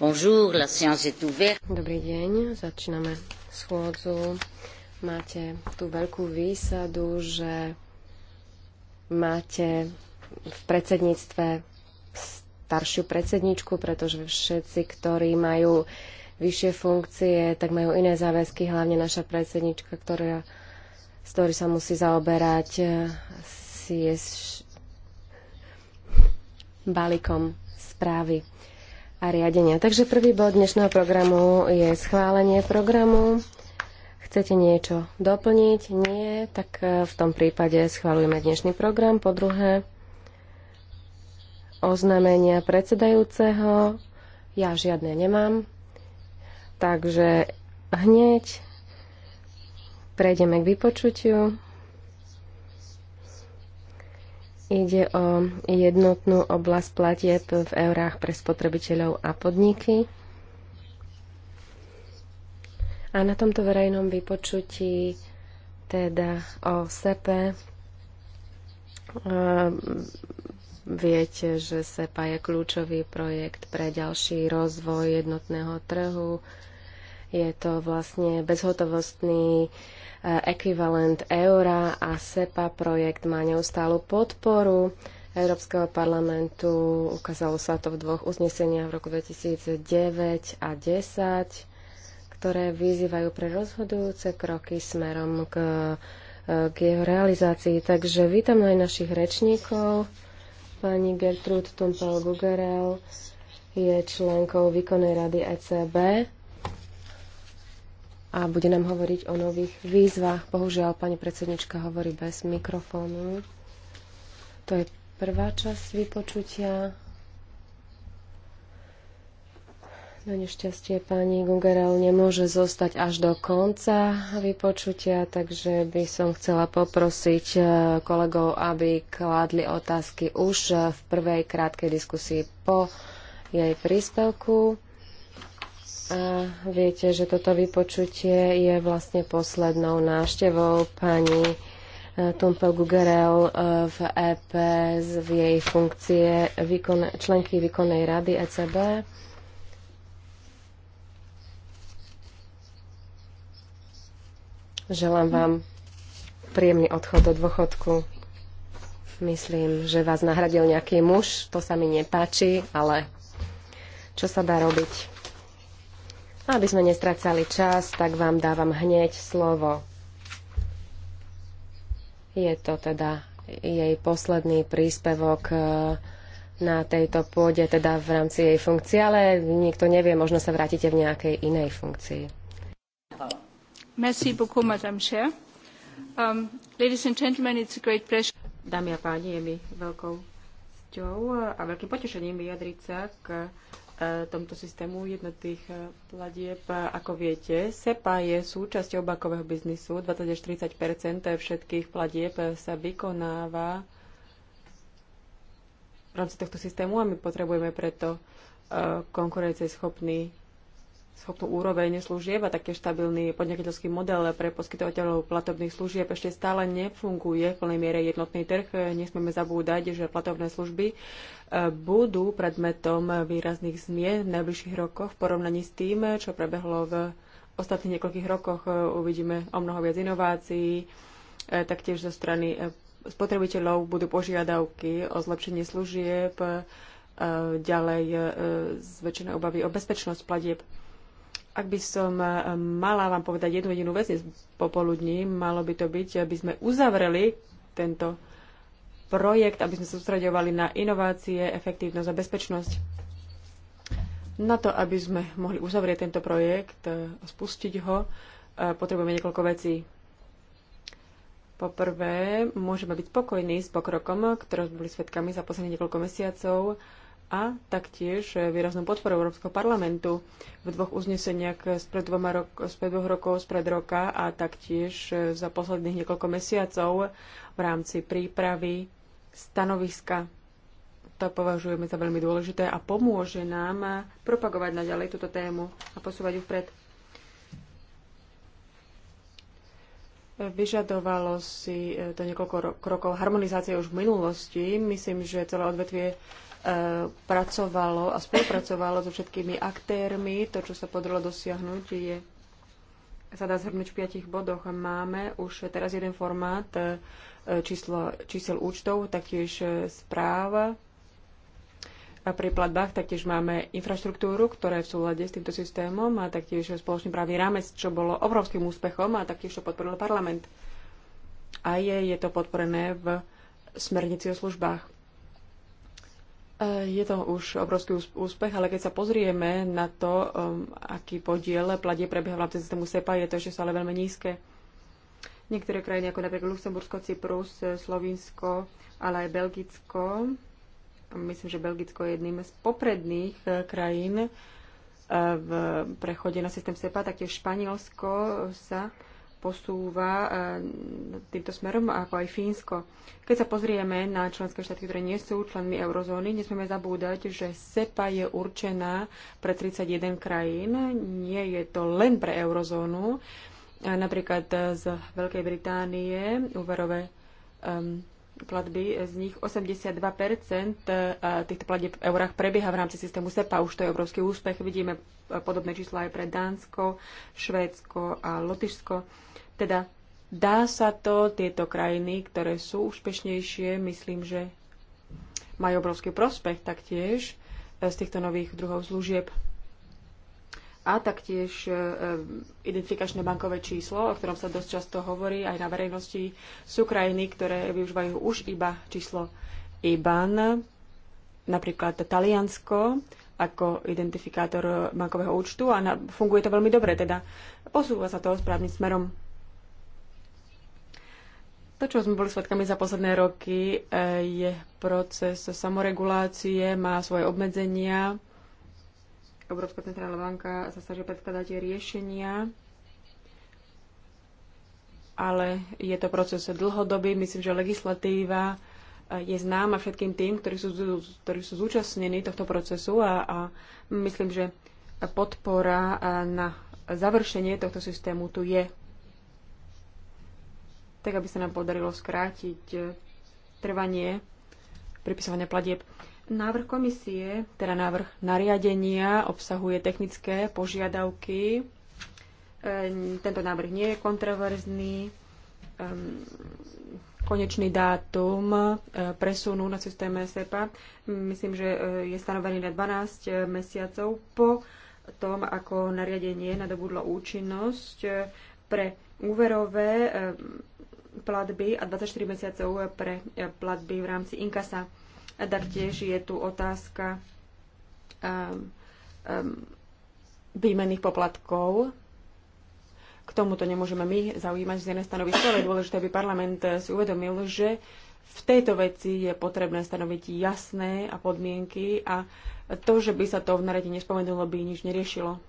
Dobrý deň, začíname schôdzu. Máte tú veľkú výsadu, že máte v predsedníctve staršiu predsedničku, pretože všetci, ktorí majú vyššie funkcie, tak majú iné záväzky, hlavne naša predsednička, ktorá, z ktorej sa musí zaoberať si je balíkom správy a riadenia. Takže prvý bod dnešného programu je schválenie programu. Chcete niečo doplniť? Nie? Tak e, v tom prípade schválujeme dnešný program. Po druhé, oznámenia predsedajúceho. Ja žiadne nemám. Takže hneď prejdeme k vypočutiu. Ide o jednotnú oblasť platieb v eurách pre spotrebiteľov a podniky. A na tomto verejnom vypočutí teda o SEPE e, viete, že SEPA je kľúčový projekt pre ďalší rozvoj jednotného trhu. Je to vlastne bezhotovostný Eh, ekvivalent eura a SEPA projekt má neustálu podporu Európskeho parlamentu. Ukázalo sa to v dvoch uzneseniach v roku 2009 a 2010, ktoré vyzývajú pre rozhodujúce kroky smerom k, eh, k jeho realizácii. Takže vítam aj našich rečníkov. Pani Gertrud Tumpel-Gugerel je členkou výkonnej rady ECB a bude nám hovoriť o nových výzvach. Bohužiaľ, pani predsednička hovorí bez mikrofónu. To je prvá časť vypočutia. Na nešťastie pani Gugerel nemôže zostať až do konca vypočutia, takže by som chcela poprosiť eh, kolegov, aby kládli otázky už v prvej krátkej diskusii po jej príspevku. A viete, že toto vypočutie je vlastne poslednou návštevou pani e, Tumpel Gugerel e, v EP v jej funkcie výkon, členky výkonnej rady ECB. Želám vám príjemný odchod do dôchodku. Myslím, že vás nahradil nejaký muž, to sa mi nepáči, ale čo sa dá robiť? Aby sme nestracali čas, tak vám dávam hneď slovo. Je to teda jej posledný príspevok e, na tejto pôde, teda v rámci jej funkcie, ale nikto nevie, možno sa vrátite v nejakej inej funkcii. Merci beaucoup, Madame Cher. Um, ladies and gentlemen, it's a great pleasure. Dámy a páni, je mi veľkou cťou a veľkým potešením vyjadriť sa k E, tomto systému jednotných e, platieb. Ako viete, SEPA je súčasťou bankového biznisu. 20 40 30 všetkých platieb sa vykonáva v rámci tohto systému a my potrebujeme preto e, konkurencieschopný schopnú úroveň služieb a taký štabilný podnikateľský model pre poskytovateľov platobných služieb ešte stále nefunguje v plnej miere jednotný trh. Nesmieme zabúdať, že platobné služby eh, budú predmetom výrazných zmien v najbližších rokoch v porovnaní s tým, čo prebehlo v ostatných niekoľkých rokoch. Uvidíme o mnoho viac inovácií, eh, taktiež zo strany eh, spotrebiteľov budú požiadavky o zlepšenie služieb, ďalej zväčšené obavy o bezpečnosť platieb. Ak by som eh, mala vám povedať jednu jedinú vec dnes popoludní, malo by to byť, aby sme uzavreli tento projekt, aby sme sa sústredovali na inovácie, efektívnosť a bezpečnosť. Na to, aby sme mohli uzavrieť tento projekt, eh, a spustiť ho, eh, potrebujeme niekoľko vecí. Poprvé, môžeme byť spokojní s pokrokom, ktoré boli svetkami za posledných niekoľko mesiacov a taktiež výraznú podporu Európskeho parlamentu v dvoch uzneseniach spred, dvoma rok, spred dvoch rokov, spred roka a taktiež za posledných niekoľko mesiacov v rámci prípravy stanoviska. To považujeme za veľmi dôležité a pomôže nám propagovať naďalej túto tému a posúvať ju vpred. Vyžadovalo si to niekoľko krokov harmonizácie už v minulosti. Myslím, že celé odvetvie E, pracovalo a spolupracovalo so všetkými aktérmi. To, čo sa podarilo dosiahnuť, je sa dá zhrnúť v piatich bodoch. Máme už teraz jeden formát e, číslo, čísel účtov, taktiež e, správ a pri platbách, taktiež máme infraštruktúru, ktorá je v súlade s týmto systémom a taktiež spoločný právny rámec, čo bolo obrovským úspechom a taktiež to podporil parlament. A je, je to podporené v smernici o službách. Eh, je to už obrovský úspech, ale keď sa pozrieme na to, aký podiel platie prebieha v rámci systému SEPA, je to ešte stále veľmi nízke. Niektoré krajiny, ako napríklad Luxembursko, Cyprus, eh, Slovinsko, ale aj Belgicko, myslím, že Belgicko je jedným z popredných eh, krajín v prechode na systém SEPA, taktiež Španielsko sa posúva e, týmto smerom, ako aj Fínsko. Keď sa pozrieme na členské štáty, ktoré nie sú členmi eurozóny, nesmieme zabúdať, že SEPA je určená pre 31 krajín. Nie je to len pre eurozónu. E, napríklad z Veľkej Británie úverové um, platby, z nich 82% e, týchto platieb v eurách prebieha v rámci systému SEPA. Už to je obrovský úspech. Vidíme podobné čísla aj pre Dánsko, Švédsko a Lotyšsko teda dá sa to, tieto krajiny, ktoré sú úspešnejšie, myslím, že majú obrovský prospech taktiež e, z týchto nových druhov služieb. A taktiež e, e, identifikačné bankové číslo, o ktorom sa dosť často hovorí aj na verejnosti, sú krajiny, ktoré využívajú už iba číslo IBAN, napríklad Taliansko, ako identifikátor bankového účtu a funguje to veľmi dobre, teda posúva sa to správnym smerom. To, čo sme boli svetkami za posledné roky, e, je proces samoregulácie, má svoje obmedzenia. Európska centrálna banka sa snaží predkladať riešenia, ale je to proces dlhodobý. Myslím, že legislatíva e, je známa všetkým tým, ktorí sú, ktorí sú zúčastnení tohto procesu a, a myslím, že podpora e, na završenie tohto systému tu je tak aby sa nám podarilo skrátiť e, trvanie pripisovania platieb. Návrh komisie, teda návrh nariadenia, obsahuje technické požiadavky. E, tento návrh nie je kontroverzný. Konečný dátum e, presunu na systéme SEPA, myslím, že je stanovený na 12 mesiacov po tom, ako nariadenie nadobudlo účinnosť pre úverové platby a 24 mesiacov pre e, platby v rámci inkasa. A taktiež je tu otázka um, um, výmenných poplatkov. K tomuto nemôžeme my zaujímať jednej stanovisko, ale je dôležité, aby parlament si uvedomil, že v tejto veci je potrebné stanoviť jasné a podmienky a to, že by sa to v naredi nespomenulo, by nič neriešilo.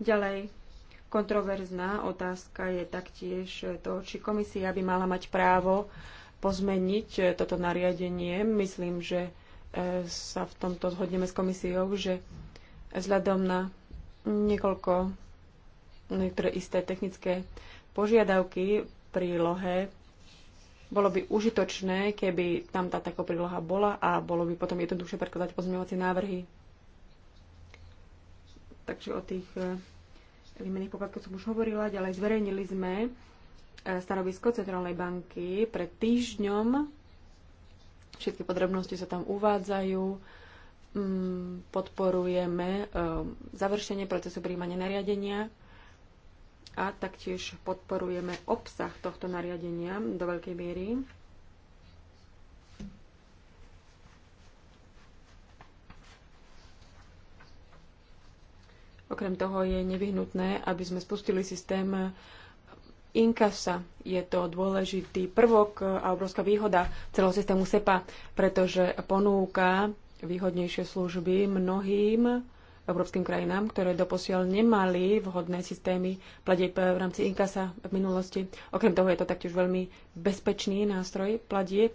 Ďalej, Kontroverzná otázka je taktiež to, či komisia by mala mať právo pozmeniť toto nariadenie. Myslím, že e, sa v tomto zhodneme s komisiou, že vzhľadom na niekoľko niektoré isté technické požiadavky prílohe bolo by užitočné, keby tam tá taká príloha bola a bolo by potom jednoduchšie prekladať pozmeňovacie návrhy. Takže o tých e, výmených poplatkov som už hovorila, ďalej zverejnili sme e, stanovisko Centrálnej banky pred týždňom. Všetky podrobnosti sa tam uvádzajú. Mm, podporujeme e, završenie procesu príjmania nariadenia a taktiež podporujeme obsah tohto nariadenia do veľkej miery. Okrem toho je nevyhnutné, aby sme spustili systém inkasa. Je to dôležitý prvok a obrovská výhoda celého systému SEPA, pretože ponúka výhodnejšie služby mnohým európskym krajinám, ktoré doposiaľ nemali vhodné systémy platieb v rámci inkasa v minulosti. Okrem toho je to taktiež veľmi bezpečný nástroj platieb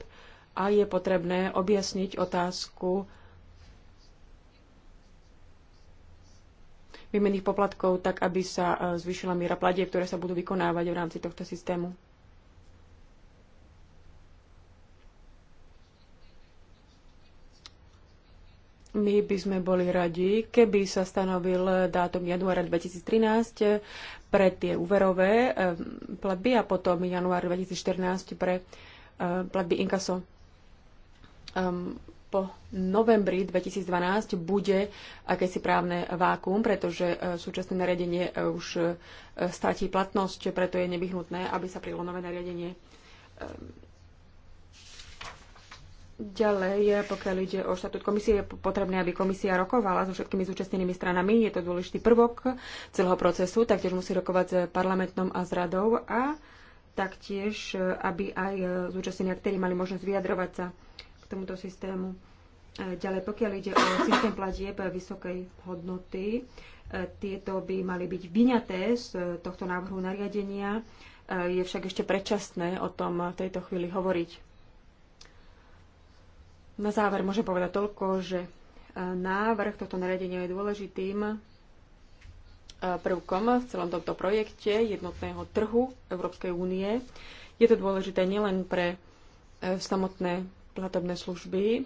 a je potrebné objasniť otázku výmenných poplatkov, tak aby sa e, zvýšila miera platie, ktoré sa budú vykonávať v rámci tohto systému. My by sme boli radi, keby sa stanovil dátum januára 2013 pre tie úverové e, platby a potom január 2014 pre e, platby inkaso. Ehm, po novembri 2012 bude akési právne vákum, pretože e, súčasné nariadenie e, už e, stratí platnosť, preto je nevyhnutné, aby sa prilo nové nariadenie. Ehm, ďalej, pokiaľ ide o štatút komisie, je potrebné, aby komisia rokovala so všetkými zúčastnenými stranami. Je to dôležitý prvok celého procesu, taktiež musí rokovať s parlamentom a s radou a taktiež, aby aj zúčastnení aktéry mali možnosť vyjadrovať sa tomuto systému. E, ďalej, pokiaľ ide o systém platieb vysokej hodnoty, e, tieto by mali byť vyňaté z tohto návrhu nariadenia. E, je však ešte predčasné o tom v tejto chvíli hovoriť. Na záver môžem povedať toľko, že návrh tohto nariadenia je dôležitým prvkom v celom tomto projekte jednotného trhu Európskej únie. Je to dôležité nielen pre samotné platobné služby,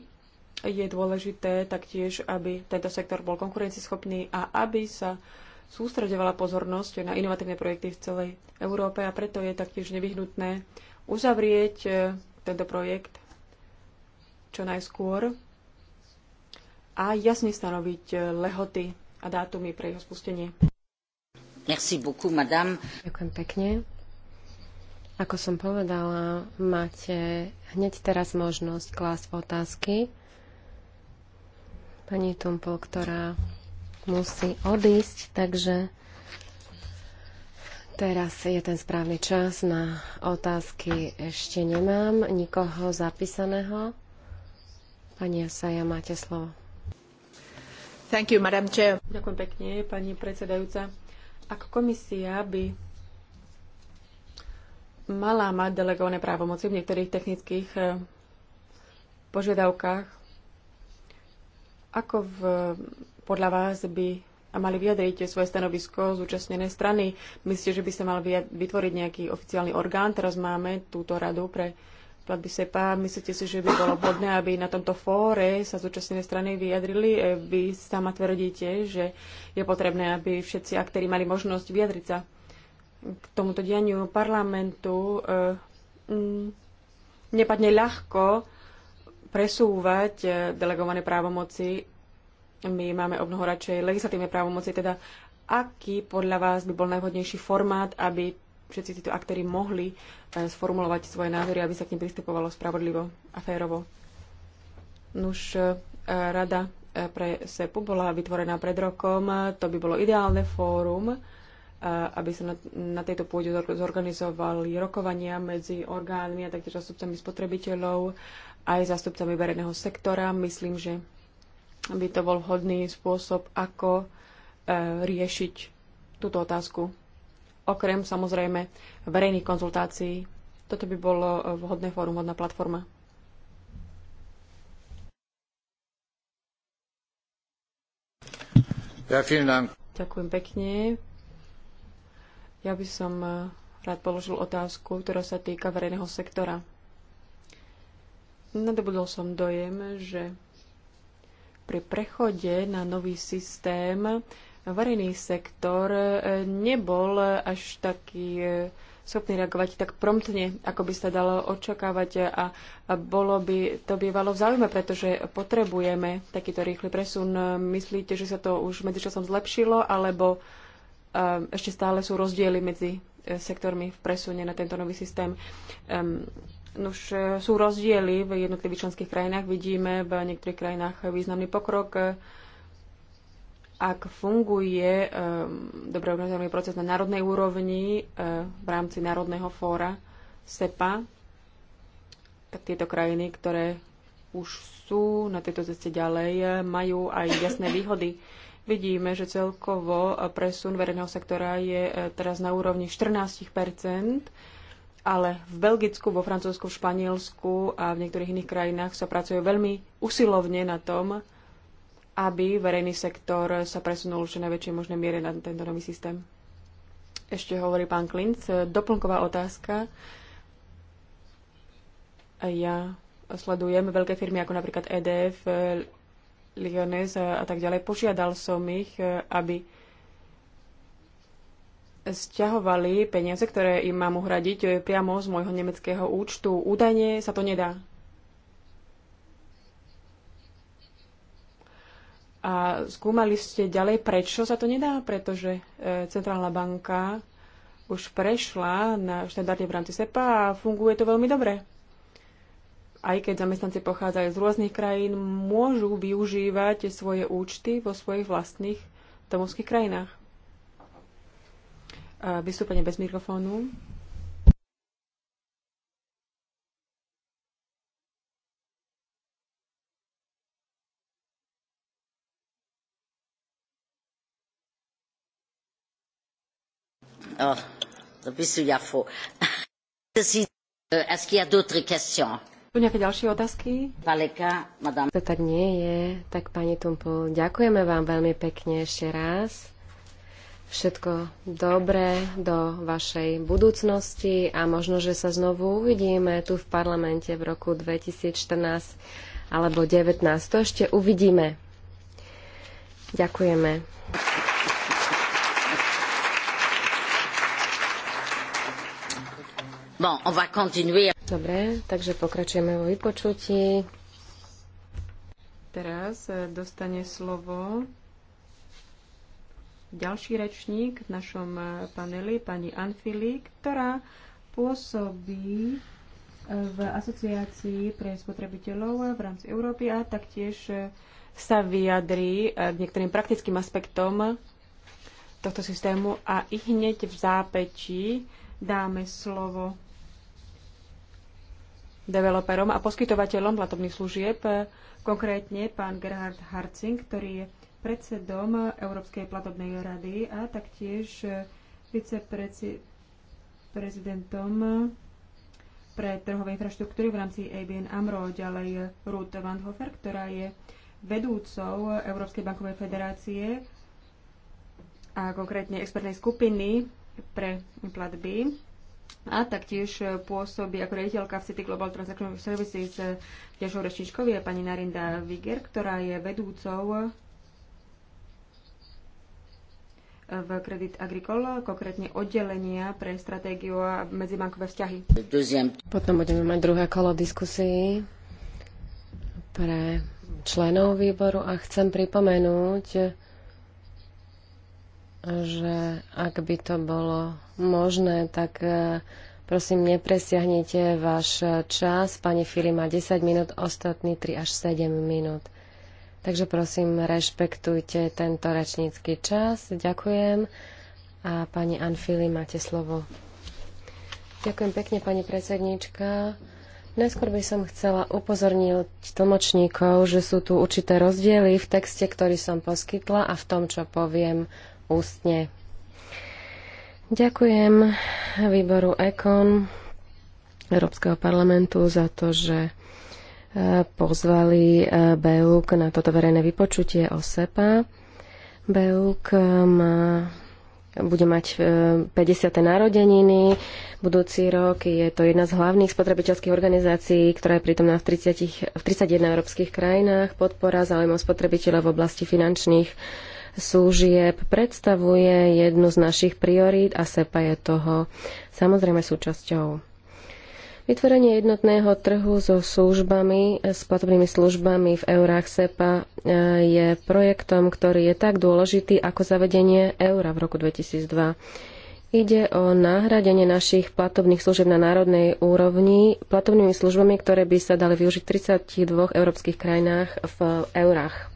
je dôležité taktiež, aby tento sektor bol konkurencieschopný a aby sa sústredovala pozornosť na inovatívne projekty v celej Európe a preto je taktiež nevyhnutné uzavrieť e, tento projekt čo najskôr a jasne stanoviť e, lehoty a dátumy pre jeho spustenie. Merci beaucoup, madame. Ďakujem pekne. Ako som povedala, máte hneď teraz možnosť klásť otázky. Pani Tumpol, ktorá musí odísť, takže teraz je ten správny čas na otázky. Ešte nemám nikoho zapísaného. Pani Asaja, máte slovo. Thank you, Madam Chair. Ďakujem pekne, pani predsedajúca. Ako komisia by mala mať delegované právomoci v niektorých technických eh, požiadavkách. Ako v, podľa vás by a mali vyjadriť svoje stanovisko zúčastnené strany. Myslíte, že by sa mal vytvoriť nejaký oficiálny orgán? Teraz máme túto radu pre platby SEPA. Myslíte si, že by bolo vhodné, aby na tomto fóre sa zúčastnené strany vyjadrili? Eh, vy sama tvrdíte, že je potrebné, aby všetci aktéri mali možnosť vyjadriť sa k tomuto dianiu parlamentu eh, nepadne ľahko presúvať eh, delegované právomoci. My máme obnoho radšej legislatívne právomoci, teda aký podľa vás by bol najvhodnejší formát, aby všetci títo aktéry mohli eh, sformulovať svoje názory, aby sa k nim pristupovalo spravodlivo a férovo. Nuž, rada pre SEPu bola vytvorená pred rokom, to by bolo ideálne fórum, aby sa na, na tejto pôde zorganizovali rokovania medzi orgánmi a taktiež zástupcami spotrebiteľov aj zástupcami verejného sektora. Myslím, že by to bol vhodný spôsob, ako e, riešiť túto otázku. Okrem samozrejme verejných konzultácií. Toto by bolo e, vhodné fórum, vhodná platforma. Ja, Ďakujem pekne. Ja by som e, rád položil otázku, ktorá sa týka verejného sektora. Nadobudol som dojem, že pri prechode na nový systém verejný sektor e, nebol až taký e, schopný reagovať tak promptne, ako by sa dalo očakávať a bolo by to bývalo v záujme, pretože potrebujeme takýto rýchly presun. Myslíte, že sa to už medzičasom zlepšilo, alebo ešte stále sú rozdiely medzi e, sektormi v presune na tento nový systém. Už e, sú rozdiely v jednotlivých členských krajinách. Vidíme v niektorých krajinách významný pokrok. E, ak funguje dobre organizovaný proces na národnej úrovni v rámci Národného fóra SEPA, tak tieto krajiny, ktoré už sú na tejto ceste ďalej, majú aj jasné výhody vidíme, že celkovo presun verejného sektora je e, teraz na úrovni 14 ale v Belgicku, vo Francúzsku, v Španielsku a v niektorých iných krajinách sa pracuje veľmi usilovne na tom, aby verejný sektor sa presunul už na väčšej možnej miere na tento nový systém. Ešte hovorí pán Klinc. E, doplnková otázka. Ja sledujem veľké firmy ako napríklad EDF, Lyonese a tak ďalej. Požiadal som ich, e, aby sťahovali peniaze, ktoré im mám uhradiť e, priamo z môjho nemeckého účtu. Údajne sa to nedá. A skúmali ste ďalej, prečo sa to nedá? Pretože e, Centrálna banka už prešla na štandardy v rámci SEPA a funguje to veľmi dobre aj keď zamestnanci pochádzajú z rôznych krajín, môžu využívať svoje účty vo svojich vlastných domovských krajinách. Vystúpenie bez mikrofónu. Oh, depuis ce yafo. Est-ce qu'il y a d'autres questions? Sú nejaké ďalšie otázky? Valeka, madame. To tak nie je. Tak pani Tumpol, ďakujeme vám veľmi pekne ešte raz. Všetko dobré do vašej budúcnosti a možno, že sa znovu uvidíme tu v parlamente v roku 2014 alebo 2019. To ešte uvidíme. Ďakujeme. Bon, on va continuer. Dobre, takže pokračujeme vo vypočutí. Teraz e, dostane slovo ďalší rečník v našom e, paneli, pani Anfili, ktorá pôsobí e, v asociácii pre spotrebiteľov v rámci Európy a taktiež sa vyjadrí k niektorým praktickým aspektom tohto systému a i hneď v zápätí dáme slovo developerom a poskytovateľom platobných služieb, e, konkrétne pán Gerhard Harcing, ktorý je predsedom Európskej platobnej rady a taktiež e, viceprezidentom e, pre trhové infraštruktúry v rámci ABN AMRO, ďalej Ruth Hofer, ktorá je vedúcou Európskej bankovej federácie a konkrétne expertnej skupiny pre platby a taktiež pôsobí ako rediteľka v City Global Transaction Services ďalšou rečničkou je pani Narinda Viger, ktorá je vedúcou v Credit Agricole, konkrétne oddelenia pre stratégiu a medzibankové vzťahy. Potom budeme mať druhé kolo diskusii pre členov výboru a chcem pripomenúť, že ak by to bolo možné, tak e, prosím, nepresiahnite váš e, čas. Pani Fili má 10 minút, ostatní 3 až 7 minút. Takže prosím, rešpektujte tento rečnícky čas. Ďakujem. A pani Anfili, máte slovo. Ďakujem pekne, pani predsedníčka. Najskôr by som chcela upozorniť tlmočníkov, že sú tu určité rozdiely v texte, ktorý som poskytla a v tom, čo poviem ústne. Ďakujem výboru EKON Európskeho parlamentu za to, že e, pozvali e, BEUK na toto verejné vypočutie o SEPA. BEUK e, má, bude mať 50. narodeniny budúci rok. Je to jedna z hlavných spotrebiteľských organizácií, ktorá je prítomná v, 30, v 31 európskych krajinách. Podpora záujmov spotrebiteľov v oblasti finančných služieb predstavuje jednu z našich priorít a SEPA je toho samozrejme súčasťou. Vytvorenie jednotného trhu so službami, s platobnými službami v eurách SEPA e, je projektom, ktorý je tak dôležitý ako zavedenie eura v roku 2002. Ide o nahradenie našich platobných služieb na národnej úrovni platobnými službami, ktoré by sa dali využiť v 32 európskych krajinách v eurách.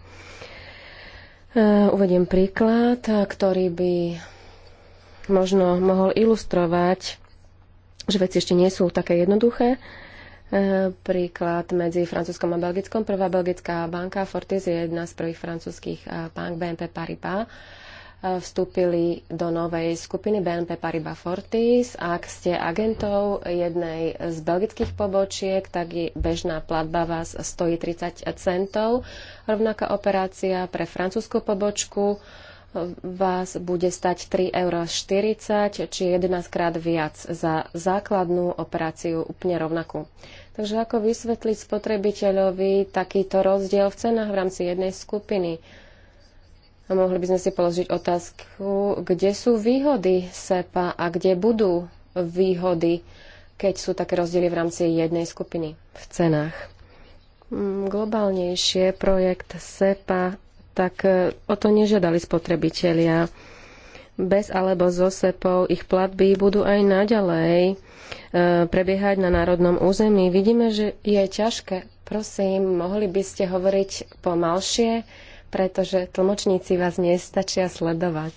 E, uvediem príklad, ktorý by možno mohol ilustrovať, že veci ešte nie sú také jednoduché. E, príklad medzi Francúzskom a Belgickom. Prvá belgická banka Fortis je jedna z prvých francúzských e, bank BNP Paribas vstúpili do novej skupiny BNP Paribas Fortis. Ak ste agentov jednej z belgických pobočiek, tak je bežná platba vás stojí 30 centov. Rovnaká operácia pre francúzsku pobočku e, vás bude stať 3,40 eur, či 11 krát viac za základnú operáciu úplne rovnakú. Takže ako vysvetliť spotrebiteľovi takýto rozdiel v cenách v rámci jednej skupiny? A mohli by sme si položiť otázku, kde sú výhody SEPA a kde budú výhody, keď sú také rozdiely v rámci jednej skupiny v cenách. Mm, globálnejšie projekt SEPA, tak e, o to nežiadali spotrebitelia. Bez alebo so SEPou ich platby budú aj naďalej e, prebiehať na národnom území. Vidíme, že je ťažké. Prosím, mohli by ste hovoriť pomalšie? pretože tlmočníci vás nestačia sledovať.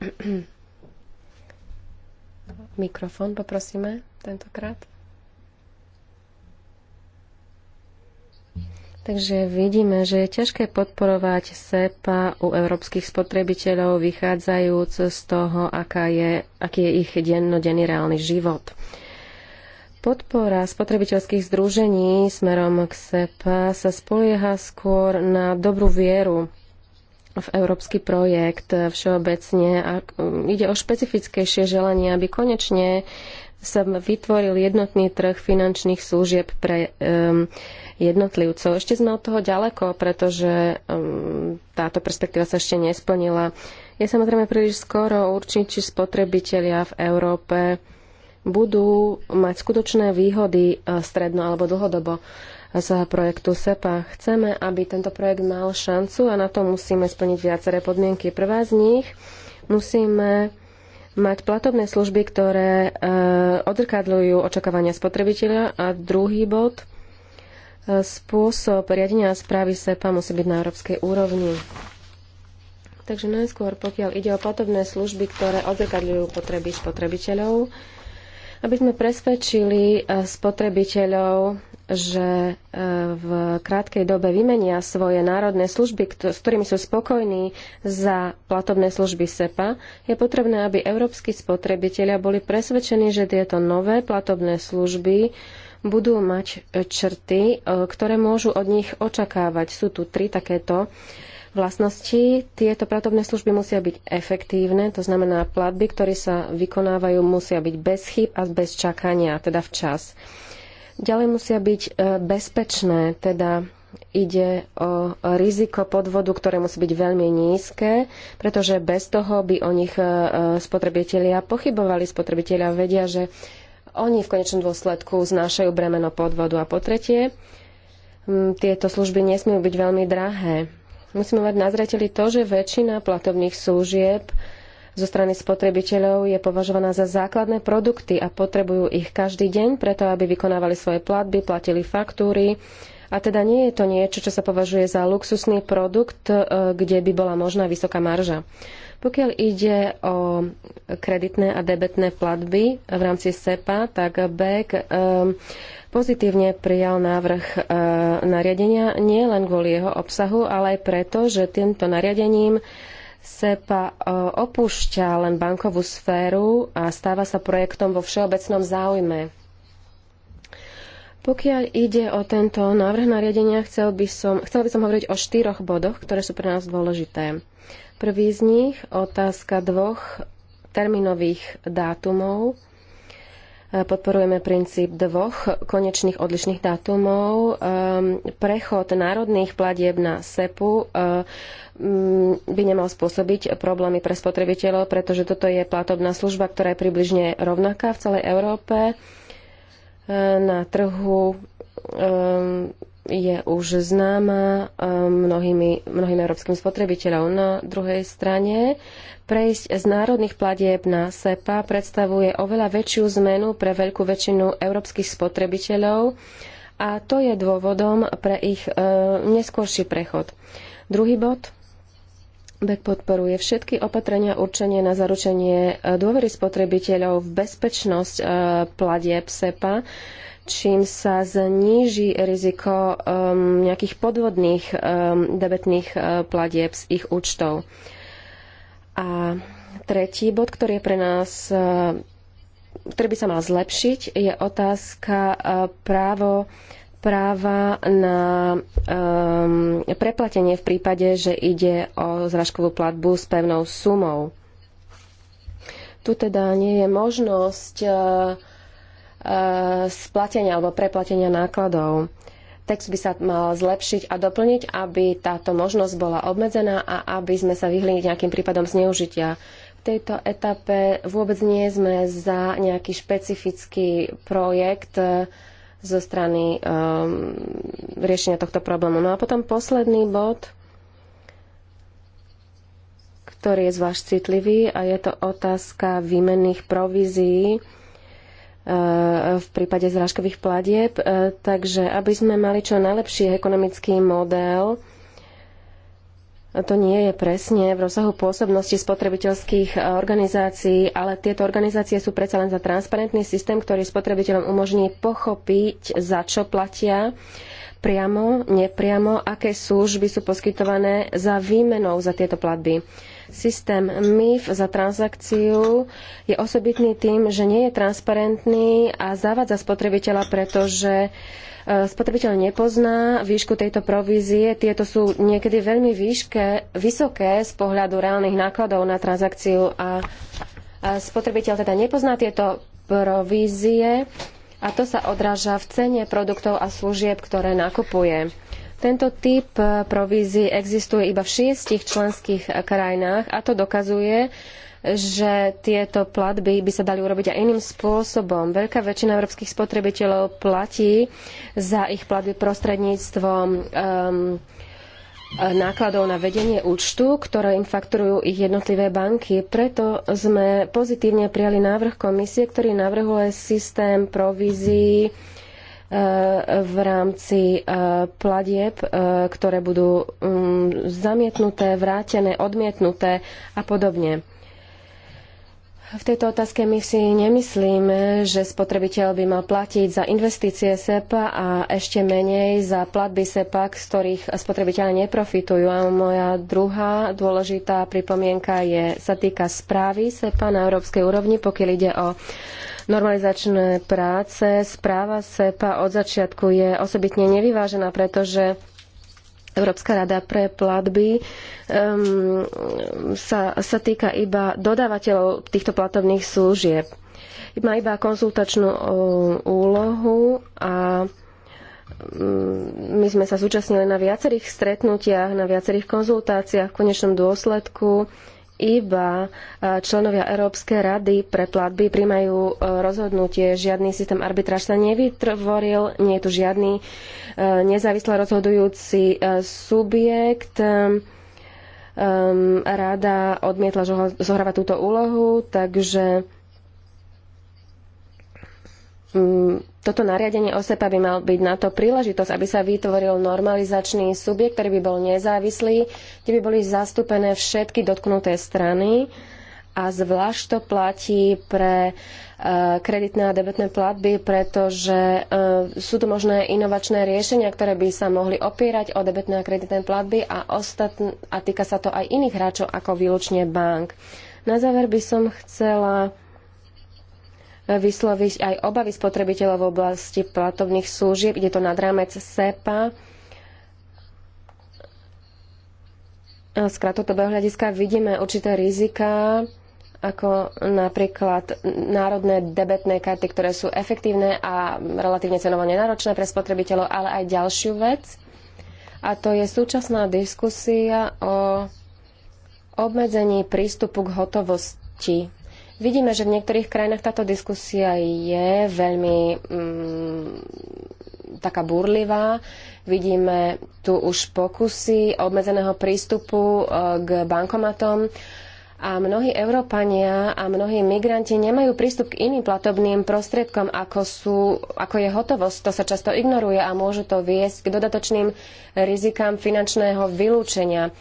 Mikrofón poprosíme tentokrát. Takže vidíme, že je ťažké podporovať SEPA u európskych spotrebiteľov, vychádzajúc z toho, aká je, aký je ich dennodenný reálny život. Podpora spotrebiteľských združení smerom k SEPA sa spolieha skôr na dobrú vieru v európsky projekt všeobecne a um, ide o špecifickejšie želanie, aby konečne sa vytvoril jednotný trh finančných služieb pre um, jednotlivcov. Ešte sme od toho ďaleko, pretože um, táto perspektíva sa ešte nesplnila. Je samozrejme príliš skoro určiť, či spotrebitelia v Európe budú mať skutočné výhody e, stredno alebo dlhodobo z projektu SEPA. Chceme, aby tento projekt mal šancu a na to musíme splniť viaceré podmienky. Prvá z nich musíme mať platobné služby, ktoré e, odrkadľujú očakávania spotrebiteľa a druhý bod e, spôsob riadenia a správy SEPA musí byť na európskej úrovni. Takže najskôr, pokiaľ ide o platobné služby, ktoré odzrkadľujú potreby spotrebiteľov, aby sme presvedčili e, spotrebiteľov, že e, v krátkej dobe vymenia svoje národné služby, s ktorými sú spokojní za platobné služby SEPA, je potrebné, aby európsky spotrebitelia boli presvedčení, že tieto nové platobné služby budú mať črty, e, ktoré môžu od nich očakávať. Sú tu tri takéto uh, vlastnosti. Tieto pracovné služby musia byť efektívne, to znamená platby, ktoré sa vykonávajú, musia byť bez chyb a bez čakania, teda včas. Ďalej musia byť e, bezpečné, teda ide o riziko podvodu, ktoré musí byť veľmi nízke, pretože bez toho by o nich e, spotrebitelia pochybovali. Spotrebitelia vedia, že oni v konečnom dôsledku znášajú bremeno podvodu. A po tretie, tieto služby nesmú byť veľmi drahé. Musíme mať na zreteli to, že väčšina platovných služieb zo strany spotrebiteľov je považovaná za základné produkty a potrebujú ich každý deň preto, aby vykonávali svoje platby, platili faktúry. A teda nie je to niečo, čo sa považuje za luxusný produkt, e, kde by bola možná vysoká marža. Pokiaľ ide o kreditné a debetné platby v rámci SEPA, tak BEC um, e, pozitívne prijal návrh e, nariadenia nie len kvôli jeho obsahu, ale aj preto, že týmto nariadením SEPA e, opúšťa len bankovú sféru a stáva sa projektom vo všeobecnom záujme. Pokiaľ ide o tento návrh nariadenia, chcel by som, chcel by som hovoriť o štyroch bodoch, ktoré sú pre nás dôležité. Prvý z nich, otázka dvoch termínových dátumov E, podporujeme princíp dvoch konečných odlišných dátumov. E, prechod národných platieb na SEPu e, by nemal spôsobiť problémy pre spotrebiteľov, pretože toto je platobná služba, ktorá je približne rovnaká v celej Európe. Na trhu je už známa eh, mnohými, mnohým európskym spotrebiteľom. Na druhej strane prejsť z národných platieb na SEPA predstavuje oveľa väčšiu zmenu pre veľkú väčšinu európskych spotrebiteľov a to je dôvodom pre ich e, neskôrší prechod. Druhý bod. BEK podporuje všetky opatrenia určenie na zaručenie eh, dôvery spotrebiteľov v bezpečnosť e, platieb SEPA čím sa zníži riziko um, nejakých podvodných um, debetných uh, platieb z ich účtov. A tretí bod, ktorý je pre nás, uh, ktorý by sa mal zlepšiť, je otázka uh, právo práva na um, preplatenie v prípade, že ide o zražkovú platbu s pevnou sumou. Tu teda nie je možnosť uh, E, splatenia alebo preplatenia nákladov. Text by sa mal zlepšiť a doplniť, aby táto možnosť bola obmedzená a aby sme sa vyhli nejakým prípadom zneužitia. V tejto etape vôbec nie sme za nejaký špecifický projekt e, zo strany um, riešenia tohto problému. No a potom posledný bod, ktorý je zvlášť citlivý a je to otázka výmenných provízií Eh, v prípade zrážkových platieb. Eh, takže aby sme mali čo najlepší ekonomický model, to nie je presne v rozsahu pôsobnosti spotrebiteľských organizácií, ale tieto organizácie sú predsa len za transparentný systém, ktorý spotrebiteľom umožní pochopiť, za čo platia priamo, nepriamo, aké služby sú poskytované za výmenou za tieto platby. Systém MIF za transakciu je osobitný tým, že nie je transparentný a zavádza spotrebiteľa, pretože e, spotrebiteľ nepozná výšku tejto provízie. Tieto sú niekedy veľmi výške, vysoké z pohľadu reálnych nákladov na transakciu a, a spotrebiteľ teda nepozná tieto provízie a to sa odráža v cene produktov a služieb, ktoré nakupuje. Tento typ e, provízií existuje iba v šiestich členských krajinách a to dokazuje, že tieto platby by sa dali urobiť aj iným spôsobom. Veľká väčšina európskych spotrebiteľov platí za ich platby prostredníctvom um, nákladov na vedenie účtu, ktoré im fakturujú ich jednotlivé banky. Preto sme pozitívne prijali návrh komisie, ktorý navrhuje systém provízií v rámci e, platieb, e, ktoré budú mm, zamietnuté, vrátené, odmietnuté a podobne. V tejto otázke my si nemyslíme, že spotrebiteľ by mal platiť za investície SEPA a ešte menej za platby SEPA, z ktorých spotrebiteľe neprofitujú. A moja druhá dôležitá pripomienka je, sa týka správy SEPA na európskej úrovni, pokiaľ ide o normalizačné práce. Správa SEPA od začiatku je osobitne nevyvážená, pretože Európska rada pre platby um, sa, sa týka iba dodávateľov týchto platobných služieb. Má iba konzultačnú um, úlohu a my sme sa zúčastnili na viacerých stretnutiach, na viacerých konzultáciách. V konečnom dôsledku iba e, členovia Európskej rady pre platby príjmajú e, rozhodnutie. Žiadny systém arbitráž sa nevytvoril, nie je tu žiadny e, nezávisle rozhodujúci subjekt. Rada odmietla zohrávať túto úlohu, takže Mm, toto nariadenie OSEPA by mal byť na to príležitosť, aby sa vytvoril normalizačný subjekt, ktorý by bol nezávislý, kde by boli zastúpené všetky dotknuté strany a zvlášť to platí pre e, kreditné a debetné platby, pretože e, sú tu možné inovačné riešenia, ktoré by sa mohli opierať o debetné a kreditné platby a, ostatn- a týka sa to aj iných hráčov ako výlučne bank. Na záver by som chcela vysloviť aj obavy spotrebiteľov v oblasti platovných služieb. Ide to nad rámec SEPA. Z krátkodobého hľadiska vidíme určité rizika, ako napríklad národné debetné karty, ktoré sú efektívne a relatívne cenovo nenáročné pre spotrebiteľov, ale aj ďalšiu vec. A to je súčasná diskusia o obmedzení prístupu k hotovosti Vidíme, že v niektorých krajinách táto diskusia je veľmi mm, taká burlivá. Vidíme tu už pokusy obmedzeného prístupu e, k bankomatom. A mnohí Európania a mnohí migranti nemajú prístup k iným platobným prostriedkom, ako, sú, ako je hotovosť. To sa často ignoruje a môže to viesť k dodatočným rizikám finančného vylúčenia.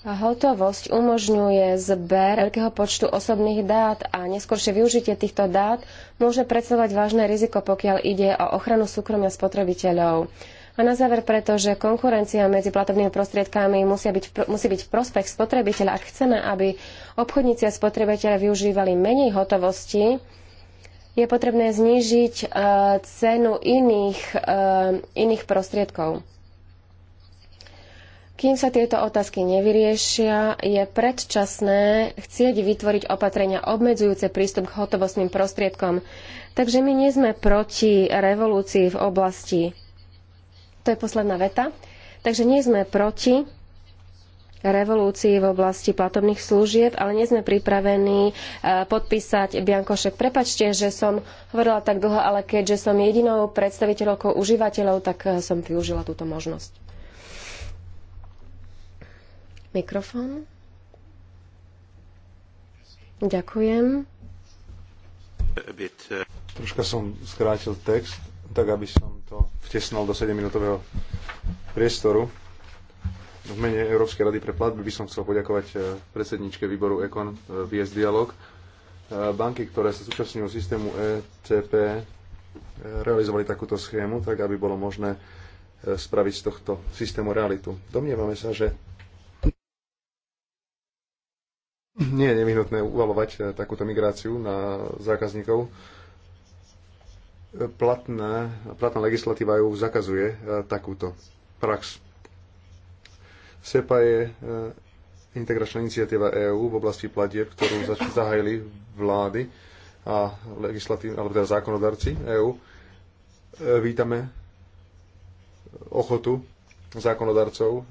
Hotovosť umožňuje zber veľkého počtu osobných dát a neskôršie využitie týchto dát môže predstavovať vážne riziko, pokiaľ ide o ochranu súkromia spotrebiteľov. A na záver preto, že konkurencia medzi platobnými prostriedkami musí byť, musí byť v prospech spotrebiteľa, ak chceme, aby obchodníci a spotrebiteľe využívali menej hotovosti, je potrebné znížiť e, cenu iných, e, iných prostriedkov. Kým sa tieto otázky nevyriešia, je predčasné chcieť vytvoriť opatrenia obmedzujúce prístup k hotovostným prostriedkom. Takže my nie sme proti revolúcii v oblasti. To je posledná veta. Takže nie sme proti revolúcii v oblasti platobných služieb, ale nie sme pripravení e, podpísať Biankošek. Prepačte, že som hovorila tak dlho, ale keďže som jedinou predstaviteľkou užívateľov, tak e, som využila túto možnosť. Mikrofón. Ďakujem. Troška som skrátil text, tak aby som to vtesnal do 7-minútového priestoru. V mene Európskej rady pre platby by som chcel poďakovať eh, predsedničke výboru Econ eh, VS Dialog. Eh, banky, ktoré sa súčasňujú systému ECP, realizovali takúto schému, tak aby bolo možné spraviť z tohto systému realitu. Domnievame sa, že nie je nevyhnutné uvalovať eh, takúto migráciu na zákazníkov. Platná, platná legislatíva ju zakazuje eh, takúto prax. SEPA je eh, integračná iniciatíva EÚ v oblasti platieb, ktorú zahájili vlády a legislatív, alebo teda zákonodarci EÚ. Vítame ochotu zákonodarcov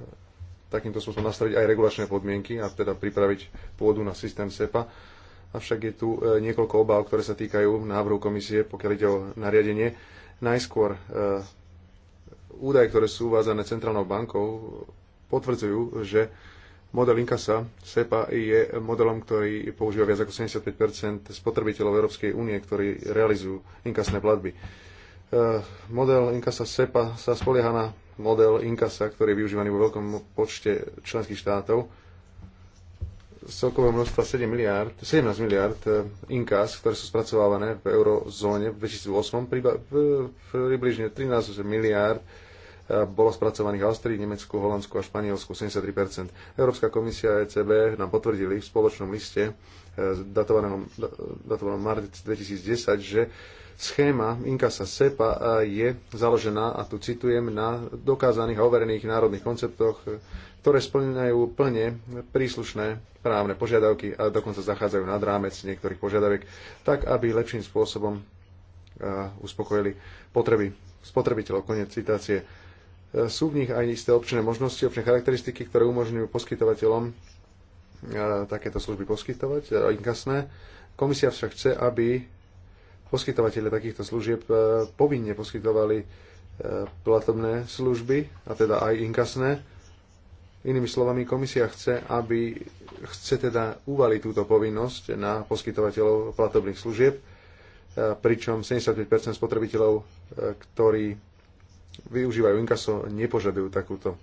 takýmto spôsobom nastaviť aj regulačné podmienky a teda pripraviť pôdu na systém SEPA. Avšak je tu e, niekoľko obáv, ktoré sa týkajú návrhu komisie, pokiaľ ide o nariadenie. Najskôr e, údaje, ktoré sú uvádzané Centrálnou bankou, potvrdzujú, že model Inkasa SEPA je modelom, ktorý používa viac ako 75 spotrebiteľov Európskej únie, ktorí realizujú inkasné platby. E, model Inkasa SEPA sa spolieha na model inkasa, ktorý je využívaný vo veľkom počte členských štátov. Z celkového množstva 7 miliard, 17 miliard eh, inkas, ktoré sú spracovávané v eurozóne v 2008, približne 13 miliard eh, bolo spracovaných v Austrii, Nemecku, Holandsku a Španielsku 73%. Európska komisia a e ECB nám potvrdili v spoločnom liste eh, datovaného, datovanom marci 2010, že Schéma Inkasa SEPA je založená, a tu citujem, na dokázaných a overených národných konceptoch, ktoré splňajú plne príslušné právne požiadavky a dokonca zachádzajú nad rámec niektorých požiadaviek, tak aby lepším spôsobom uspokojili potreby spotrebiteľov. koniec citácie. E, sú v nich aj isté občné možnosti, občné charakteristiky, ktoré umožňujú poskytovateľom e, takéto služby poskytovať, e, inkasné. Komisia však chce, aby poskytovateľe takýchto služieb e, povinne poskytovali e, platobné služby, a teda aj inkasné. Inými slovami, komisia chce, aby chce teda uvaliť túto povinnosť na poskytovateľov platobných služieb, e, pričom 75% spotrebiteľov, ktorí využívajú inkaso, nepožadujú takúto,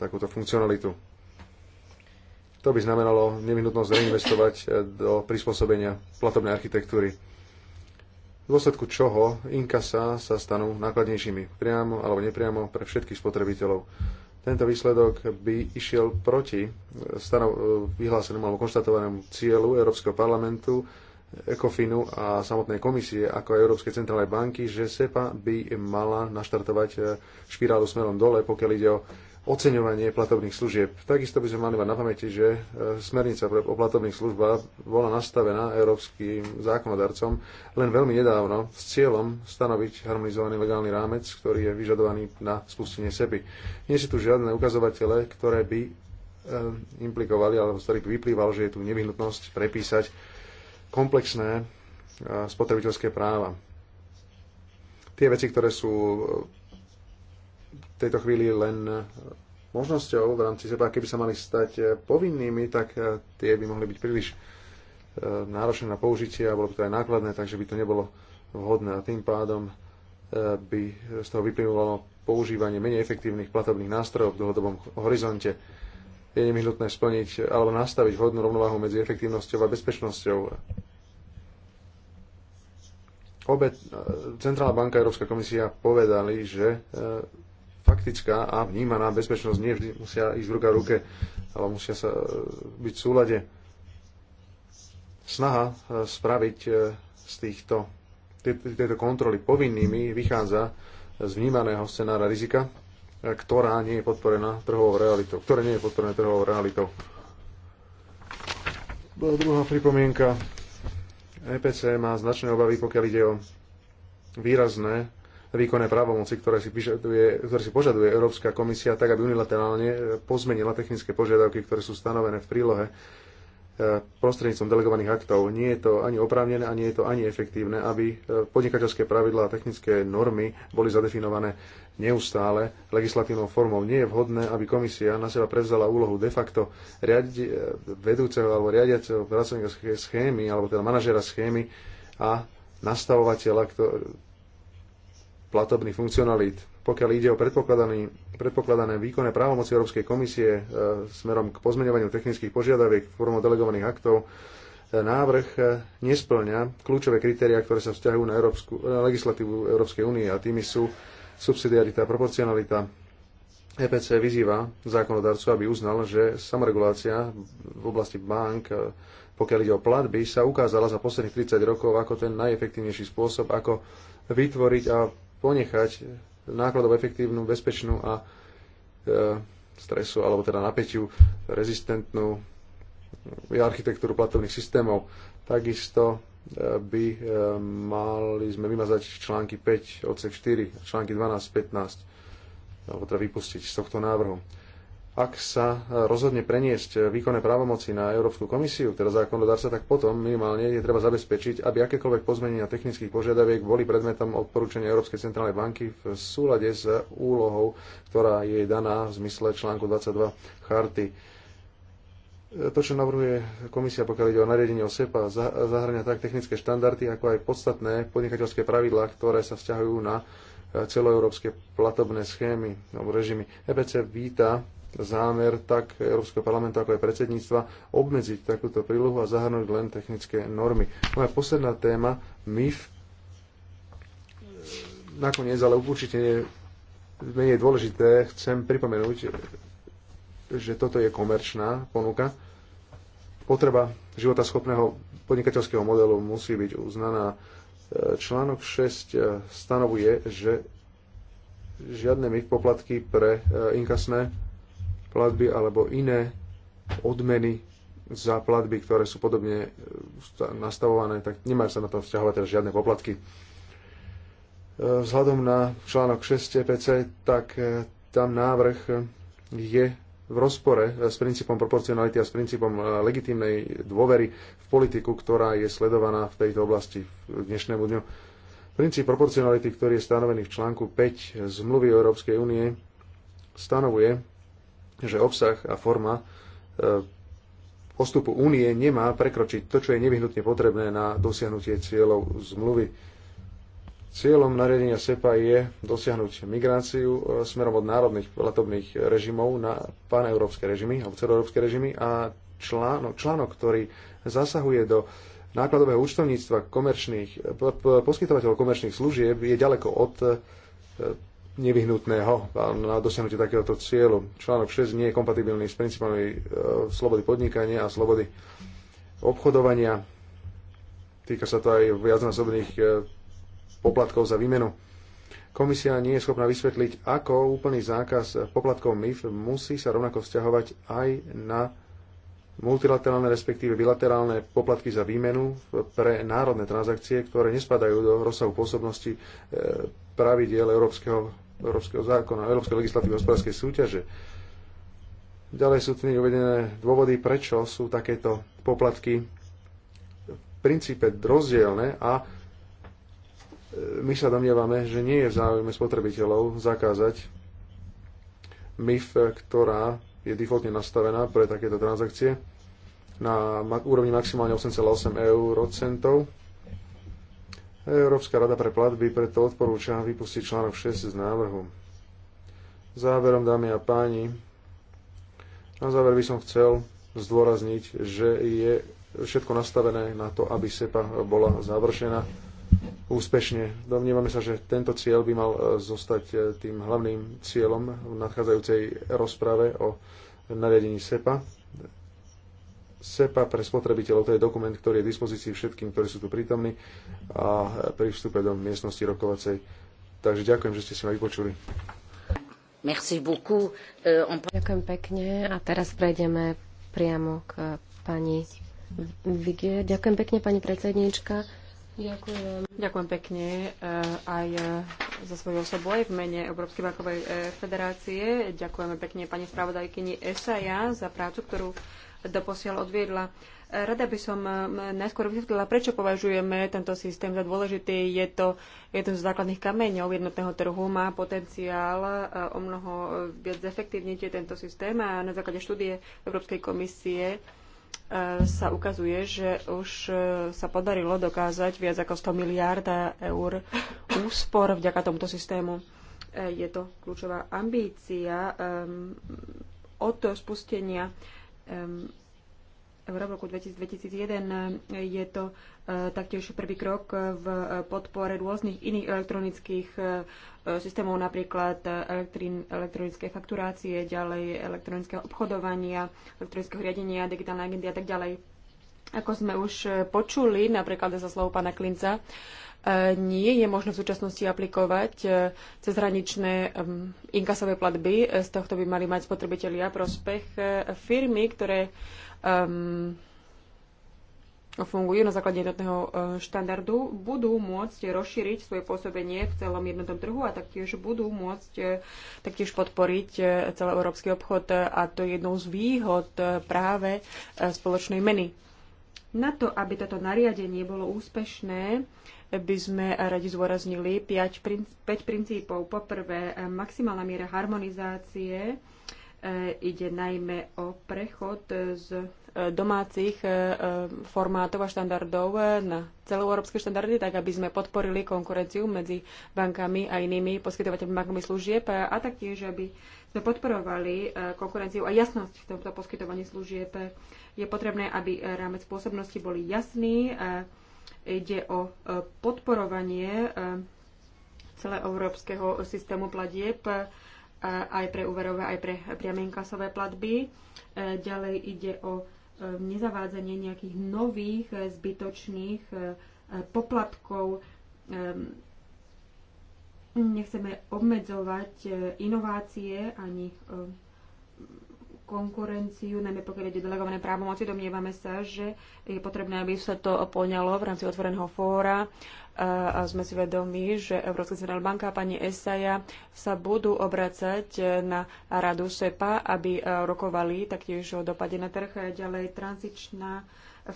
takúto funkcionalitu. To by znamenalo nevyhnutnosť reinvestovať do prispôsobenia platobnej architektúry dôsledku čoho inkasa sa stanú nákladnejšími priamo alebo nepriamo pre všetkých spotrebiteľov. Tento výsledok by išiel proti stanov, vyhlásenému alebo konštatovanému cieľu Európskeho parlamentu, ECOFINu a samotnej komisie, ako aj Európskej centrálnej banky, že SEPA by mala naštartovať špirálu smerom dole, pokiaľ ide o oceňovanie platobných služieb. Takisto by sme mali mať na pamäti, že e, smernica pre, o platobných službách bola nastavená európskym zákonodarcom len veľmi nedávno s cieľom stanoviť harmonizovaný legálny rámec, ktorý je vyžadovaný na spustenie SEPI. Nie sú tu žiadne ukazovatele, ktoré by e, implikovali, alebo z ktorých vyplýval, že je tu nevyhnutnosť prepísať komplexné e, spotrebiteľské práva. Tie veci, ktoré sú tejto chvíli len e, možnosťou v rámci seba, keby sa mali stať e, povinnými, tak e, tie by mohli byť príliš náročné na použitie a bolo by to aj nákladné, takže by to nebolo vhodné a tým pádom by z toho vyplynulo používanie menej efektívnych platobných nástrojov v dlhodobom horizonte. Je nevyhnutné splniť alebo nastaviť vhodnú rovnováhu medzi efektívnosťou a bezpečnosťou. Obe, Centrálna banka a Európska komisia povedali, že faktická a vnímaná bezpečnosť nie vždy musia ísť v ruka v ruke, ale musia sa e, byť v súlade. Snaha e, spraviť e, z týchto, tejto kontroly povinnými vychádza z vnímaného scenára rizika, ktorá nie je podporená trhovou realitou, ktoré nie je podporené trhovou realitou. Bola druhá pripomienka. EPC má značné obavy, pokiaľ ide o výrazné výkonné právomoci, ktoré si, vyžaduje, ktoré si požaduje Európska komisia, tak aby unilaterálne pozmenila technické požiadavky, ktoré sú stanovené v prílohe e, prostredníctvom delegovaných aktov. Nie je to ani oprávnené a nie je to ani efektívne, aby e, podnikateľské pravidlá a technické normy boli zadefinované neustále legislatívnou formou. Nie je vhodné, aby komisia na seba prevzala úlohu de facto riadi, vedúceho alebo riadiaceho pracovníka schémy, alebo teda manažera schémy a nastavovateľa, platobných funkcionalít. Pokiaľ ide o predpokladané výkonné právomoci Európskej komisie e, smerom k pozmeňovaniu technických požiadaviek formou delegovaných aktov, e, návrh e, nesplňa kľúčové kritériá, ktoré sa vzťahujú na, európsku, na legislatívu Európskej únie a tými sú subsidiarita, proporcionalita. EPC vyzýva zákonodarcu, aby uznal, že samoregulácia v oblasti bank, e, pokiaľ ide o platby, sa ukázala za posledných 30 rokov ako ten najefektívnejší spôsob, ako vytvoriť a ponechať nákladov efektívnu, bezpečnú a e, stresu, alebo teda napätiu, rezistentnú architektúru platovných systémov. Takisto e, by e, mali sme vymazať články 5, odsek 4, články 12, 15, alebo teda vypustiť z tohto návrhu ak sa e, rozhodne preniesť e, výkonné právomoci na Európsku komisiu, teda zákonodárca, tak potom minimálne je treba zabezpečiť, aby akékoľvek pozmenenia technických požiadaviek boli predmetom odporúčania Európskej centrálnej banky v súlade s úlohou, ktorá je daná v zmysle článku 22 charty. E, to, čo navrhuje komisia, pokiaľ ide o nariadenie o SEPA, zahrania tak technické štandardy, ako aj podstatné podnikateľské pravidlá, ktoré sa vzťahujú na celoeurópske platobné schémy alebo režimy. PPC víta zámer tak Európskeho parlamentu, ako aj predsedníctva, obmedziť takúto prílohu a zahrnúť len technické normy. Moja posledná téma, MIF, nakoniec, ale určite menej dôležité, chcem pripomenúť, že toto je komerčná ponuka. Potreba životaschopného podnikateľského modelu musí byť uznaná článok 6 stanovuje, že žiadne MIF poplatky pre eh, inkasné platby alebo iné odmeny za platby, ktoré sú podobne e, nastavované, tak nemajú sa na to vzťahovať teda žiadne poplatky. E, vzhľadom na článok 6 EPC, tak e, tam návrh je v rozpore s princípom proporcionality a s princípom legitímnej dôvery v politiku, ktorá je sledovaná v tejto oblasti v dnešnému dňu. Princíp proporcionality, ktorý je stanovený v článku 5 zmluvy Európskej únie, stanovuje, že obsah a forma e, postupu únie nemá prekročiť to, čo je nevyhnutne potrebné na dosiahnutie cieľov zmluvy. Cieľom nariadenia SEPA je dosiahnuť migráciu e, smerom od národných platobných režimov na paneurópske režimy alebo celoeurópske režimy a článok, článok, ktorý zasahuje do nákladového účtovníctva komerčných, poskytovateľov komerčných služieb je ďaleko od e, nevyhnutného na dosiahnutie takéhoto cieľu. Článok 6 nie je kompatibilný s princípami e, slobody podnikania a slobody obchodovania. Týka sa to aj viacnásobných e, poplatkov za výmenu. Komisia nie je schopná vysvetliť, ako úplný zákaz poplatkov MIF musí sa rovnako vzťahovať aj na multilaterálne, respektíve bilaterálne poplatky za výmenu pre národné transakcie, ktoré nespadajú do rozsahu pôsobnosti e, pravidiel Európskeho Európskeho zákona, Európskej legislatívy hospodárskej súťaže. Ďalej sú tu uvedené dôvody, prečo sú takéto poplatky v princípe rozdielne a e, my sa domnievame, že nie je v záujme spotrebiteľov zakázať MIF, ktorá je defaultne nastavená pre takéto transakcie na úrovni maximálne 8,8 eur centov Európska rada pre platby preto odporúča vypustiť článok 6 z návrhu. Záverom, dámy a páni, na záver by som chcel zdôrazniť, že je všetko nastavené na to, aby SEPA bola završená úspešne. Domnievame sa, že tento cieľ by mal zostať tým hlavným cieľom v nadchádzajúcej rozprave o nariadení SEPA. SEPA pre spotrebiteľov, to je dokument, ktorý je v dispozícii všetkým, ktorí sú tu prítomní a pri vstupe do miestnosti rokovacej. Takže ďakujem, že ste si ma vypočuli. Merci beaucoup. Euh, ďakujem pekne a teraz prejdeme priamo k pani Vigie. Ďakujem pekne, pani predsednička. Ďakujem. Ďakujem pekne eh, aj eh, za svoju osobu aj v mene Európskej bankovej eh, federácie. Ďakujeme pekne pani spravodajkyni Esaja za prácu, ktorú doposiaľ odviedla. Rada by som najskôr vysvetlila, prečo považujeme tento systém za dôležitý. Je to jeden z základných kameňov jednotného trhu, má potenciál e, o mnoho viac zefektívniť tento systém a na základe štúdie Európskej komisie e, sa ukazuje, že už e, sa podarilo dokázať viac ako 100 miliárd eur úspor vďaka tomuto systému. Je to kľúčová ambícia od spustenia Euro v roku 2001 je to eh, taktiež prvý krok eh, v eh, podpore rôznych iných elektronických systémov, napríklad elektrín, elektronické fakturácie, ďalej elektronického obchodovania, elektronického riadenia, digitálnej agendy a tak ďalej. Ako sme už počuli, napríklad za slovo pána Klinca, nie je možné v súčasnosti aplikovať e, cezhraničné inkasové platby. E, z tohto by mali mať spotrebitelia prospech e, firmy, ktoré um, fungujú na základe jednotného štandardu, budú môcť rozšíriť svoje pôsobenie v celom jednotnom trhu a taktiež budú môcť taktiež podporiť celý európsky obchod a to je jednou z výhod práve spoločnej meny. Na to, aby toto nariadenie bolo úspešné, by sme radi zdôraznili 5, 5 princípov. Po prvé, eh, maximálna miera harmonizácie eh, ide najmä o prechod z eh, domácich formátov a štandardov na celoeurópske štandardy, tak aby sme podporili konkurenciu medzi bankami a inými poskytovateľmi bankami služieb a taktiež, aby sme podporovali konkurenciu a jasnosť v tomto poskytovaní služieb. Je potrebné, aby rámec spôsobnosti boli jasný, a Ide o e, podporovanie e, európskeho systému platieb e, aj pre úverové, aj pre priame platby. Ďalej ide o nezavádzanie nejakých nových zbytočných poplatkov. Nechceme obmedzovať inovácie ani konkurenciu, najmä pokiaľ ide delegované právomoci, domnievame sa, že je potrebné, aby sa to poňalo v rámci otvoreného fóra. A sme si vedomi, že Európska centrálna banka a pani Esaja sa budú obracať na radu SEPA, aby e, rokovali taktiež o dopade na trh. Ďalej transičná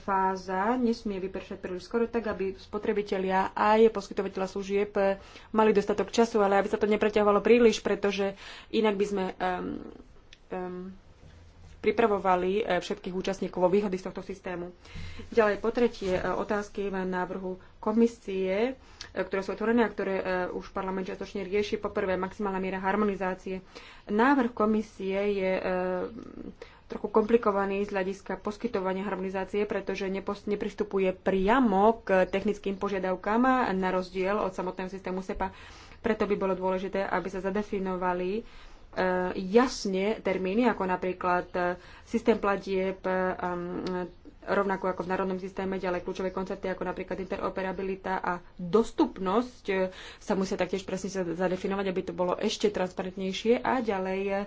fáza nesmie vypršať príliš skoro, tak aby spotrebitelia aj poskytovateľa služieb e, mali dostatok času, ale aby sa to nepreťahovalo príliš, pretože inak by sme um, um, pripravovali e, všetkých účastníkov o výhody z tohto systému. Ďalej po tretie e, otázky v návrhu komisie, e, ktoré sú otvorené a ktoré už parlament čiastočne rieši. Po prvé, maximálna miera harmonizácie. Návrh komisie je trochu komplikovaný z hľadiska poskytovania harmonizácie, pretože nepristupuje priamo k technickým požiadavkám na rozdiel od samotného systému SEPA. Preto by bolo dôležité, aby sa zadefinovali Eh, jasne termíny, ako napríklad eh, systém platieb, eh, rovnako ako v národnom systéme, ďalej kľúčové koncepty ako napríklad interoperabilita a dostupnosť sa musia taktiež presne zadefinovať, aby to bolo ešte transparentnejšie a ďalej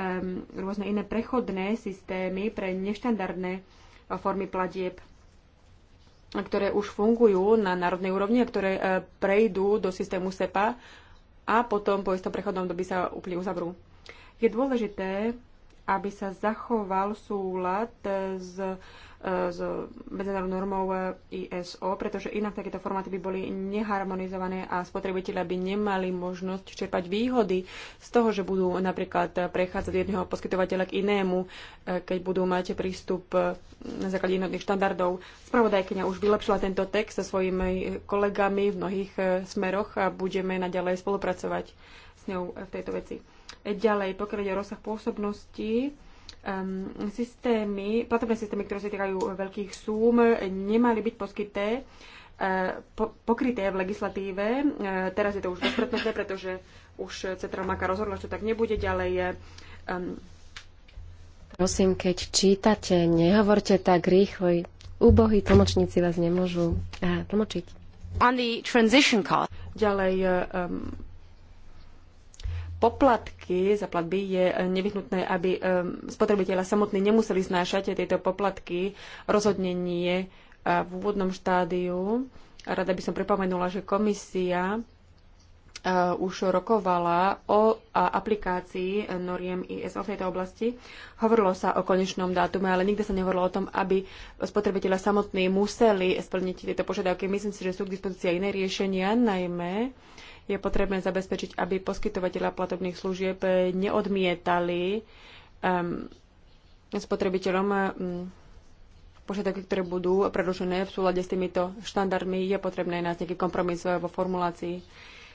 um, rôzne iné prechodné systémy pre neštandardné formy platieb ktoré už fungujú na národnej úrovni a ktoré prejdú do systému SEPA a potom po istom prechodnom doby sa úplne uzavrú. Je dôležité, aby sa zachoval súlad s s medzinárodnou normou ISO, pretože inak takéto formáty by boli neharmonizované a spotrebitelia by nemali možnosť čerpať výhody z toho, že budú napríklad prechádzať jedného poskytovateľa k inému, e, keď budú mať prístup e, na základe jednotných štandardov. Spravodajkynia už vylepšila tento text so svojimi kolegami v mnohých e, smeroch a budeme naďalej spolupracovať s ňou v tejto veci. Ďalej, pokiaľ ide o rozsah pôsobnosti, um, systémy, platobné systémy, ktoré sa týkajú veľkých súm, nemali byť poskyté, uh, po, pokryté v legislatíve. Uh, teraz je to už bezpredmetné, pretože už Centrál Maka rozhodla, že tak nebude ďalej. Um, Prosím, keď čítate, nehovorte tak rýchlo. Úbohí tlmočníci vás nemôžu ah, tlmočiť. On the transition cost. Ďalej, um, poplatky za platby je eh, nevyhnutné, aby eh, spotrebitelia samotní nemuseli znášať tieto poplatky. Rozhodne nie v úvodnom štádiu. Rada by som pripomenula, že komisia eh, už rokovala o aplikácii noriem ISO v tejto oblasti. Hovorilo sa o konečnom dátume, ale nikde sa nehovorilo o tom, aby spotrebitelia samotní museli splniť tieto požiadavky. Myslím si, že sú k dispozícii iné riešenia, najmä je potrebné zabezpečiť, aby poskytovateľa platobných služieb neodmietali um, spotrebiteľom um, požiadavky, ktoré budú predložené v súlade s týmito štandardmi. Je potrebné nájsť nejaký kompromis vo formulácii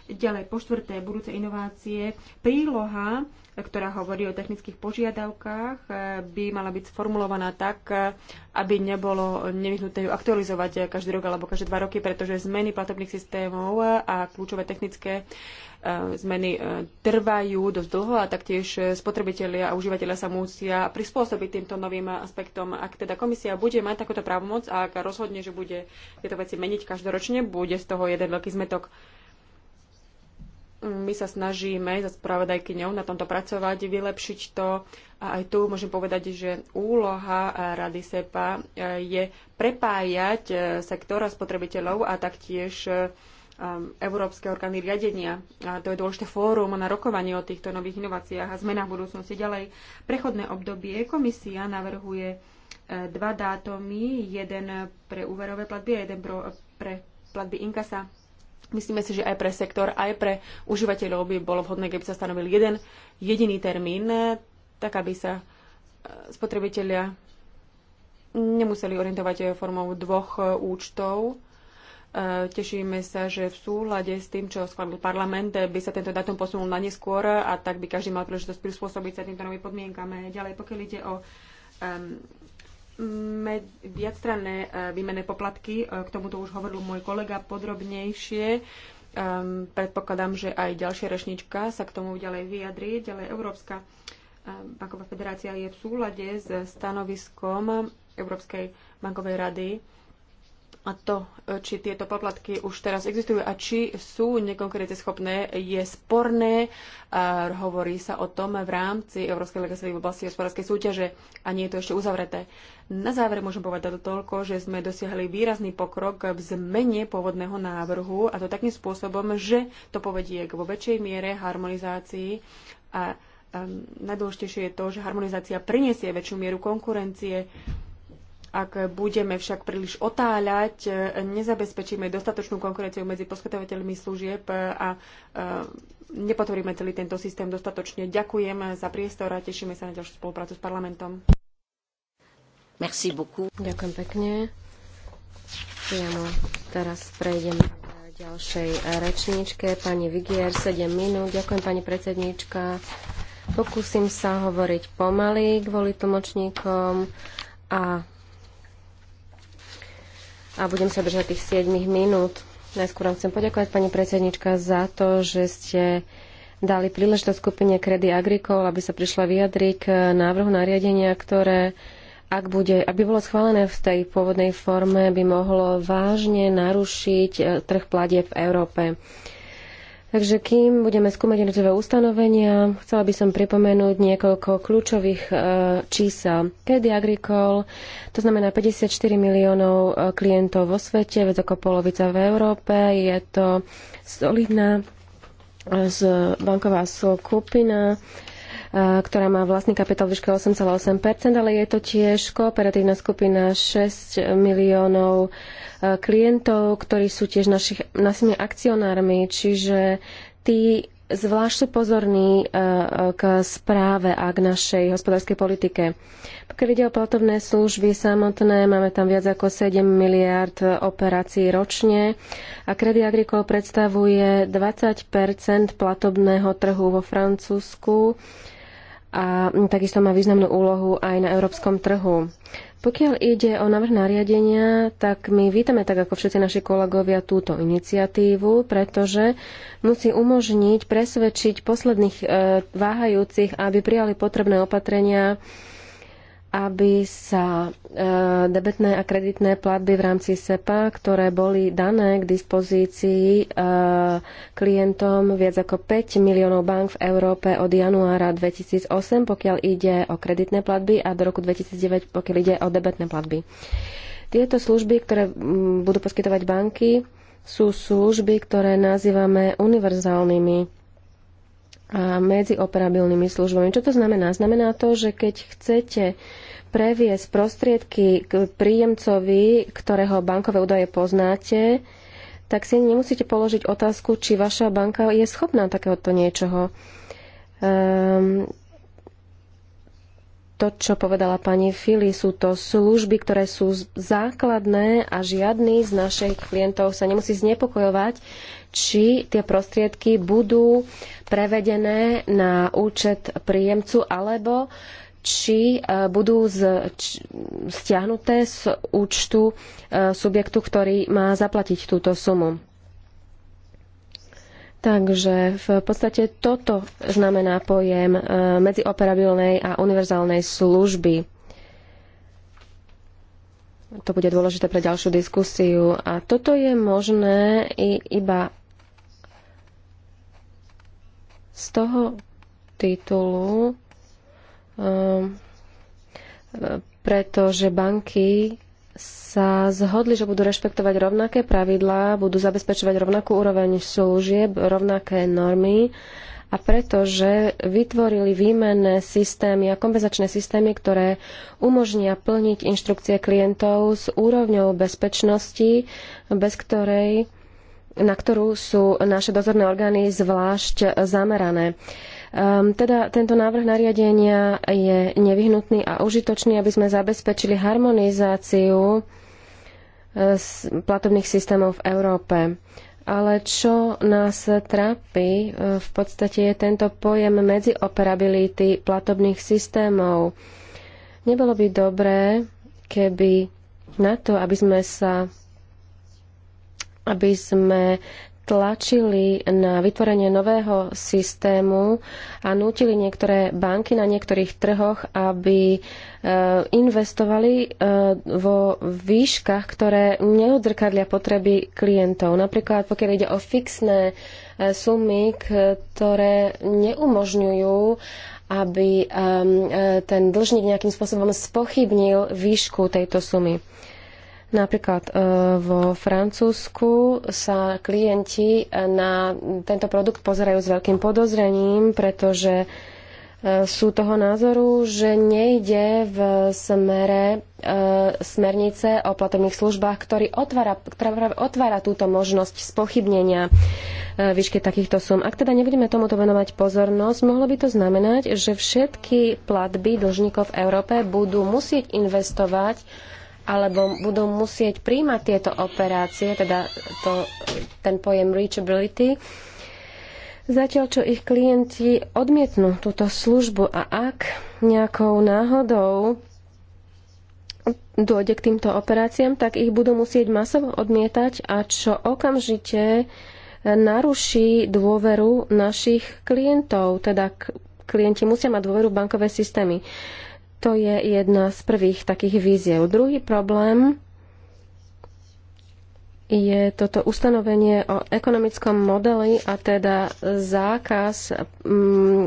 Ďalej, po štvrté, budúce inovácie. Príloha, ktorá hovorí o technických požiadavkách, eh, by mala byť sformulovaná tak, eh, aby nebolo nevyhnutné ju aktualizovať eh, každý rok alebo každé dva roky, pretože zmeny platobných systémov a kľúčové technické zmeny trvajú dosť dlho a taktiež spotrebitelia a užívateľia sa musia prispôsobiť týmto novým aspektom. Ak teda komisia bude mať takúto právomoc a ak rozhodne, že bude tieto veci meniť každoročne, bude z toho jeden veľký zmetok my sa snažíme za spravodajkyňou na tomto pracovať, vylepšiť to. A aj tu môžem povedať, že úloha eh, Rady SEPA eh, je prepájať eh, sektora spotrebiteľov a taktiež um, európske orgány riadenia. A to je dôležité fórum na rokovanie o týchto nových inováciách a zmenách budúcnosti. Ďalej, prechodné obdobie komisia navrhuje dva dátumy, jeden pre úverové platby a jeden pre platby inkasa Myslíme si, že aj pre sektor, aj pre užívateľov by bolo vhodné, keby sa stanovil jeden jediný termín, eh, tak aby sa eh, spotrebitelia nemuseli orientovať eh, formou dvoch účtov. Tešíme sa, že v súlade s tým, čo schválil parlament, by sa tento dátum posunul na neskôr a tak by každý mal príležitosť prispôsobiť sa týmto novým podmienkam. Ďalej, pokiaľ ide o um, med, viacstranné eh, výmenné poplatky, eh, k tomuto už hovoril môj kolega podrobnejšie. Um, predpokladám, že aj ďalšia rešnička sa k tomu ďalej vyjadrí. Ďalej Európska ehm, banková federácia je v súlade s stanoviskom Európskej bankovej rady a to, e, či tieto poplatky už teraz existujú a či sú schopné, je sporné. A e, hovorí sa o tom v rámci Európskej legislatívy v oblasti hospodárskej súťaže a nie je to ešte uzavreté. Na záver môžem povedať toľko, že sme dosiahli výrazný pokrok v zmene pôvodného návrhu a to takým spôsobom, že to povedie k vo väčšej miere harmonizácii a, a najdôležitejšie je to, že harmonizácia prinesie väčšiu mieru konkurencie ak budeme však príliš otáľať, e, nezabezpečíme dostatočnú konkurenciu medzi poskytovateľmi služieb e, a e, nepotvoríme celý tento systém dostatočne. Ďakujem za priestor a tešíme sa na ďalšiu spoluprácu s parlamentom. Merci beaucoup. Ďakujem pekne. Priamo no, teraz prejdem k ďalšej rečníčke. Pani Vigier, 7 minút. Ďakujem, pani predsedníčka. Pokúsim sa hovoriť pomaly kvôli tlmočníkom a a budem sa držať tých 7 minút. Najskôr vám chcem poďakovať pani predsednička za to, že ste dali príležitosť skupine Kredy Agricole, aby sa prišla vyjadriť k návrhu nariadenia, ktoré ak bude, aby bolo schválené v tej pôvodnej forme, by mohlo vážne narušiť eh, trh pladie v Európe. Takže kým budeme skúmať jednotlivé ustanovenia, chcela by som pripomenúť niekoľko kľúčových e, čísel. Kedy Agricol, to znamená 54 miliónov e, klientov vo svete, veď ako polovica v Európe, je to solidná e, z banková skupina, e, ktorá má vlastný kapitál výške 8,8%, ale je to tiež kooperatívna skupina 6 miliónov klientov, ktorí sú tiež našich, našimi akcionármi, čiže tí zvlášť sú pozorní e, k správe a k našej hospodárskej politike. Pokiaľ ide o platovné služby samotné, máme tam viac ako 7 miliard operácií ročne a Credit Agricole predstavuje 20 platobného trhu vo Francúzsku a takisto má významnú úlohu aj na európskom trhu. Pokiaľ ide o návrh nariadenia, tak my vítame tak ako všetci naši kolegovia túto iniciatívu, pretože musí umožniť presvedčiť posledných e, váhajúcich, aby prijali potrebné opatrenia aby sa e, debetné a kreditné platby v rámci SEPA, ktoré boli dané k dispozícii e, klientom viac ako 5 miliónov bank v Európe od januára 2008, pokiaľ ide o kreditné platby a do roku 2009, pokiaľ ide o debetné platby. Tieto služby, ktoré budú poskytovať banky, sú služby, ktoré nazývame univerzálnymi a medzi operabilnými službami. Čo to znamená? Znamená to, že keď chcete previesť prostriedky k príjemcovi, ktorého bankové údaje poznáte, tak si nemusíte položiť otázku, či vaša banka je schopná takéhoto niečoho. Um, to, čo povedala pani Fili, sú to služby, ktoré sú základné a žiadny z našich klientov sa nemusí znepokojovať, či tie prostriedky budú prevedené na účet príjemcu alebo či e, budú z, či, stiahnuté z účtu e, subjektu, ktorý má zaplatiť túto sumu. Takže v podstate toto znamená pojem e, medzioperabilnej a univerzálnej služby. To bude dôležité pre ďalšiu diskusiu. A toto je možné iba z toho titulu, um, pretože banky sa zhodli, že budú rešpektovať rovnaké pravidlá, budú zabezpečovať rovnakú úroveň služieb, rovnaké normy a pretože vytvorili výmenné systémy a kompenzačné systémy, ktoré umožnia plniť inštrukcie klientov s úrovňou bezpečnosti, bez ktorej na ktorú sú naše dozorné orgány zvlášť zamerané. Um, teda tento návrh nariadenia je nevyhnutný a užitočný, aby sme zabezpečili harmonizáciu e, platobných systémov v Európe. Ale čo nás trápi, e, v podstate je tento pojem medzioperability platobných systémov. Nebolo by dobré, keby na to, aby sme sa aby sme tlačili na vytvorenie nového systému a nútili niektoré banky na niektorých trhoch, aby e, investovali e, vo výškach, ktoré neodzrkadlia potreby klientov. Napríklad pokiaľ ide o fixné e, sumy, ktoré neumožňujú aby ten dlžník nejakým spôsobom spochybnil výšku tejto sumy. Napríklad e, vo Francúzsku sa klienti na tento produkt pozerajú s veľkým podozrením, pretože e, sú toho názoru, že nejde v smere e, smernice o platobných službách, ktorý otvára, ktorá práve otvára túto možnosť spochybnenia výšky takýchto sum. Ak teda nebudeme tomuto venovať pozornosť, mohlo by to znamenať, že všetky platby dlžníkov v Európe budú musieť investovať alebo budú musieť príjmať tieto operácie, teda to, ten pojem reachability, zatiaľ čo ich klienti odmietnú túto službu a ak nejakou náhodou dôjde k týmto operáciám, tak ich budú musieť masovo odmietať a čo okamžite naruší dôveru našich klientov, teda klienti musia mať dôveru bankové systémy. To je jedna z prvých takých víziev. Druhý problém je toto ustanovenie o ekonomickom modeli a teda zákaz mm, mm,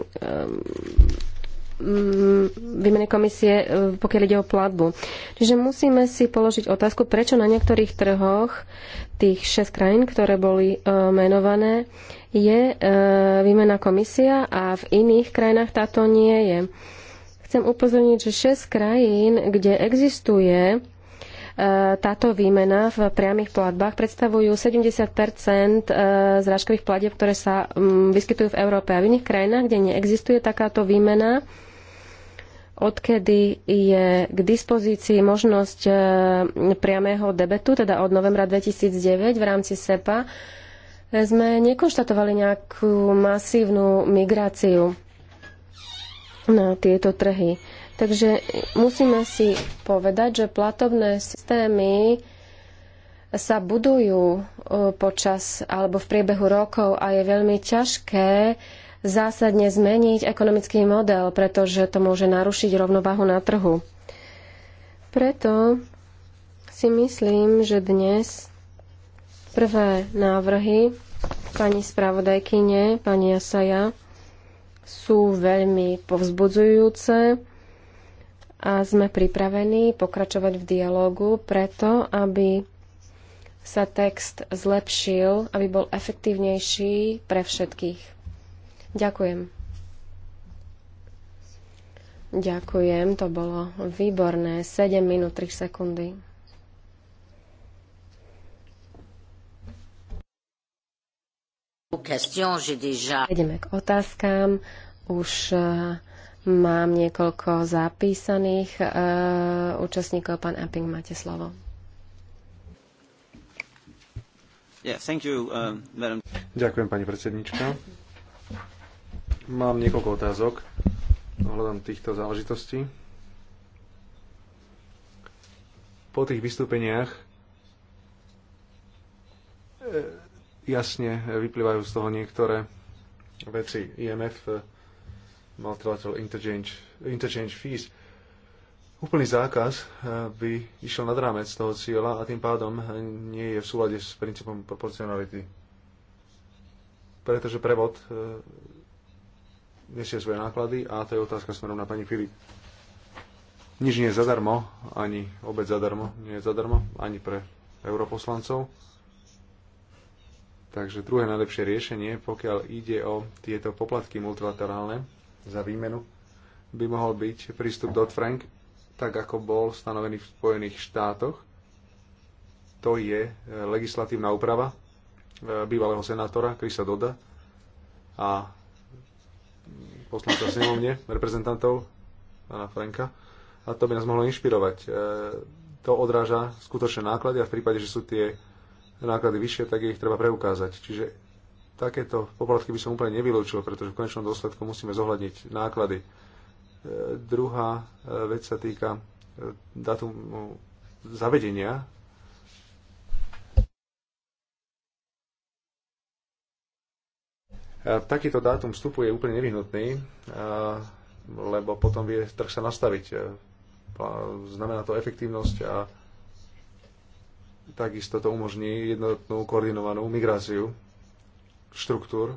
mm výmeny komisie, e, pokiaľ ide o platbu. Čiže musíme si položiť otázku, prečo na niektorých trhoch tých 6 krajín, ktoré boli e, menované, je e, výmena komisia a v iných krajinách táto nie je. E, chcem upozorniť, že 6 krajín, kde existuje e, táto výmena v priamých platbách predstavujú 70 e, zrážkových platieb, ktoré sa mm, vyskytujú v Európe a v iných krajinách, kde neexistuje takáto výmena odkedy je k dispozícii možnosť e, priamého debetu, teda od novembra 2009 v rámci SEPA, sme nekonštatovali nejakú masívnu migráciu na tieto trhy. Takže musíme si povedať, že platobné systémy sa budujú e, počas alebo v priebehu rokov a je veľmi ťažké zásadne zmeniť ekonomický model, pretože to môže narušiť rovnováhu na trhu. Preto si myslím, že dnes prvé návrhy pani spravodajkyne, pani Asaja, sú veľmi povzbudzujúce a sme pripravení pokračovať v dialogu preto, aby sa text zlepšil, aby bol efektívnejší pre všetkých. Ďakujem. Ďakujem, to bolo výborné. 7 minút 3 sekundy. Ideme k otázkám. Už eh, mám niekoľko zapísaných eh, účastníkov. Pán Epping, máte slovo. Yeah, you, uh, Ďakujem, pani predsednička. Mám niekoľko otázok ohľadom týchto záležitostí. Po tých vystúpeniach jasne vyplývajú z toho niektoré veci. IMF Multilateral Interchange, interchange Fees úplný zákaz eh, by išiel nad rámec toho cieľa a tým pádom eh, nie je v súlade s princípom proporcionality. Pretože prevod eh, nesie svoje náklady a to je otázka smerom na pani Filip. Nič nie je zadarmo, ani obec zadarmo, nie je zadarmo, ani pre europoslancov. Takže druhé najlepšie riešenie, pokiaľ ide o tieto poplatky multilaterálne za výmenu, by mohol byť prístup Dodd-Frank, tak ako bol stanovený v Spojených štátoch. To je e, legislatívna úprava e, bývalého senátora Krisa Doda a poslanca snemovne, reprezentantov pána Franka. A to by nás mohlo inšpirovať. E, to odráža skutočné náklady a v prípade, že sú tie náklady vyššie, tak ich treba preukázať. Čiže takéto poplatky by som úplne nevylúčil, pretože v konečnom dôsledku musíme zohľadniť náklady. E, druhá e, vec sa týka e, datumu no, zavedenia e, Takýto dátum vstupu je úplne nevyhnutný, lebo potom vie trh sa nastaviť. Znamená to efektívnosť a Takisto to umožní jednotnú koordinovanú migráciu štruktúr e,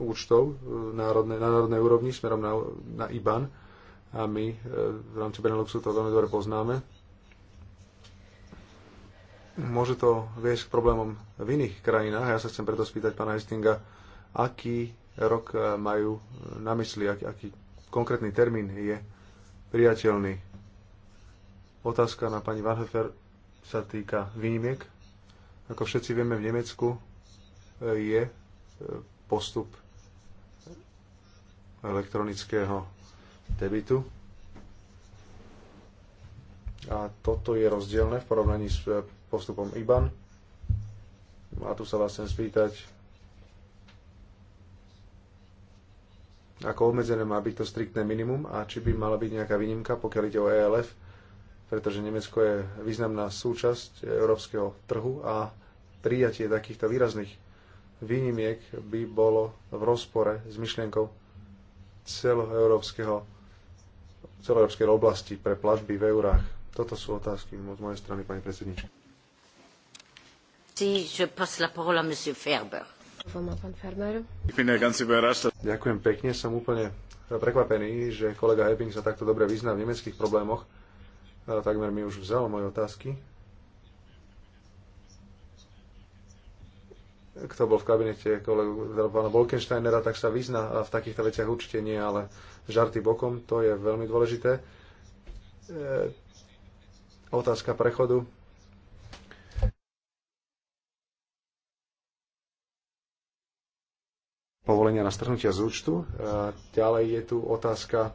účtov e, národne, na národnej úrovni smerom na, na IBAN a my e, v rámci Beneluxu to veľmi dobre poznáme. Môže to viesť k problémom v iných krajinách. Ja sa chcem preto spýtať pána Hestinga, aký rok majú na mysli, aký, aký konkrétny termín je priateľný Otázka na pani Warhofer sa týka výnimiek. Ako všetci vieme, v Nemecku e, je e, postup elektronického debitu. A toto je rozdielne v porovnaní s e, postupom IBAN. A tu sa vás chcem spýtať, ako obmedzené má byť to striktné minimum a či by mala byť nejaká výnimka, pokiaľ ide o ELF, pretože Nemecko je významná súčasť európskeho trhu a prijatie takýchto výrazných výnimiek by bolo v rozpore s myšlienkou celoeurópskeho celoeurópskej oblasti pre platby v eurách. Toto sú otázky od mojej strany, pani predsednička. Ďakujem pekne, som úplne prekvapený, že kolega Ebbing sa takto dobre vyzná v nemeckých problémoch ale takmer mi už vzal moje otázky. Kto bol v kabinete kolegu pána Bolkensteinera, tak sa vyzna a v takýchto veciach určite nie, ale žarty bokom, to je veľmi dôležité. E, otázka prechodu. povolenia na strhnutia z účtu. E, ďalej je tu otázka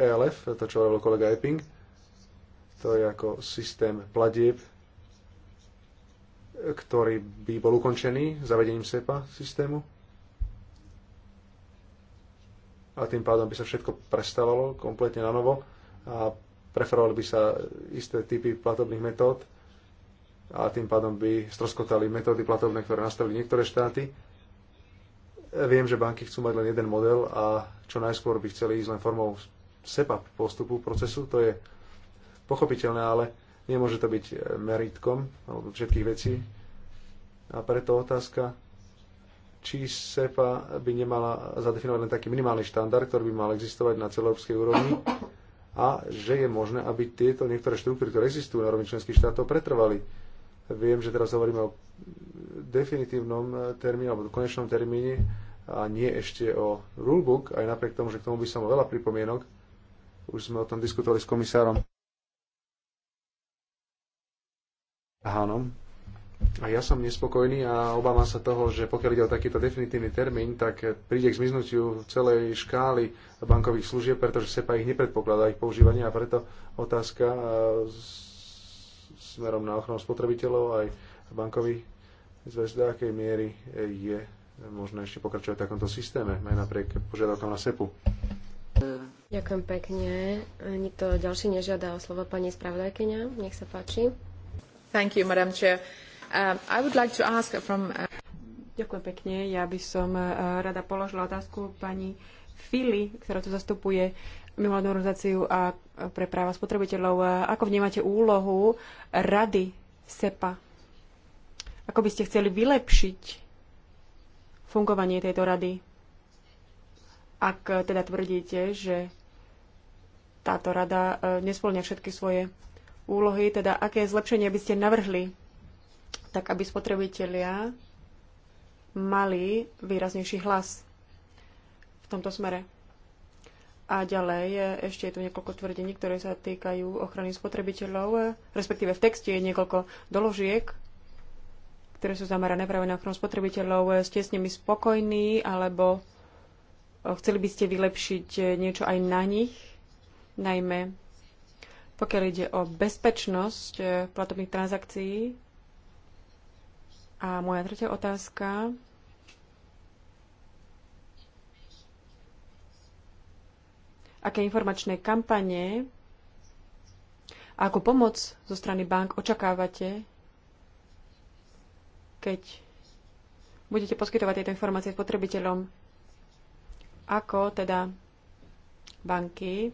ELF, e to čo hovoril kolega Epping to je ako systém platieb, ktorý by bol ukončený zavedením SEPA systému. A tým pádom by sa všetko prestávalo kompletne na novo a preferovali by sa isté typy platobných metód a tým pádom by stroskotali metódy platobné, ktoré nastavili niektoré štáty. Viem, že banky chcú mať len jeden model a čo najskôr by chceli ísť len formou SEPA postupu procesu, to je pochopiteľné, ale nemôže to byť e, meritkom alebo všetkých vecí. A preto otázka, či SEPA by nemala zadefinovať len taký minimálny štandard, ktorý by mal existovať na celoeurópskej úrovni a že je možné, aby tieto niektoré štruktúry, ktoré existujú na úrovni členských štátov, pretrvali. Viem, že teraz hovoríme o definitívnom e, termíne alebo konečnom termíne a nie ešte o rulebook, aj napriek tomu, že k tomu by som mal veľa pripomienok. Už sme o tom diskutovali s komisárom Hánom. A ja som nespokojný a obávam sa toho, že pokiaľ ide o takýto definitívny termín, tak príde k zmiznutiu celej škály bankových služieb, pretože SEPA ich nepredpokladá ich používanie a preto otázka e, smerom na ochranu spotrebiteľov aj bankových zväz, do akej miery je možné ešte pokračovať v takomto systéme, aj napriek požiadavkám na SEPu. Ďakujem pekne. Nikto ďalší nežiada o slovo pani spravodajkyňa. Nech sa páči. Um, uh, Ďakujem pekne. Ja by som uh, rada položila otázku pani Fili, ktorá tu zastupuje mimovládnu organizáciu a uh, pre práva spotrebiteľov. Ako vnímate úlohu rady SEPA? Ako by ste chceli vylepšiť fungovanie tejto rady? Ak teda tvrdíte, že táto rada nesplňa všetky svoje úlohy, teda aké zlepšenie by ste navrhli, tak aby spotrebitelia mali výraznejší hlas v tomto smere. A ďalej e, ešte je tu niekoľko tvrdení, ktoré sa týkajú ochrany spotrebiteľov, e, respektíve v texte je niekoľko doložiek, ktoré sú zamerané práve na ochranu spotrebiteľov. E, ste s nimi spokojní alebo chceli by ste vylepšiť niečo aj na nich, najmä pokiaľ ide o bezpečnosť e, platobných transakcií, a moja tretia otázka aké informačné kampanie a akú pomoc zo strany bank očakávate, keď budete poskytovať tieto informácie spotrebiteľom, ako teda banky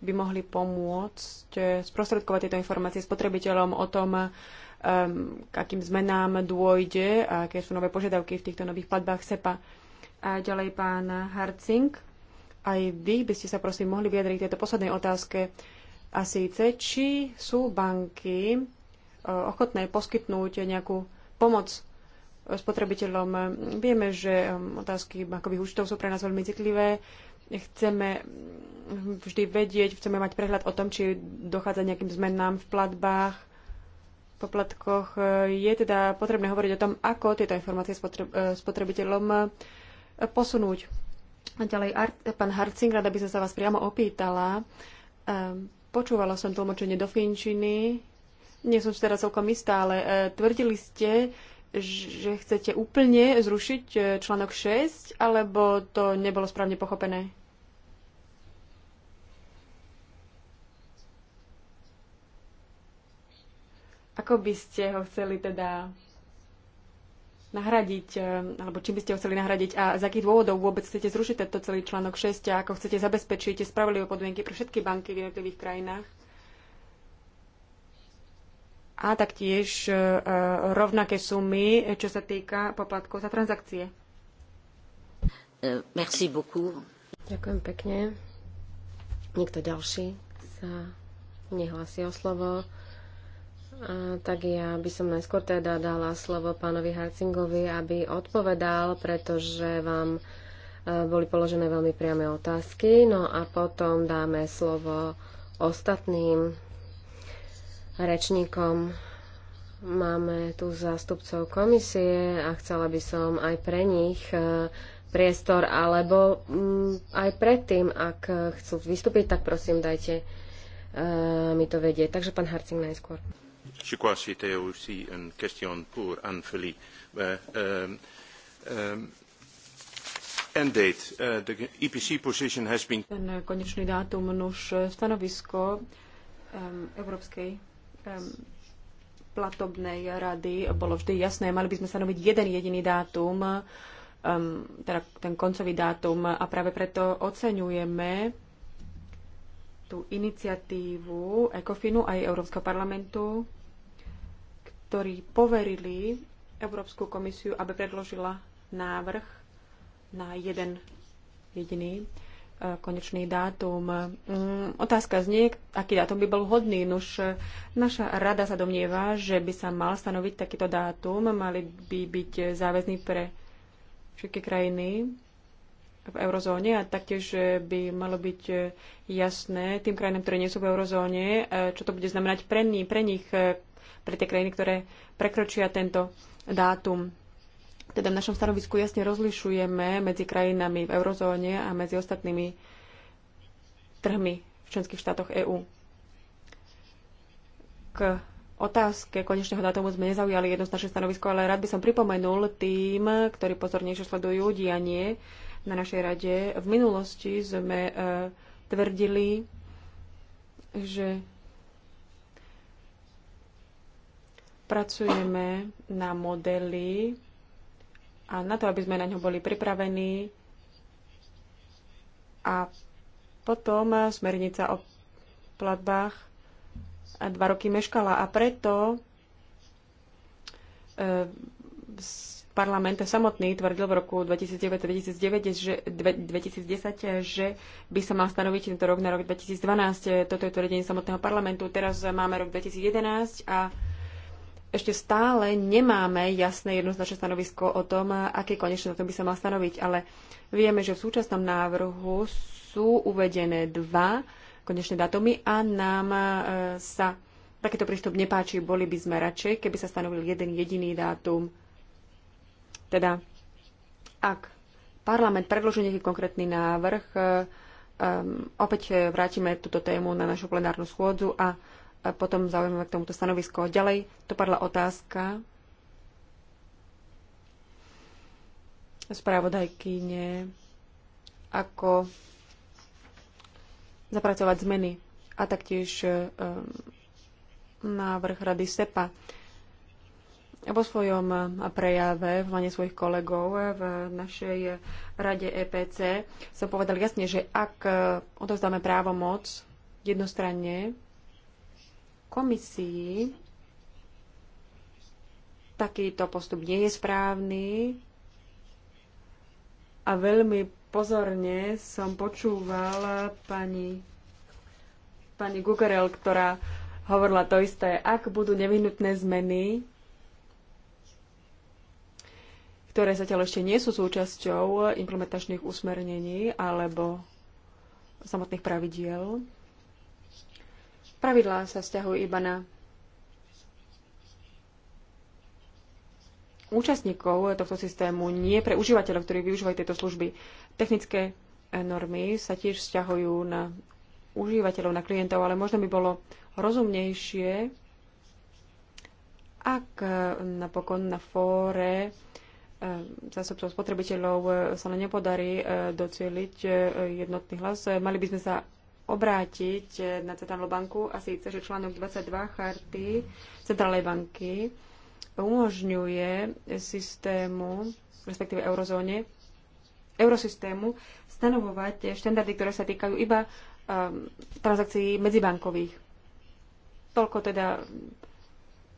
by mohli pomôcť eh, sprostredkovať tieto informácie spotrebiteľom o tom, um, k akým zmenám dôjde a aké sú nové požiadavky v týchto nových platbách SEPA. A ďalej pán Harcing, aj vy by ste sa prosím mohli vyjadriť k tejto poslednej otázke a síce, či sú banky eh, ochotné poskytnúť nejakú pomoc spotrebiteľom. Vieme, že otázky bankových účtov sú pre nás veľmi citlivé Chceme vždy vedieť, chceme mať prehľad o tom, či dochádza nejakým zmenám v platbách, poplatkoch. Je teda potrebné hovoriť o tom, ako tieto informácie e, spotrebiteľom e, posunúť. A ďalej, pán Harcing, rada by som sa vás priamo opýtala. E, počúvala som tlmočenie do Finčiny. Nie som si teraz celkom istá, ale tvrdili ste, že chcete úplne zrušiť článok 6, alebo to nebolo správne pochopené? Ako by ste ho chceli teda nahradiť, eh, alebo čím by ste ho chceli nahradiť a z akých dôvodov vôbec chcete zrušiť tento celý článok 6 a ako chcete zabezpečiť spravodlivé podmienky pre všetky banky v jednotlivých krajinách a taktiež eh, eh, rovnaké sumy, čo sa týka poplatkov za transakcie. Merci beaucoup. Ďakujem pekne. Niekto ďalší sa nehlási o slovo tak ja by som najskôr teda dala slovo pánovi Harcingovi, aby odpovedal, pretože vám e, boli položené veľmi priame otázky. No a potom dáme slovo ostatným rečníkom. Máme tu zástupcov komisie a chcela by som aj pre nich e, priestor, alebo mm, aj predtým, ak chcú vystúpiť, tak prosím, dajte e, mi to vedieť. Takže pán Harcing najskôr. Je crois que c'était aussi une question pour Anne-Philly. Euh, euh, euh, e ten e, konečný dátum, nuž e, stanovisko um, Európskej um, platobnej rady bolo vždy jasné. Mali by sme stanoviť jeden jediný dátum, um, teda ten koncový dátum a práve preto oceňujeme tú iniciatívu ECOFINu aj Európskeho parlamentu ktorí poverili Európsku komisiu, aby predložila návrh na jeden jediný e, konečný dátum. Mm, otázka znie, aký dátum by bol hodný. Nuž, e, naša rada sa domnieva, že by sa mal stanoviť takýto dátum, mali by byť záväzný pre všetky krajiny v eurozóne a taktiež e, by malo byť jasné tým krajinám, ktoré nie sú v eurozóne, čo to bude znamenať pre, nich, pre nich, pre tie krajiny, ktoré prekročia tento dátum. Teda v našom stanovisku jasne rozlišujeme medzi krajinami v eurozóne a medzi ostatnými trhmi v členských štátoch EÚ. K otázke konečného dátumu sme nezaujali jednoznačné stanovisko, ale rád by som pripomenul tým, ktorí pozornejšie sledujú dianie na našej rade. V minulosti sme e, tvrdili, že Pracujeme na modeli a na to, aby sme na ňo boli pripravení. A potom smernica o platbách dva roky meškala a preto e, parlament samotný tvrdil v roku 2009-2010, že, 2010, že by sa mal stanoviť tento rok na rok 2012. Toto je tvrdenie samotného parlamentu. Teraz máme rok 2011 a ešte stále nemáme jasné jednoznačné stanovisko o tom, aký konečné to by sa mal stanoviť, ale vieme, že v súčasnom návrhu sú uvedené dva konečné datumy a nám e, sa takýto prístup nepáči. Boli by sme radšej, keby sa stanovil jeden jediný dátum. Teda, ak parlament predloží nejaký konkrétny návrh, e, e, opäť vrátime túto tému na našu plenárnu schôdzu a a potom zaujímavé k tomuto stanovisko. Ďalej to padla otázka spravodajkyne, ako zapracovať zmeny a taktiež um, návrh rady SEPA. Vo svojom prejave v mene svojich kolegov v našej rade EPC som povedal jasne, že ak e, odovzdáme právomoc jednostranne komisii takýto postup nie je správny a veľmi pozorne som počúvala pani, pani Gugerel, ktorá hovorila to isté. Ak budú nevyhnutné zmeny, ktoré zatiaľ ešte nie sú súčasťou implementačných usmernení alebo samotných pravidiel, Pravidlá sa vzťahujú iba na účastníkov tohto systému, nie pre užívateľov, ktorí využívajú tieto služby. Technické eh, normy sa tiež vzťahujú na užívateľov, na klientov, ale možno by bolo rozumnejšie, ak eh, napokon na fóre eh, zásobcov spotrebiteľov sa nám nepodarí doceliť jednotný hlas. Mali by sme sa obrátiť eh, na Centrálnu banku a síce, že článok 22 charty Centrálnej banky umožňuje systému, respektíve eurozóne, eurosystému stanovovať štandardy, ktoré sa týkajú iba um, transakcií medzibankových. Toľko teda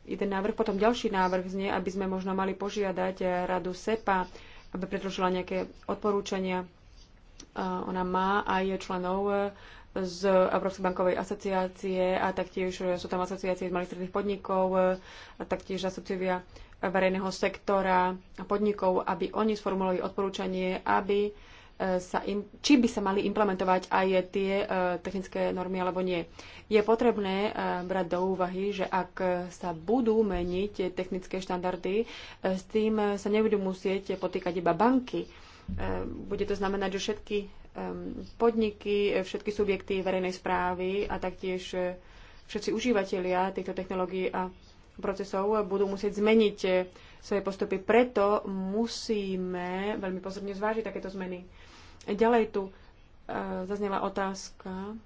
jeden návrh. Potom ďalší návrh znie, aby sme možno mali požiadať eh, radu SEPA, aby predložila nejaké odporúčania. Eh, ona má aj členov z Európskej bankovej asociácie a taktiež sú tam asociácie z malých stredných podnikov, e, a taktiež asociovia verejného sektora a podnikov, aby oni sformulovali odporúčanie, aby e, sa im, či by sa mali implementovať aj tie e, technické normy alebo nie. Je potrebné brať do úvahy, že ak sa budú meniť technické štandardy, s tým sa nebudú musieť potýkať iba banky. Bude to znamenať, že všetky podniky, všetky subjekty verejnej správy a taktiež eh, všetci užívateľia týchto technológií a procesov budú musieť zmeniť eh, svoje postupy. Preto musíme veľmi pozorne zvážiť takéto zmeny. Ďalej tu eh, zaznela otázka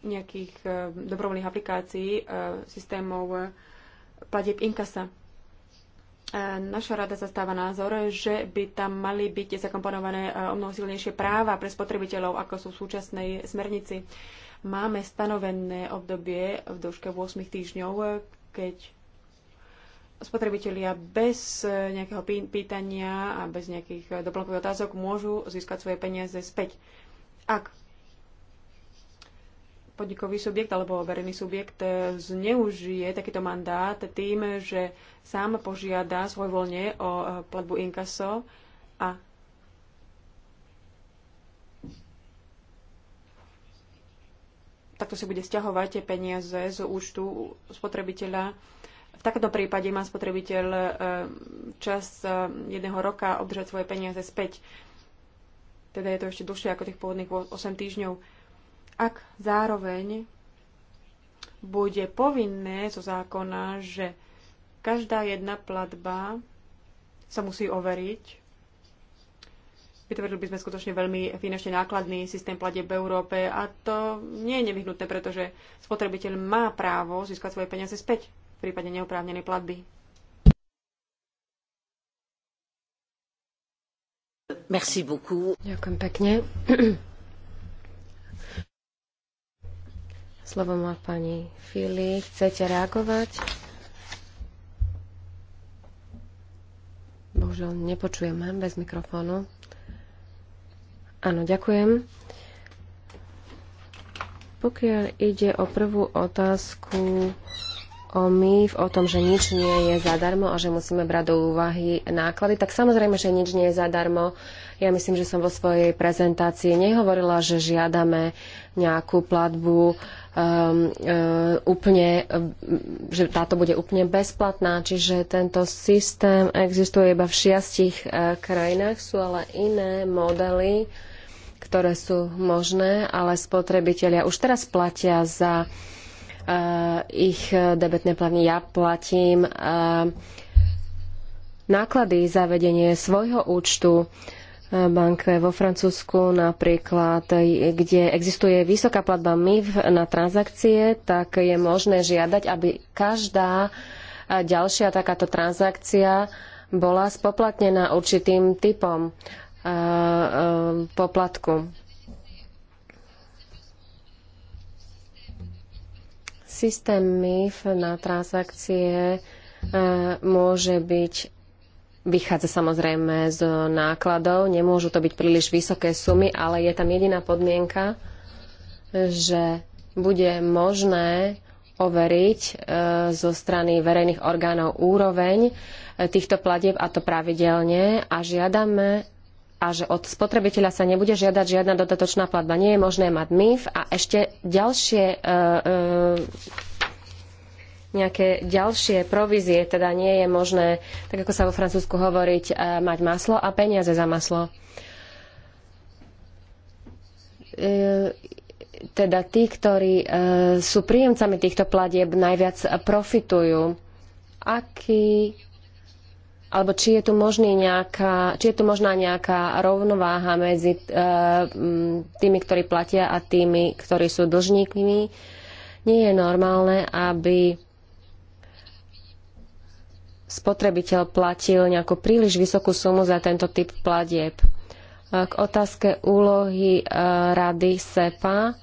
nejakých dobrovoľných aplikácií, systémov platieb inkasa. Naša rada zastáva názor, že by tam mali byť zakomponované e, o mnoho silnejšie práva pre spotrebiteľov, ako sú v súčasnej smernici. Máme stanovené obdobie v dĺžke 8 týždňov, keď spotrebitelia bez nejakého pýtania a bez nejakých doplnkových otázok môžu získať svoje peniaze späť. Ak podnikový subjekt alebo verejný subjekt e, zneužije takýto mandát tým, že sám požiada svoj voľne o e, platbu inkaso a takto si bude stiahovať peniaze z účtu spotrebiteľa. V takomto prípade má spotrebiteľ e, čas jedného roka obdržať svoje peniaze späť. Teda je to ešte dlhšie ako tých pôvodných 8 týždňov ak zároveň bude povinné zo zákona, že každá jedna platba sa musí overiť. Vytvorili by sme skutočne veľmi finančne nákladný systém platieb v Európe a to nie je nevyhnutné, pretože spotrebiteľ má právo získať svoje peniaze späť v prípade neoprávnenej platby. Merci beaucoup. Ďakujem pekne. Slovo má pani Fili. Chcete reagovať? Bohužiaľ, nepočujeme bez mikrofónu. Áno, ďakujem. Pokiaľ ide o prvú otázku o MIF, o tom, že nič nie je zadarmo a že musíme brať do úvahy náklady, tak samozrejme, že nič nie je zadarmo ja myslím, že som vo svojej prezentácii nehovorila, že žiadame nejakú platbu um, uh, um, úplne, že táto bude úplne bezplatná, čiže tento systém existuje iba v šiestich uh, krajinách, sú ale iné modely, ktoré sú možné, ale spotrebitelia už teraz platia za uh, ich debetné plavenie. Ja platím uh, náklady za vedenie svojho účtu banke vo Francúzsku napríklad, kde existuje vysoká platba MIV na transakcie, tak je možné žiadať, aby každá ďalšia takáto transakcia bola spoplatnená určitým typom e, e, poplatku. Systém MIF na transakcie e, môže byť Vychádza samozrejme z nákladov, nemôžu to byť príliš vysoké sumy, ale je tam jediná podmienka, že bude možné overiť e, zo strany verejných orgánov úroveň e, týchto platieb a to pravidelne a žiadame a že od spotrebiteľa sa nebude žiadať žiadna dodatočná platba. Nie je možné mať MIF a ešte ďalšie e, nejaké ďalšie provízie, teda nie je možné, tak ako sa vo Francúzsku hovoriť, eh, mať maslo a peniaze za maslo. Eh, teda tí, ktorí eh, sú príjemcami týchto platieb, najviac profitujú. Aký alebo či je tu, možný nejaká, či je tu možná nejaká rovnováha medzi tými, ktorí platia a tými, ktorí sú dlžníkmi. Nie je normálne, aby spotrebiteľ platil nejakú príliš vysokú sumu za tento typ platieb. K otázke úlohy e, rady SEPA.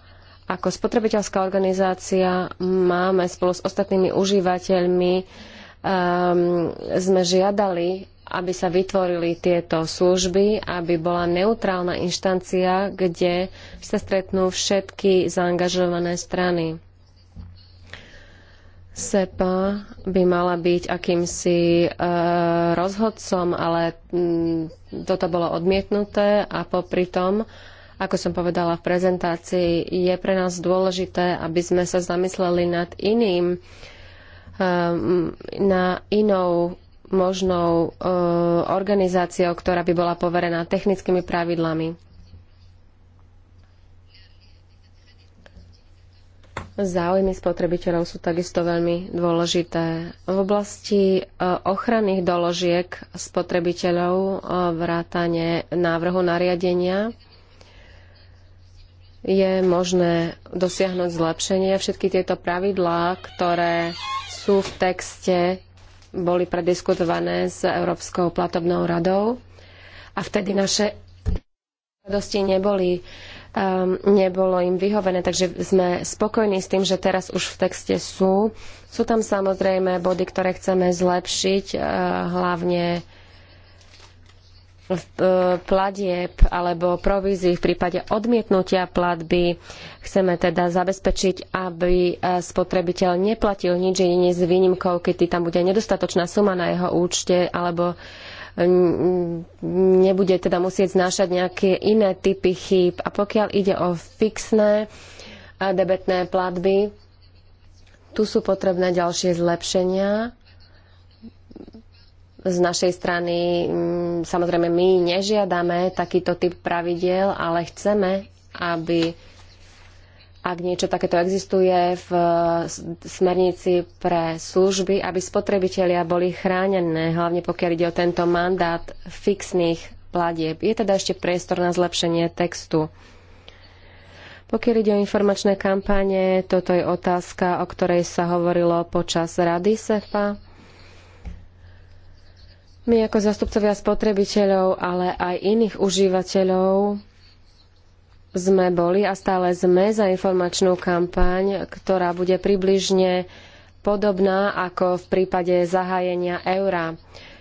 Ako spotrebiteľská organizácia máme spolu s ostatnými užívateľmi um, sme žiadali, aby sa vytvorili tieto služby, aby bola neutrálna inštancia, kde sa stretnú všetky zaangažované strany. SEPA by mala byť akýmsi e, rozhodcom, ale m, mm, toto bolo odmietnuté a popri tom, ako som povedala v prezentácii, je pre nás dôležité, aby sme sa zamysleli nad iným, e, na inou možnou e, organizáciou, ktorá by bola poverená technickými pravidlami. Záujmy spotrebiteľov sú takisto veľmi dôležité. V oblasti e, ochranných doložiek spotrebiteľov e, vrátane návrhu nariadenia je možné dosiahnuť zlepšenie. Všetky tieto pravidlá, ktoré sú v texte, boli prediskutované s Európskou platobnou radou a vtedy naše radosti neboli Ehm, nebolo im vyhovené, takže sme spokojní s tým, že teraz už v texte sú. Sú tam samozrejme body, ktoré chceme zlepšiť, eh, hlavne eh, platieb alebo provízií v prípade odmietnutia platby. Chceme teda zabezpečiť, aby eh, spotrebiteľ neplatil nič jedine s výnimkou, keď tam bude nedostatočná suma na jeho účte alebo nebude teda musieť znášať nejaké iné typy chýb. A pokiaľ ide o fixné debetné platby, tu sú potrebné ďalšie zlepšenia. Z našej strany samozrejme my nežiadame takýto typ pravidel, ale chceme, aby ak niečo takéto existuje v smernici pre služby, aby spotrebitelia boli chránené, hlavne pokiaľ ide o tento mandát fixných platieb. Je teda ešte priestor na zlepšenie textu. Pokiaľ ide o informačné kampanie, toto je otázka, o ktorej sa hovorilo počas rady SEFA. My ako zastupcovia spotrebiteľov, ale aj iných užívateľov sme boli a stále sme za informačnú kampaň, ktorá bude približne podobná ako v prípade zahájenia eura.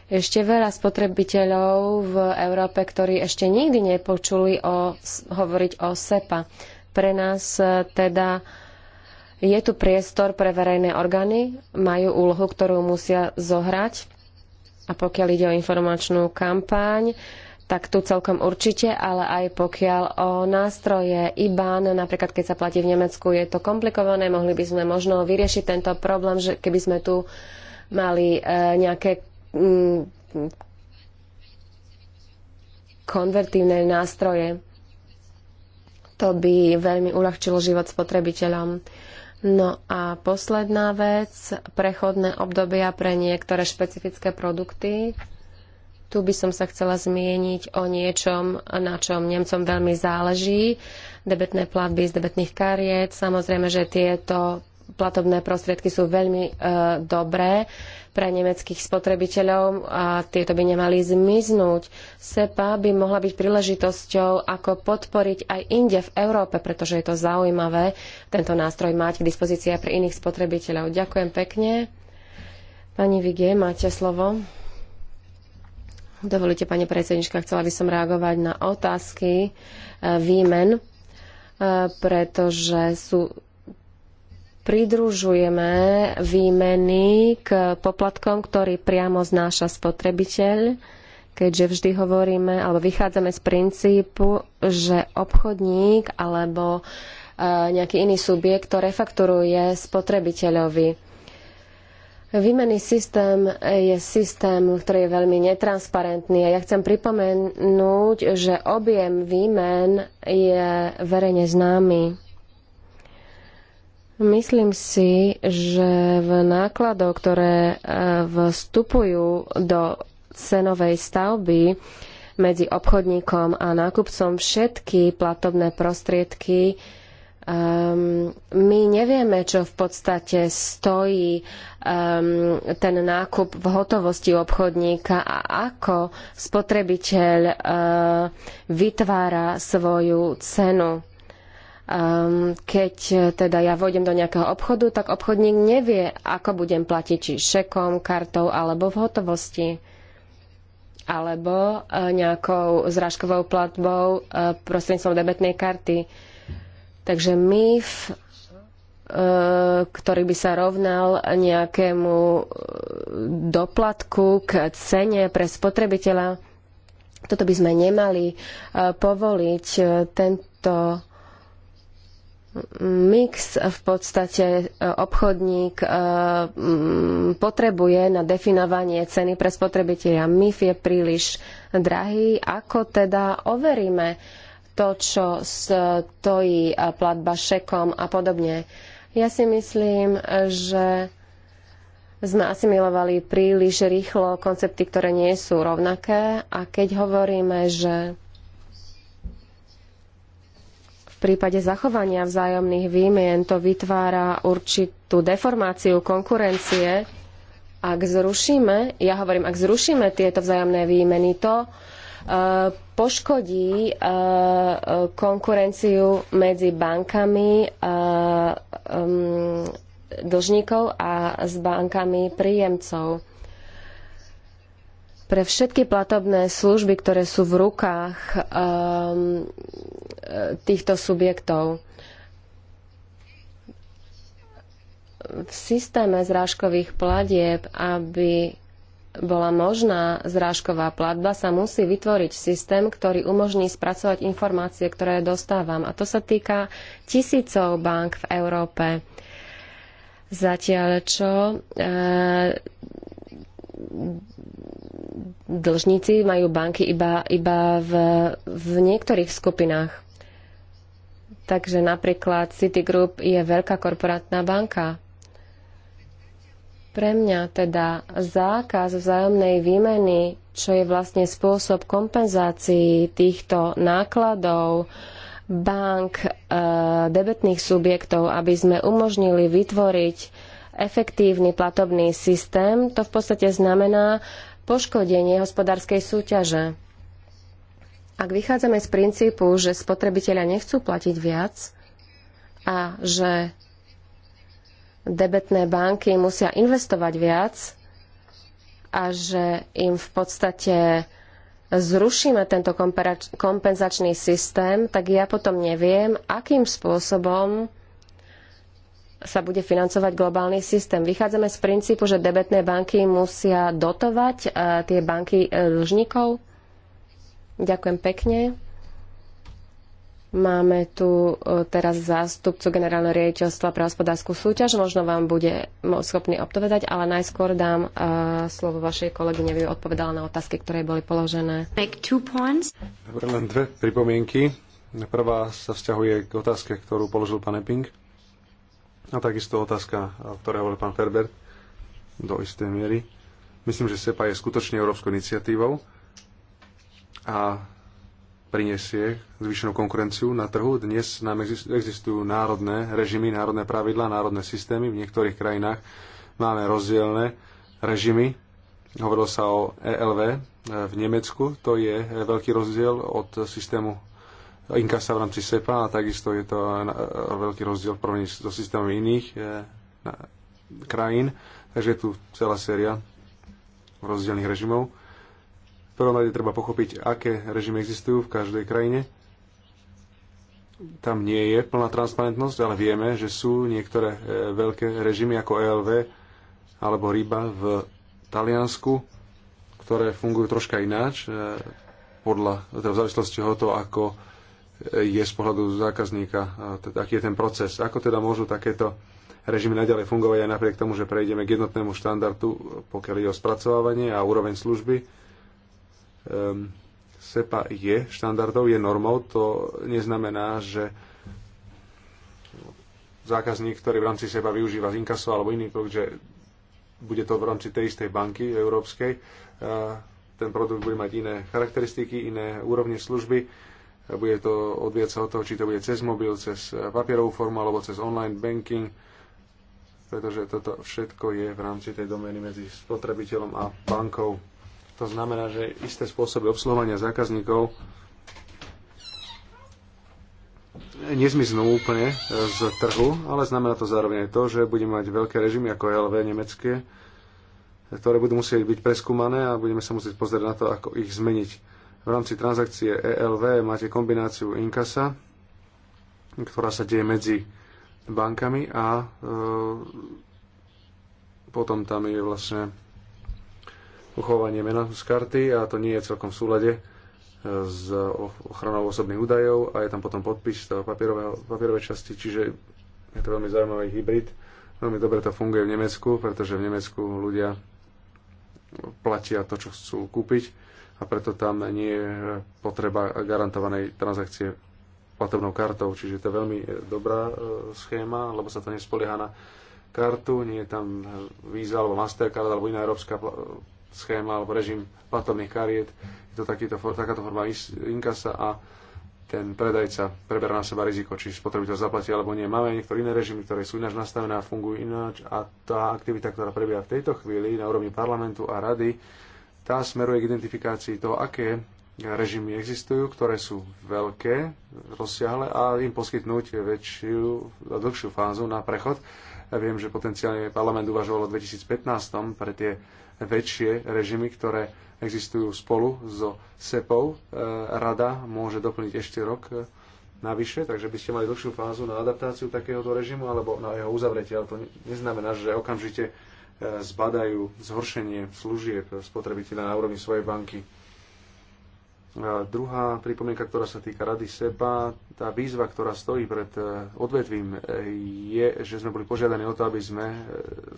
Ešte veľa spotrebiteľov v Európe, ktorí ešte nikdy nepočuli o, hovoriť o SEPA. Pre nás e, teda je tu priestor pre verejné orgány, majú úlohu, ktorú musia zohrať. A pokiaľ ide o informačnú kampaň, tak tu celkom určite, ale aj pokiaľ o nástroje IBAN, napríklad keď sa platí v Nemecku, je to komplikované, mohli by sme možno vyriešiť tento problém, že keby sme tu mali e, nejaké mm, konvertívne nástroje. To by veľmi uľahčilo život spotrebiteľom. No a posledná vec, prechodné obdobia pre niektoré špecifické produkty. Tu by som sa chcela zmieniť o niečom, na čom Nemcom veľmi záleží. Debetné platby z debetných kariet. Samozrejme, že tieto platobné prostriedky sú veľmi e, dobré pre nemeckých spotrebiteľov a tieto by nemali zmiznúť. SEPA by mohla byť príležitosťou, ako podporiť aj inde v Európe, pretože je to zaujímavé tento nástroj mať k dispozícii aj pre iných spotrebiteľov. Ďakujem pekne. Pani Vigie, máte slovo. Dovolite, pani predsednička, chcela by som reagovať na otázky e, výmen, e, pretože sú, pridružujeme výmeny k poplatkom, ktorý priamo znáša spotrebiteľ, keďže vždy hovoríme alebo vychádzame z princípu, že obchodník alebo e, nejaký iný subjekt to refakturuje spotrebiteľovi Výmenný systém je systém, ktorý je veľmi netransparentný a ja chcem pripomenúť, že objem výmen je verejne známy. Myslím si, že v nákladoch, ktoré e, vstupujú do cenovej stavby medzi obchodníkom a nákupcom všetky platobné prostriedky Um, my nevieme, čo v podstate stojí um, ten nákup v hotovosti obchodníka a ako spotrebiteľ uh, vytvára svoju cenu. Um, keď eh, teda ja vôjdem do nejakého obchodu, tak obchodník nevie, ako budem platiť, či šekom, kartou alebo v hotovosti alebo uh, nejakou zrážkovou platbou uh, prostredníctvom debetnej karty. Takže MIF, e, ktorý by sa rovnal nejakému e, doplatku k cene pre spotrebiteľa, toto by sme nemali e, povoliť. Tento mix v podstate obchodník potrebuje na definovanie ceny pre spotrebiteľa. MIF je príliš drahý. Ako teda overíme to, čo stojí platba šekom a podobne. Ja si myslím, že sme asimilovali príliš rýchlo koncepty, ktoré nie sú rovnaké a keď hovoríme, že v prípade zachovania vzájomných výmien to vytvára určitú deformáciu konkurencie, ak zrušíme, ja hovorím, ak zrušíme tieto vzájomné výmeny, to Eh, poškodí eh, konkurenciu medzi bankami eh, dlžníkov a s bankami príjemcov. Pre všetky platobné služby, ktoré sú v rukách týchto subjektov. V systéme zrážkových platieb, aby bola možná zrážková platba, sa musí vytvoriť systém, ktorý umožní spracovať informácie, ktoré dostávam. A to sa týka tisícov bank v Európe. Zatiaľ čo e, dlžníci majú banky iba, iba v, v niektorých skupinách. Takže napríklad Citigroup je veľká korporátna banka, pre mňa teda zákaz vzájomnej výmeny, čo je vlastne spôsob kompenzácií týchto nákladov bank, e, debetných subjektov, aby sme umožnili vytvoriť efektívny platobný systém, to v podstate znamená poškodenie hospodárskej súťaže. Ak vychádzame z princípu, že spotrebitelia nechcú platiť viac a že debetné banky musia investovať viac a že im v podstate zrušíme tento kompenzačný systém, tak ja potom neviem, akým spôsobom sa bude financovať globálny systém. Vychádzame z princípu, že debetné banky musia dotovať eh, tie banky eh, dlžníkov. Ďakujem pekne. Máme tu e, teraz zástupcu generálneho riaditeľstva pre hospodárskú súťaž. Možno vám bude schopný odpovedať, ale najskôr dám e, slovo vašej kolegyne, aby odpovedala na otázky, ktoré boli položené. Dobre, len dve pripomienky. Prvá sa vzťahuje k otázke, ktorú položil pán Epping. A takisto otázka, ktorá hovoril pán Ferber do istej miery. Myslím, že SEPA je skutočne európskou iniciatívou a prinesie zvýšenú konkurenciu na trhu. Dnes nám existujú národné režimy, národné pravidlá, národné systémy. V niektorých krajinách máme rozdielne režimy. Hovorilo sa o ELV e, v Nemecku. To je e, veľký rozdiel od systému inkasa v rámci SEPA a takisto je to e, veľký rozdiel v porovnaní so systémom iných krajín. Takže je tu celá séria rozdielných režimov prvom rade treba pochopiť, aké režimy existujú v každej krajine. Tam nie je plná transparentnosť, ale vieme, že sú niektoré e, veľké režimy ako ELV alebo RIBA v Taliansku, ktoré fungujú troška ináč, e, podľa, teda v závislosti od toho, ako e, je z pohľadu zákazníka, teda, aký je ten proces. Ako teda môžu takéto režimy naďalej fungovať aj napriek tomu, že prejdeme k jednotnému štandardu, pokiaľ je o spracovávanie a úroveň služby um, SEPA je štandardov, je normou, to neznamená, že zákazník, ktorý v rámci SEPA využíva Inkaso alebo iný produkt, že bude to v rámci tej istej banky európskej, ten produkt bude mať iné charakteristiky, iné úrovne služby, bude to odvieť sa od toho, či to bude cez mobil, cez papierovú formu alebo cez online banking, pretože toto všetko je v rámci tej domény medzi spotrebiteľom a bankou. To znamená, že isté spôsoby obsluhovania zákazníkov nezmiznú úplne z trhu, ale znamená to zároveň aj to, že budeme mať veľké režimy ako LV nemecké, ktoré budú musieť byť preskúmané a budeme sa musieť pozrieť na to, ako ich zmeniť. V rámci transakcie ELV máte kombináciu inkasa, ktorá sa deje medzi bankami a e, potom tam je vlastne uchovanie mena z karty a to nie je celkom v súlade eh, s ochranou osobných údajov a je tam potom podpis papierovej časti, čiže je to veľmi zaujímavý hybrid. Veľmi dobre to funguje v Nemecku, pretože v Nemecku ľudia platia to, čo chcú kúpiť a preto tam nie je potreba garantovanej transakcie platobnou kartou, čiže to je veľmi eh, dobrá eh, schéma, lebo sa to nespolieha na kartu, nie je tam Visa alebo Mastercard alebo iná európska schéma alebo režim platobných kariet. Je to takýto, takáto forma inkasa a ten predajca preberá na seba riziko, či spotrebiteľ zaplatí alebo nie. Máme aj niektoré iné režimy, ktoré sú ináč nastavené a fungujú ináč a tá aktivita, ktorá prebieha v tejto chvíli na úrovni parlamentu a rady, tá smeruje k identifikácii toho, aké režimy existujú, ktoré sú veľké, rozsiahle a im poskytnúť väčšiu a dlhšiu fázu na prechod. Ja viem, že potenciálne parlament uvažoval o 2015 pre tie väčšie režimy, ktoré existujú spolu so SEPou. E, Rada môže doplniť ešte rok e, navyše, takže by ste mali dlhšiu fázu na adaptáciu takéhoto režimu alebo na jeho uzavretie, ale to neznamená, že okamžite e, zbadajú zhoršenie služieb spotrebiteľa na úrovni svojej banky. A druhá pripomienka, ktorá sa týka rady SEPA, tá výzva, ktorá stojí pred odvetvím, je, že sme boli požiadani o to, aby sme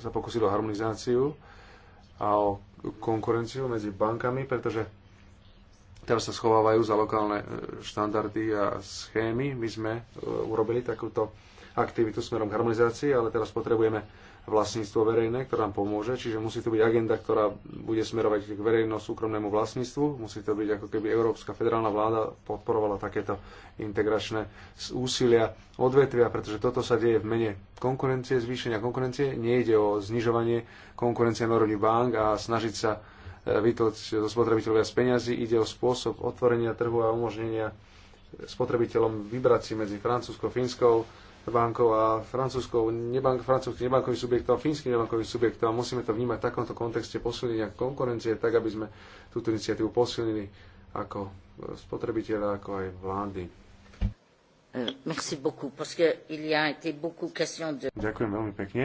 sa pokusili o harmonizáciu a o konkurenciu medzi bankami, pretože teraz sa schovávajú za lokálne e, štandardy a schémy. My sme e, urobili takúto aktivitu smerom k harmonizácii, ale teraz potrebujeme vlastníctvo verejné, ktorá nám pomôže, čiže musí to byť agenda, ktorá bude smerovať k verejno-súkromnému vlastníctvu, musí to byť ako keby Európska federálna vláda podporovala takéto integračné úsilia odvetvia, pretože toto sa deje v mene konkurencie, zvýšenia konkurencie, nejde o znižovanie konkurencie na bank a snažiť sa e, vytlať zo spotrebiteľovia z peňazí, ide o spôsob otvorenia trhu a umožnenia spotrebiteľom vybrať si medzi Francúzskou, Fínskou, bankov a francúzskou nebank, francúzských nebankových subjektov a fínskych nebankových subjektov a musíme to vnímať v takomto kontexte posilnenia konkurencie, tak aby sme túto iniciatívu posilnili ako spotrebiteľa, ako aj vlády. Euh, merci beaucoup, parce que il y a été beaucoup question de... Ďakujem veľmi pekne.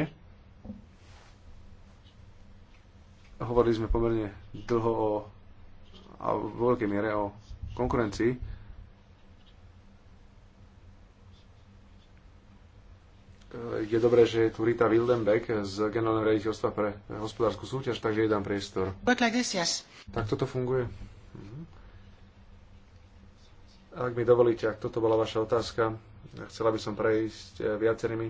Hovorili sme pomerne dlho o, a v veľkej miere o konkurencii je dobré, že je tu Rita Wildenbeck z Generálneho rediteľstva pre hospodárskú súťaž, takže jej dám priestor. Like this, yes. Tak toto funguje. Mhm. Ak mi dovolíte, ak toto bola vaša otázka, chcela by som prejsť eh, viacerými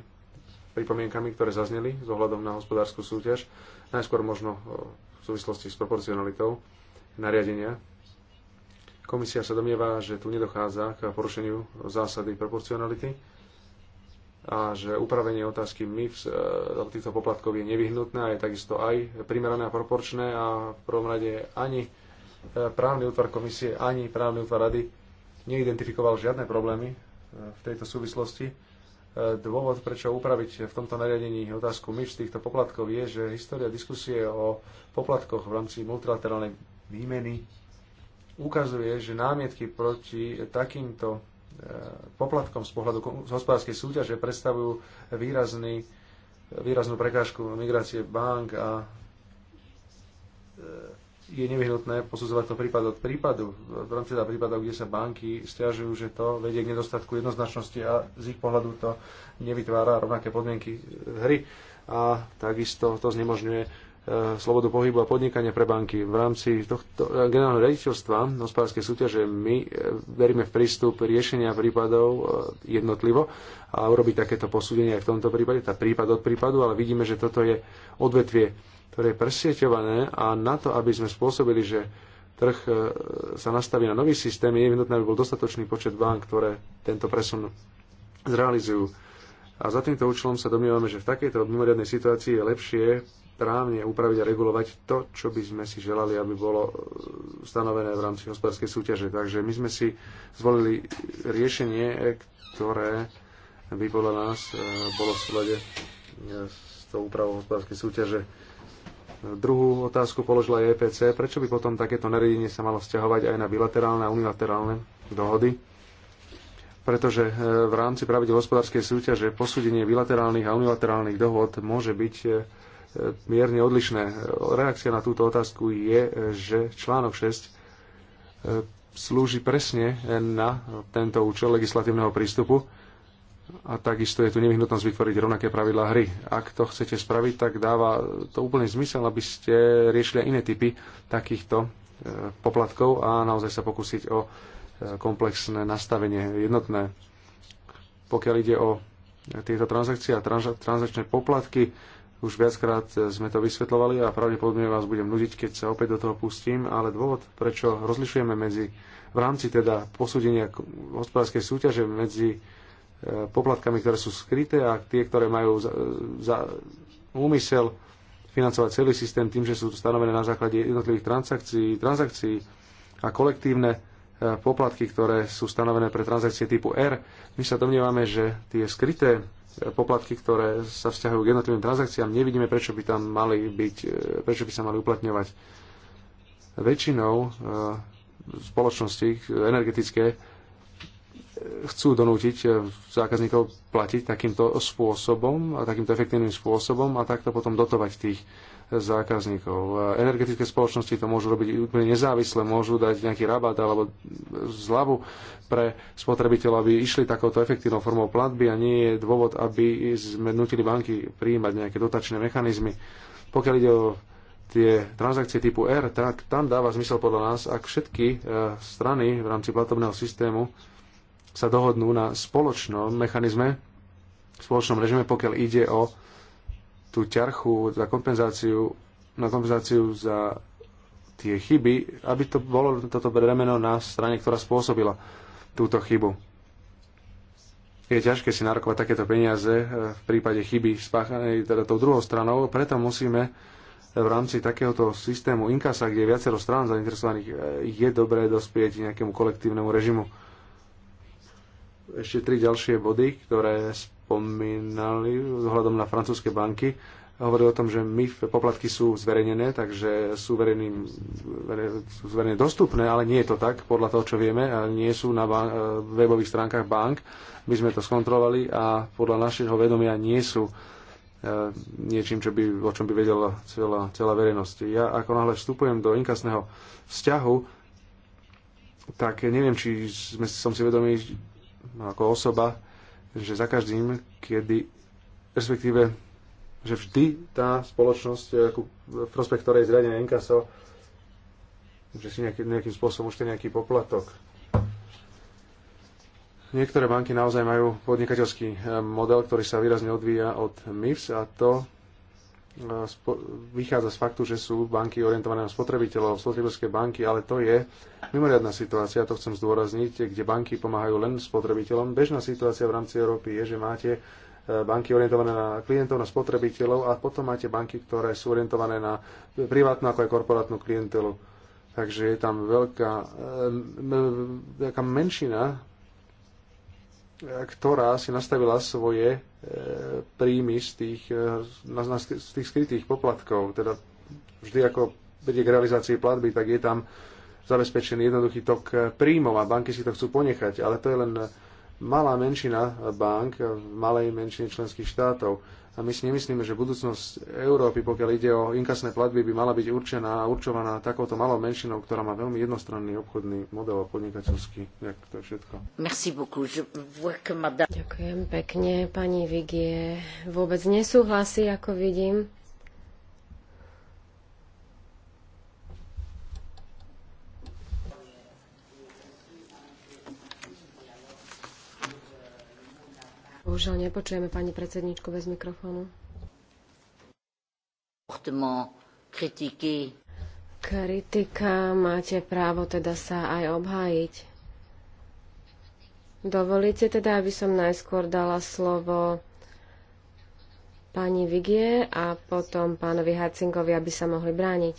pripomienkami, ktoré zazneli z ohľadom na hospodárskú súťaž. Najskôr možno eh, v súvislosti s proporcionalitou nariadenia. Komisia sa domnieva, že tu nedochádza k porušeniu zásady proporcionality a že upravenie otázky MIF e, týchto poplatkov je nevyhnutné a je takisto aj primerané a proporčné a v prvom rade ani e, právny útvar komisie, ani právny útvar rady neidentifikoval žiadne problémy e, v tejto súvislosti. Dôvod, prečo upraviť v tomto nariadení otázku MIF z týchto poplatkov je, že história diskusie o poplatkoch v rámci multilaterálnej výmeny ukazuje, že námietky proti takýmto E, poplatkom z pohľadu hospodárskej súťaže predstavujú výrazný, výraznú prekážku migrácie bank a e, je nevyhnutné posudzovať to prípad od prípadu. V rámci teda prípadov, kde sa banky stiažujú, že to vedie k nedostatku jednoznačnosti a z ich pohľadu to nevytvára rovnaké podmienky hry a takisto to znemožňuje Eh, slobodu pohybu a podnikania pre banky. V rámci tohto eh, generálneho rediteľstva hospodárskej súťaže my eh, veríme v prístup riešenia prípadov jednotlivo a urobiť takéto posúdenie aj v tomto prípade, tá prípad od prípadu, ale vidíme, že toto je odvetvie, ktoré je presieťované a na to, aby sme spôsobili, že trh sa nastaví na nový systém, je jednotné, aby bol dostatočný počet bank, ktoré tento presun zrealizujú. A za týmto účelom sa domnievame, že v takejto mimoriadnej situácii je lepšie správne upraviť a regulovať to, čo by sme si želali, aby bolo e, stanovené v rámci hospodárskej súťaže. Takže my sme si zvolili riešenie, ktoré by podľa nás e, bolo v slede e, s tou úpravou hospodárskej súťaže. Druhú otázku položila je EPC. Prečo by potom takéto nariadenie sa malo vzťahovať aj na bilaterálne a unilaterálne dohody? pretože v rámci pravidel hospodárskej súťaže posúdenie bilaterálnych a unilaterálnych dohod môže byť mierne odlišné. Reakcia na túto otázku je, že článok 6 e, slúži presne na tento účel legislatívneho prístupu a takisto je tu nevyhnutnosť vytvoriť rovnaké pravidlá hry. Ak to chcete spraviť, tak dáva to úplne zmysel, aby ste riešili aj iné typy takýchto e, poplatkov a naozaj sa pokúsiť o e, komplexné nastavenie jednotné. Pokiaľ ide o tieto transakcie a transakčné poplatky, už viackrát sme to vysvetlovali a pravdepodobne vás budem nudiť, keď sa opäť do toho pustím, ale dôvod, prečo rozlišujeme medzi, v rámci teda posúdenia hospodárskej súťaže medzi e, poplatkami, ktoré sú skryté a tie, ktoré majú za, za úmysel financovať celý systém tým, že sú stanovené na základe jednotlivých transakcií, transakcií a kolektívne e, poplatky, ktoré sú stanovené pre transakcie typu R. My sa domnievame, že tie skryté poplatky, ktoré sa vzťahujú k jednotlivým transakciám, nevidíme, prečo by tam mali byť, e, prečo by sa mali uplatňovať. Väčšinou e, spoločnosti e, energetické chcú donútiť zákazníkov platiť takýmto spôsobom a takýmto efektívnym spôsobom a takto potom dotovať tých zákazníkov. Energetické spoločnosti to môžu robiť úplne nezávisle, môžu dať nejaký rabat alebo zľavu pre spotrebiteľov, aby išli takouto efektívnou formou platby a nie je dôvod, aby sme nutili banky prijímať nejaké dotačné mechanizmy. Pokiaľ ide o tie transakcie typu R, tak tam dáva zmysel podľa nás, ak všetky e, strany v rámci platobného systému sa dohodnú na spoločnom mechanizme, v spoločnom režime, pokiaľ ide o tú ťarchu za kompenzáciu, na kompenzáciu za tie chyby, aby to bolo toto bremeno na strane, ktorá spôsobila túto chybu. Je ťažké si narokovať takéto peniaze eh, v prípade chyby spáchanej teda tou druhou stranou, preto musíme eh, v rámci takéhoto systému inkasa, kde je viacero strán zainteresovaných, eh, je dobré dospieť nejakému kolektívnemu režimu. Ešte tri ďalšie body, ktoré spomínali vzhľadom na francúzske banky, Hovorili o tom, že MIF poplatky sú zverejnené, takže sú, verej sú zverejne dostupné, ale nie je to tak, podľa toho, čo vieme, nie sú na eh, webových stránkach bank. My sme to skontrolovali a podľa našeho vedomia nie sú eh, niečím, čo by, o čom by vedela celá, celá verejnosť. Ja ako náhle vstupujem do inkasného vzťahu, tak neviem, či sme, som si vedomý no, ako osoba, že za každým, kedy, respektíve, že vždy tá spoločnosť, v eh, prospech ktorej zriadené inkaso, že si nejaký, nejakým spôsobom už nejaký poplatok. Niektoré banky naozaj majú podnikateľský eh, model, ktorý sa výrazne odvíja od MIFS a to vychádza z faktu, že sú banky orientované na spotrebiteľov, spotrebiteľské banky, ale to je mimoriadná situácia, to chcem zdôrazniť, kde banky pomáhajú len spotrebiteľom. Bežná situácia v rámci Európy je, že máte banky orientované na klientov, na spotrebiteľov a potom máte banky, ktoré sú orientované na privátnu ako aj korporátnu klientelu. Takže je tam veľká, veľká menšina ktorá si nastavila svoje e, príjmy z tých, e, z tých skrytých poplatkov. Teda vždy ako príde k realizácii platby, tak je tam zabezpečený jednoduchý tok e, príjmov a banky si to chcú ponechať. Ale to je len malá menšina bank v malej menšine členských štátov a my si nemyslíme, že budúcnosť Európy, pokiaľ ide o inkasné platby, by mala byť určená a určovaná takouto malou menšinou, ktorá má veľmi jednostranný obchodný model a podnikateľský. Ďakujem, to je všetko. Merci beaucoup. Je vois madame... Ďakujem pekne. Pani Vigie vôbec nesúhlasí, ako vidím. Bohužiaľ nepočujeme pani predsedničku bez mikrofónu. Kritiky. Kritika, máte právo teda sa aj obhájiť. Dovolíte teda, aby som najskôr dala slovo pani Vigie a potom pánovi Hacinkovi, aby sa mohli brániť.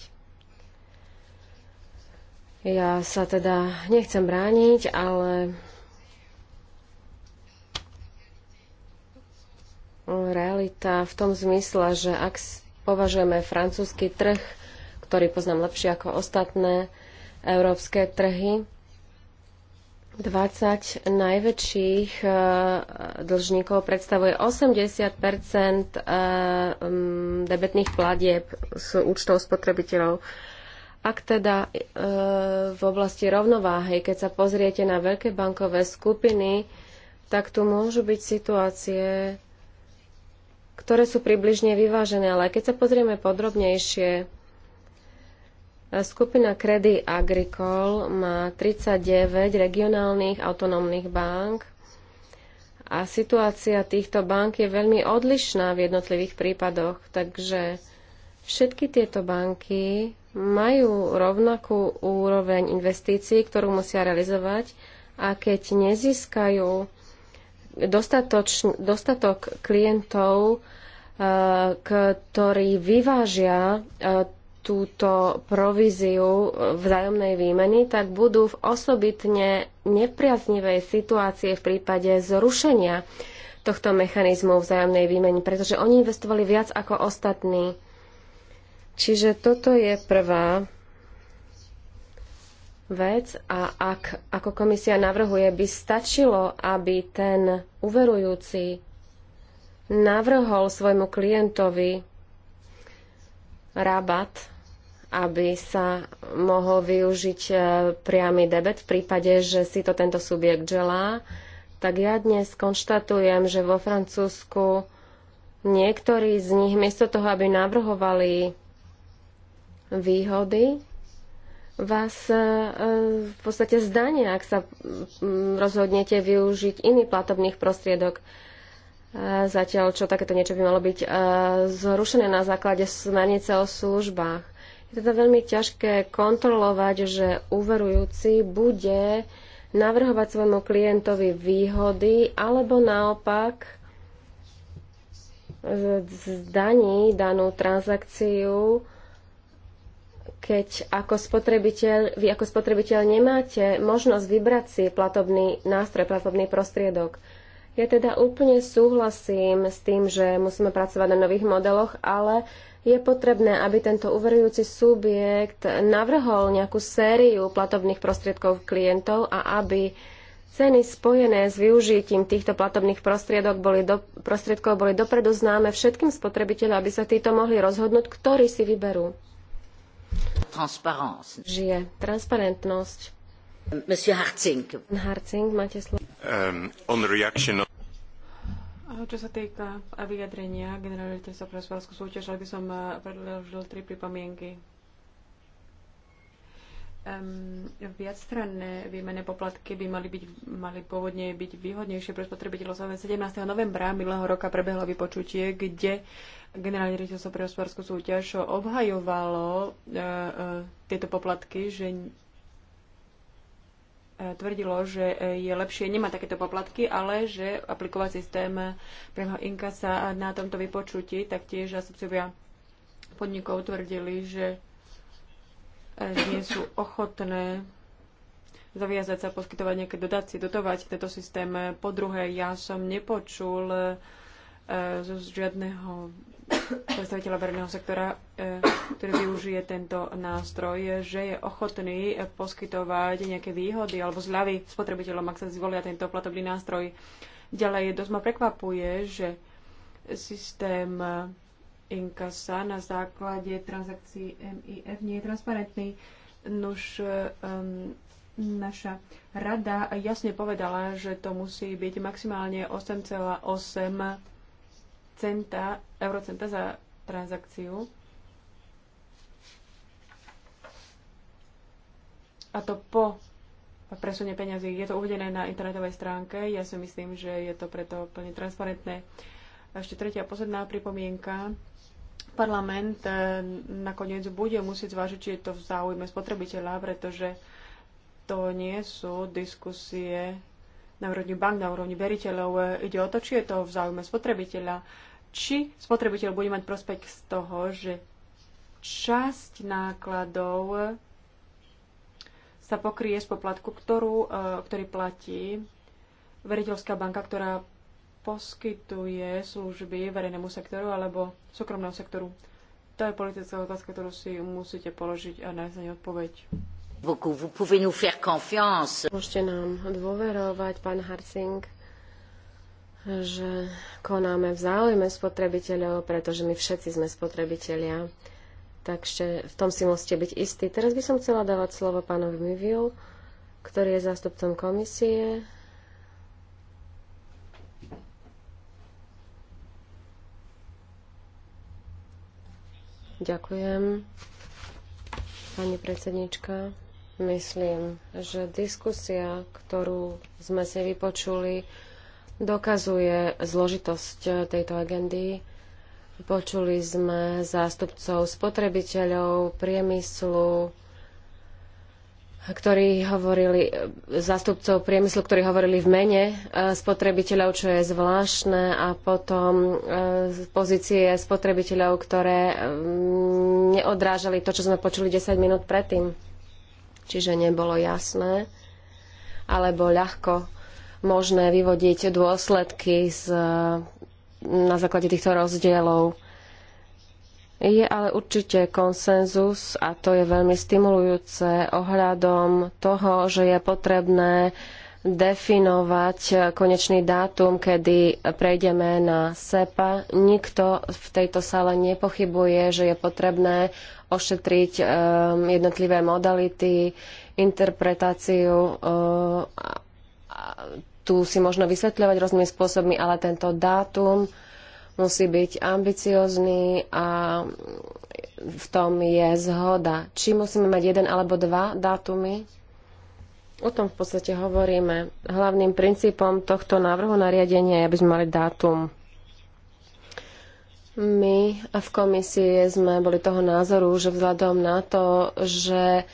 Ja sa teda nechcem brániť, ale realita v tom zmysle, že ak považujeme francúzsky trh, ktorý poznám lepšie ako ostatné európske trhy, 20 najväčších e, dlžníkov predstavuje 80 e, debetných platieb s účtov spotrebiteľov. Ak teda e, v oblasti rovnováhy, keď sa pozriete na veľké bankové skupiny, tak tu môžu byť situácie, ktoré sú približne vyvážené. Ale keď sa pozrieme podrobnejšie, skupina Credit Agricole má 39 regionálnych autonómnych bank a situácia týchto bank je veľmi odlišná v jednotlivých prípadoch, takže všetky tieto banky majú rovnakú úroveň investícií, ktorú musia realizovať a keď nezískajú dostatok klientov, e, ktorí vyvážia e, túto províziu vzájomnej výmeny, tak budú v osobitne nepriaznivej situácie v prípade zrušenia tohto mechanizmu vzájomnej výmeny, pretože oni investovali viac ako ostatní. Čiže toto je prvá vec a ak ako komisia navrhuje, by stačilo, aby ten uverujúci navrhol svojmu klientovi rabat, aby sa mohol využiť e, priamy debet v prípade, že si to tento subjekt želá, tak ja dnes konštatujem, že vo Francúzsku niektorí z nich miesto toho, aby navrhovali výhody, vás e, v podstate zdanie, ak sa mm, rozhodnete využiť iný platobných prostriedok. Zatiaľ, čo takéto niečo by malo byť e, zrušené na základe smernice o službách. Je teda veľmi ťažké kontrolovať, že uverujúci bude navrhovať svojmu klientovi výhody alebo naopak e, zdaní danú transakciu keď ako spotrebiteľ, vy ako spotrebiteľ nemáte možnosť vybrať si platobný nástroj, platobný prostriedok. Ja teda úplne súhlasím s tým, že musíme pracovať na nových modeloch, ale je potrebné, aby tento uverujúci subjekt navrhol nejakú sériu platobných prostriedkov klientov a aby ceny spojené s využitím týchto platobných prostriedok boli do, prostriedkov boli dopredu známe všetkým spotrebiteľom, aby sa títo mohli rozhodnúť, ktorí si vyberú. Žije transparentnosť. Monsieur máte slovo. Um, Čo sa týka vyjadrenia generaliteľstva pre hospodárskú súťaž, ale by som eh, predložil tri pripomienky. Um, viacstranné výmenné poplatky by mali, byť, mali pôvodne byť výhodnejšie pre spotrebiteľov. 17. novembra minulého roka prebehlo vypočutie, kde uh, generálne riaditeľstvo pre hospodárskú súťaž obhajovalo uh, uh, tieto poplatky, že e, tvrdilo, že je lepšie nemať takéto poplatky, ale že aplikovať systém priamého inkasa na tomto vypočutí, tiež asociovia podnikov tvrdili, že nie sú ochotné zaviazať sa poskytovať nejaké dotácie, dotovať tento systém. Po druhé, ja som nepočul z žiadneho predstaviteľa verejného sektora, e, ktorý využije tento nástroj, že je ochotný poskytovať nejaké výhody alebo zľavy spotrebiteľom, ak sa zvolia tento platobný nástroj. Ďalej dosť ma prekvapuje, že systém inkasa na základe transakcií MIF nie je transparentný. Nuž um, naša rada jasne povedala, že to musí byť maximálne 8,8 centa, eurocenta za transakciu. A to po presunie peňazí. Je to uvedené na internetovej stránke. Ja si myslím, že je to preto plne transparentné. A ešte tretia posledná pripomienka. Parlament e, nakoniec bude musieť zvážiť, či je to v záujme spotrebiteľa, pretože to nie sú diskusie na úrovni bank, na úrovni veriteľov. E, ide o to, či je to v záujme spotrebiteľa, či spotrebiteľ bude mať prospekt z toho, že časť nákladov sa pokrie z poplatku, ktorú, e, ktorý platí veriteľská banka, ktorá poskytuje služby verejnému sektoru alebo súkromnému sektoru. To je politická otázka, ktorú si musíte položiť a nájsť na odpoveď. Môžete nám dôverovať, pán Harsing, že konáme v záujme spotrebiteľov, pretože my všetci sme spotrebitelia. Takže v tom si musíte byť istí. Teraz by som chcela dávať slovo pánovi Miviu, ktorý je zástupcom komisie. Ďakujem, pani predsednička. Myslím, že diskusia, ktorú sme si vypočuli, dokazuje zložitosť tejto agendy. Počuli sme zástupcov spotrebiteľov, priemyslu, ktorí hovorili, zástupcov priemyslu, ktorí hovorili v mene e, spotrebiteľov, čo je zvláštne, a potom e, pozície spotrebiteľov, ktoré mm, neodrážali to, čo sme počuli 10 minút predtým čiže nebolo jasné alebo ľahko možné vyvodiť dôsledky z, na základe týchto rozdielov. Je ale určite konsenzus a to je veľmi stimulujúce ohľadom toho, že je potrebné definovať konečný dátum, kedy prejdeme na SEPA. Nikto v tejto sále nepochybuje, že je potrebné ošetriť eh, jednotlivé modality, interpretáciu. Eh, tu si možno vysvetľovať rôznymi spôsobmi, ale tento dátum musí byť ambiciozný a v tom je zhoda. Či musíme mať jeden alebo dva dátumy? O tom v podstate hovoríme. Hlavným princípom tohto návrhu nariadenia je, aby sme mali dátum my v komisii sme boli toho názoru, že vzhľadom na to, že e,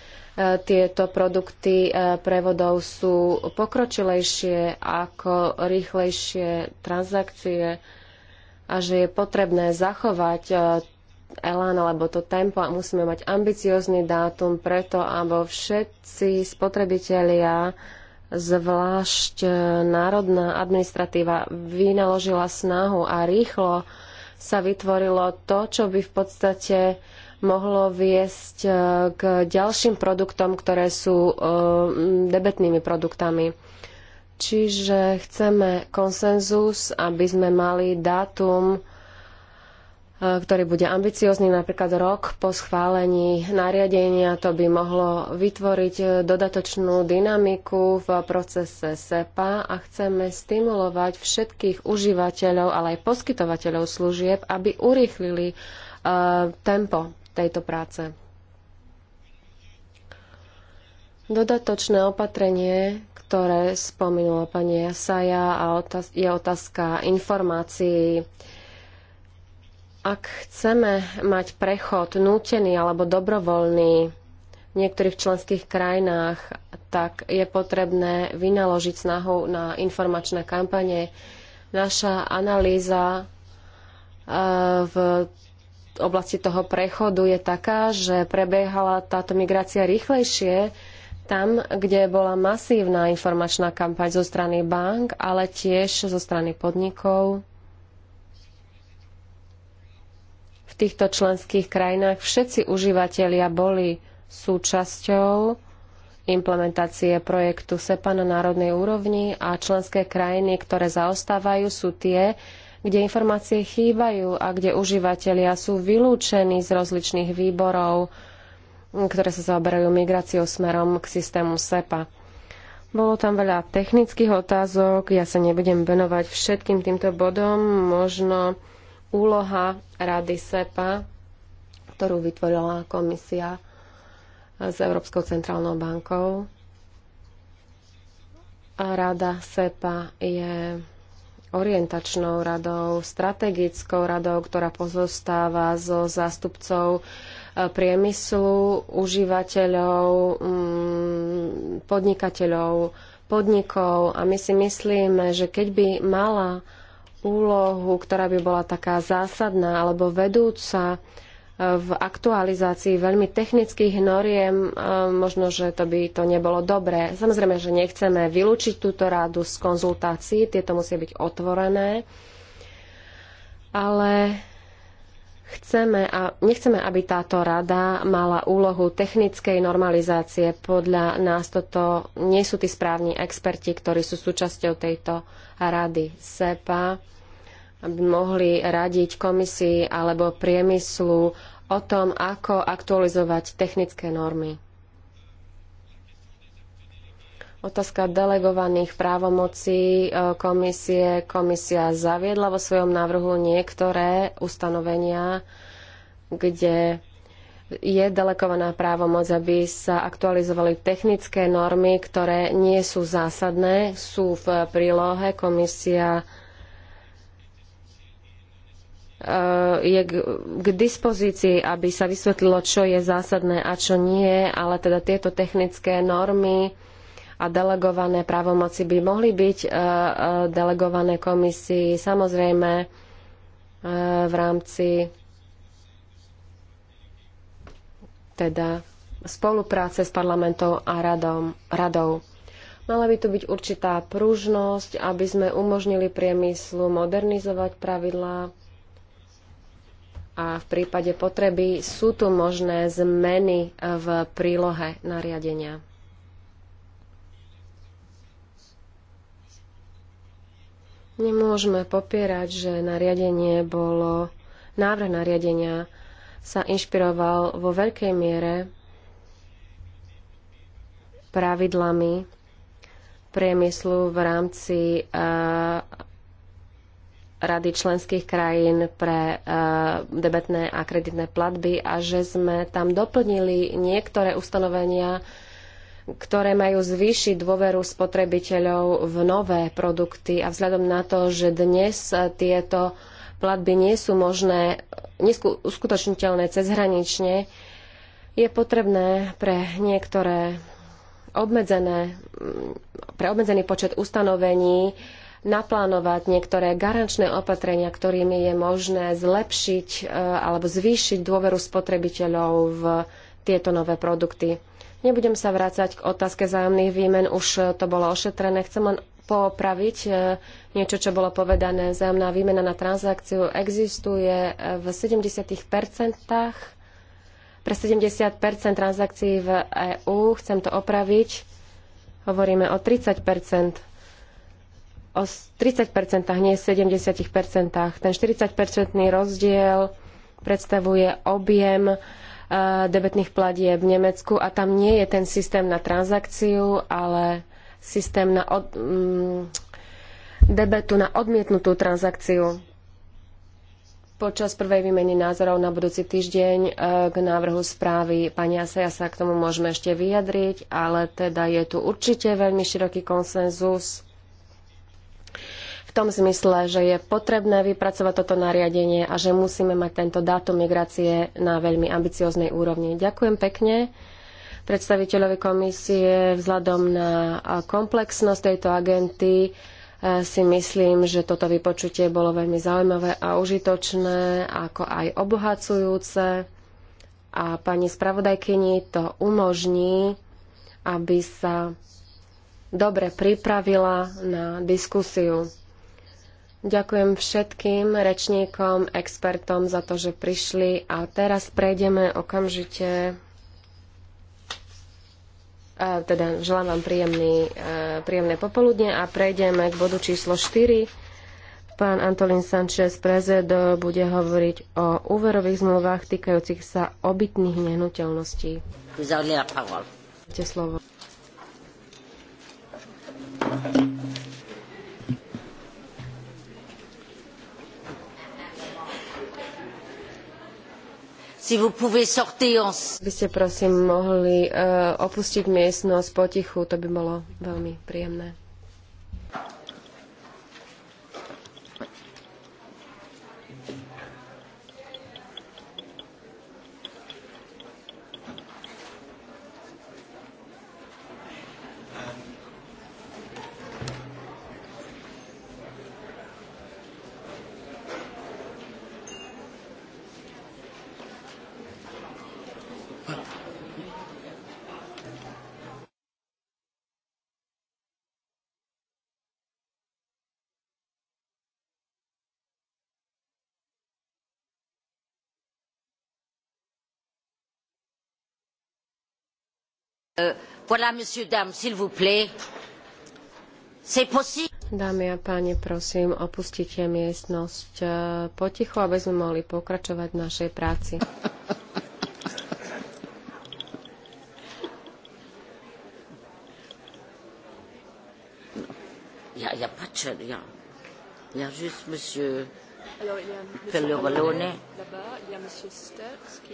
tieto produkty e, prevodov sú pokročilejšie ako rýchlejšie transakcie a že je potrebné zachovať e, elán alebo to tempo a musíme mať ambiciózny dátum preto, aby všetci spotrebitelia zvlášť národná administratíva vynaložila snahu a rýchlo uh, sa vytvorilo to, čo by v podstate mohlo viesť e, k ďalším produktom, ktoré sú e, debetnými produktami. Čiže chceme konsenzus, aby sme mali dátum ktorý bude ambiciózny, napríklad rok po schválení nariadenia, to by mohlo vytvoriť e, dodatočnú dynamiku v procese SEPA a chceme stimulovať všetkých užívateľov, ale aj poskytovateľov služieb, aby urýchlili e, tempo tejto práce. Dodatočné opatrenie, ktoré spomenula pani Jasaja, je otázka informácií. Ak chceme mať prechod nútený alebo dobrovoľný v niektorých členských krajinách, tak je potrebné vynaložiť snahu na informačné kampane. Naša analýza e, v oblasti toho prechodu je taká, že prebiehala táto migrácia rýchlejšie tam, kde bola masívna informačná kampaň zo strany bank, ale tiež zo strany podnikov týchto členských krajinách všetci užívateľia boli súčasťou implementácie projektu SEPA na národnej úrovni a členské krajiny, ktoré zaostávajú, sú tie, kde informácie chýbajú a kde užívateľia sú vylúčení z rozličných výborov, ktoré sa zaoberajú migráciou smerom k systému SEPA. Bolo tam veľa technických otázok, ja sa nebudem venovať všetkým týmto bodom, možno úloha Rady SEPA, ktorú vytvorila komisia s Európskou centrálnou bankou. A rada SEPA je orientačnou radou, strategickou radou, ktorá pozostáva zo zástupcov e, priemyslu, užívateľov, mm, podnikateľov, podnikov a my si myslíme, že keď by mala úlohu, ktorá by bola taká zásadná alebo vedúca e, v aktualizácii veľmi technických noriem, e, možno, že to by to nebolo dobré. Samozrejme, že nechceme vylúčiť túto rádu z konzultácií, tieto musia byť otvorené, ale Chceme a nechceme, aby táto rada mala úlohu technickej normalizácie. Podľa nás toto nie sú tí správni experti, ktorí sú súčasťou tejto rady SEPA, aby mohli radiť komisii alebo priemyslu o tom, ako aktualizovať technické normy. Otázka delegovaných právomocí e, komisie. Komisia zaviedla vo svojom návrhu niektoré ustanovenia, kde je delegovaná právomoc, aby sa aktualizovali technické normy, ktoré nie sú zásadné, sú v prílohe. Komisia e, je k, dispozícii, aby sa vysvetlilo, čo je zásadné a čo nie, ale teda tieto technické normy a delegované právomoci by mohli byť e, e, delegované komisii samozrejme e, v rámci teda spolupráce s parlamentom a radom, radou. Mala by tu byť určitá pružnosť, aby sme umožnili priemyslu modernizovať pravidlá a v prípade potreby sú tu možné zmeny v prílohe nariadenia. Nemôžeme popierať, že nariadenie bolo, návrh nariadenia sa inšpiroval vo veľkej miere pravidlami priemyslu v rámci uh, Rady členských krajín pre uh, debetné a kreditné platby a že sme tam doplnili niektoré ustanovenia, ktoré majú zvýšiť dôveru spotrebiteľov v nové produkty a vzhľadom na to, že dnes tieto platby nie sú možné, nie sú uskutočniteľné cezhranične, je potrebné pre niektoré obmedzené, mm, pre obmedzený počet ustanovení naplánovať niektoré garančné opatrenia, ktorými je možné zlepšiť e, alebo zvýšiť dôveru spotrebiteľov v tieto nové produkty. Nebudem sa vrácať k otázke zájomných výmen, už e, to bolo ošetrené. Chcem len popraviť e, niečo, čo bolo povedané. Zájomná výmena na transakciu existuje e, v 70% pre 70 transakcií v EÚ. Chcem to opraviť. Hovoríme o 30 o 30 nie 70 Ten 40 rozdiel predstavuje objem Eh, debetných platieb v Nemecku a tam nie je ten systém na transakciu, ale systém na od, mm, debetu na odmietnutú transakciu. Počas prvej výmeny názorov na budúci týždeň eh, k návrhu správy pani Aseja sa k tomu môžeme ešte vyjadriť, ale teda je tu určite veľmi široký konsenzus v tom zmysle, že je potrebné vypracovať toto nariadenie a že musíme mať tento dátum migrácie na veľmi ambicioznej úrovni. Ďakujem pekne predstaviteľovi komisie vzhľadom na komplexnosť tejto agenty e, si myslím, že toto vypočutie bolo veľmi zaujímavé a užitočné, ako aj obohacujúce. A pani spravodajkyni to umožní, aby sa dobre pripravila na diskusiu. Ďakujem všetkým rečníkom, expertom za to, že prišli a teraz prejdeme okamžite e, teda želám vám príjemný, e, príjemné popoludne a prejdeme k bodu číslo 4. Pán Antolín Sanchez Prezedo bude hovoriť o úverových zmluvách týkajúcich sa obytných nehnuteľností. Máte slovo. Si vous pouvez sortir en... By ste prosím mohli uh, opustiť miestnosť potichu, to by bolo veľmi príjemné. Euh, Dámy a páni, prosím, opustite miestnosť eh, potichu, aby sme mohli pokračovať v našej práci. Ja, ja, pačer, ja. Ja, just, monsieur. Fait le Vallone.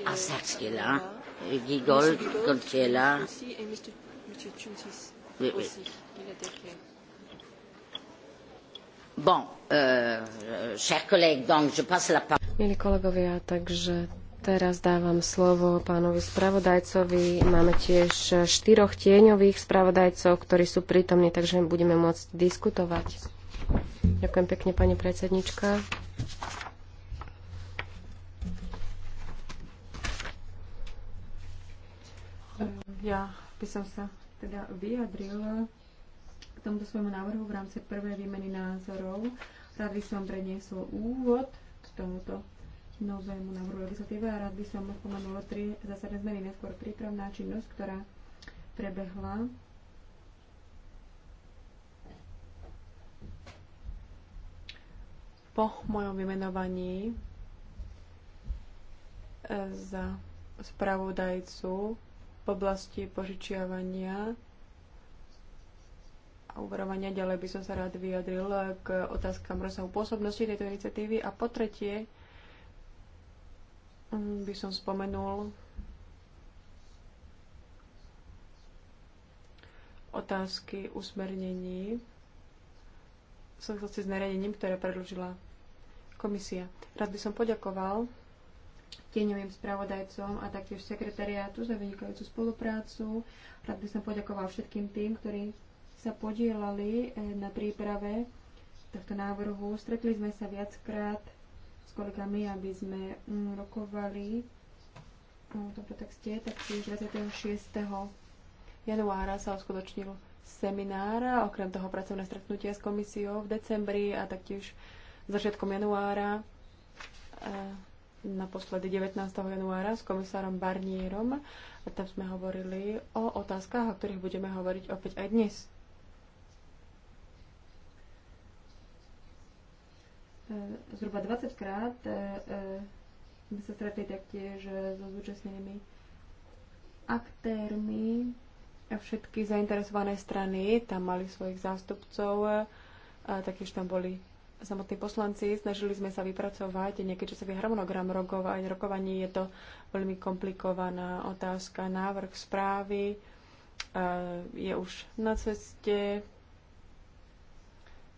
Ah, Sachs qui est là. Gigold, Gold qui est là. Oui, oui. Bon, euh, chers collègues, donc je passe la parole. Milí kolegovia, takže teraz dávam slovo pánovi spravodajcovi. Máme tiež štyroch tieňových spravodajcov, ktorí sú prítomní, takže budeme môcť diskutovať. Ďakujem pekne, pani predsednička. Ja by som sa teda vyjadrila k tomuto svojmu návrhu v rámci prvej výmeny názorov. Rád by som predniesol úvod k tomuto novému návrhu legislatívy a rád by som spomenul tri zásadné zmeny, neskôr prípravná činnosť, ktorá prebehla po mojom vymenovaní e, za spravodajcu v oblasti požičiavania a uverovania. Ďalej by som sa rád vyjadril k otázkam rozsahu pôsobnosti tejto iniciatívy. A po tretie mm, by som spomenul otázky usmernení v súvislosti s nariadením, ktoré predložila komisia. Rád by som poďakoval tieňovým spravodajcom a taktiež sekretariátu za vynikajúcu spoluprácu. Rád by som poďakoval všetkým tým, ktorí sa podielali eh, na príprave tohto návrhu. Stretli sme sa viackrát s kolegami, aby sme mm, rokovali o tomto texte. Taktiež 26. januára sa uskutočnil seminár, okrem toho pracovné stretnutie s komisiou v decembri a taktiež začiatkom januára, e, naposledy 19. januára s komisárom Barnierom. A tam sme hovorili o otázkach, o ktorých budeme hovoriť opäť aj dnes. E, zhruba 20 krát e, sme sa stretli taktiež so zúčastnenými aktérmi. Všetky zainteresované strany tam mali svojich zástupcov, takéž tam boli samotní poslanci, snažili sme sa vypracovať nejaký časový harmonogram rokovať. Rokovanie je to veľmi komplikovaná otázka. Návrh správy e, je už na ceste.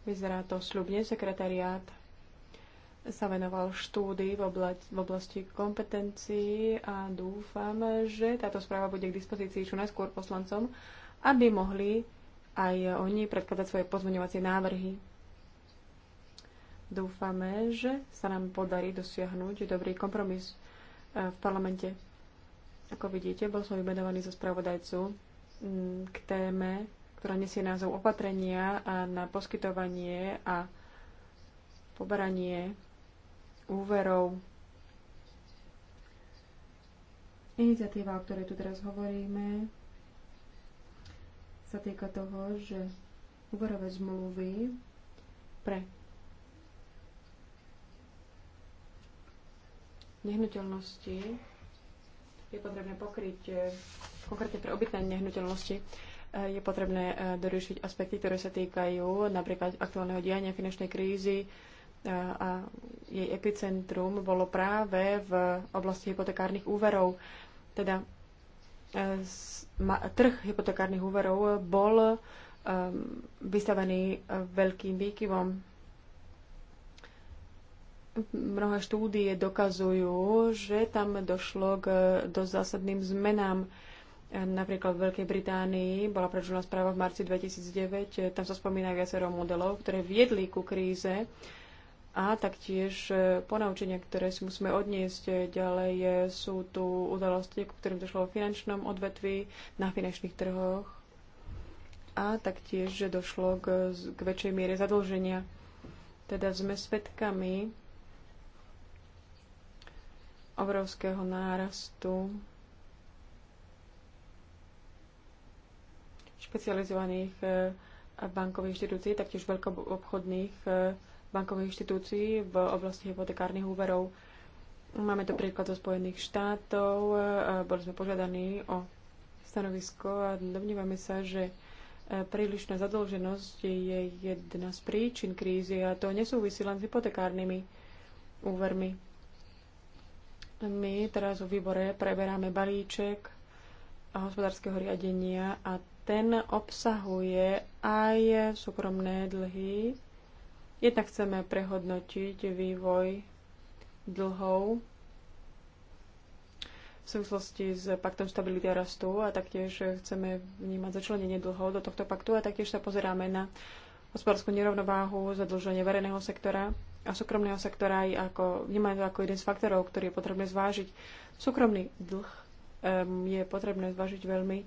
Vyzerá to sľubne. Sekretariát sa venoval štúdii v, v oblasti kompetencií a dúfam, že táto správa bude k dispozícii čo najskôr poslancom, aby mohli aj oni predkladať svoje pozmeňovacie návrhy. Dúfame, že sa nám podarí dosiahnuť dobrý kompromis e, v parlamente. Ako vidíte, bol som vymenovaný za spravodajcu k téme, ktorá nesie názov opatrenia a na poskytovanie a poberanie úverov. Iniciatíva, o ktorej tu teraz hovoríme, sa týka toho, že úverové zmluvy pre nehnuteľnosti je potrebné pokryť, e, konkrétne pre obytné nehnuteľnosti, e, je potrebné e, doriešiť aspekty, ktoré sa týkajú napríklad aktuálneho diania finančnej krízy a jej epicentrum bolo práve v oblasti hypotekárnych úverov. Teda trh hypotekárnych úverov bol vystavený veľkým výkyvom mnohé štúdie dokazujú, že tam došlo k dosť zásadným zmenám. Napríklad v Veľkej Británii bola predložená správa v marci 2009, tam sa spomína viacero modelov, ktoré viedli ku kríze a taktiež ponaučenia, ktoré si musíme odniesť ďalej, sú tu udalosti, ku ktorým došlo v finančnom odvetvi, na finančných trhoch a taktiež, že došlo k, k väčšej miere zadlženia. Teda sme svedkami obrovského nárastu špecializovaných e, bankových inštitúcií, taktiež veľkoobchodných e, bankových inštitúcií v oblasti hypotekárnych úverov. Máme to príklad zo Spojených štátov. E, boli sme požiadaní o stanovisko a domnívame sa, že prílišná zadlženosť je jedna z príčin krízy a to nesúvisí len s hypotekárnymi úvermi. My teraz v výbore preberáme balíček hospodárskeho riadenia a ten obsahuje aj súkromné dlhy. Jednak chceme prehodnotiť vývoj dlhov v súvislosti s paktom stability a rastu a taktiež chceme vnímať začlenenie dlhov do tohto paktu a taktiež sa pozeráme na hospodárskú nerovnováhu, zadlženie verejného sektora a súkromného sektora aj ako, vnímajú to ako jeden z faktorov, ktorý je potrebné zvážiť. Súkromný dlh um, je potrebné zvážiť veľmi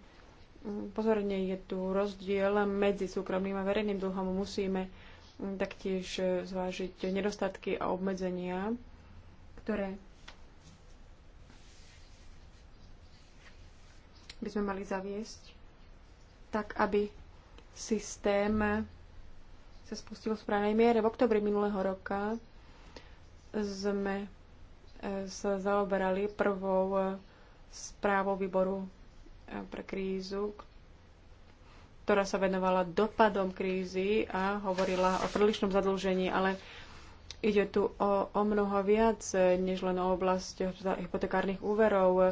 mm, pozorne. Je tu rozdiel medzi súkromným a verejným dlhom. Musíme mm, taktiež e, zvážiť nedostatky a obmedzenia, ktoré by sme mali zaviesť, tak aby systém sa spustil v správnej miere. V oktobri minulého roka sme e, sa zaoberali prvou e, správou výboru e, pre krízu, ktorá sa venovala dopadom krízy a hovorila o prílišnom zadlžení, ale ide tu o, o mnoho viac, než len o oblasti hypotekárnych úverov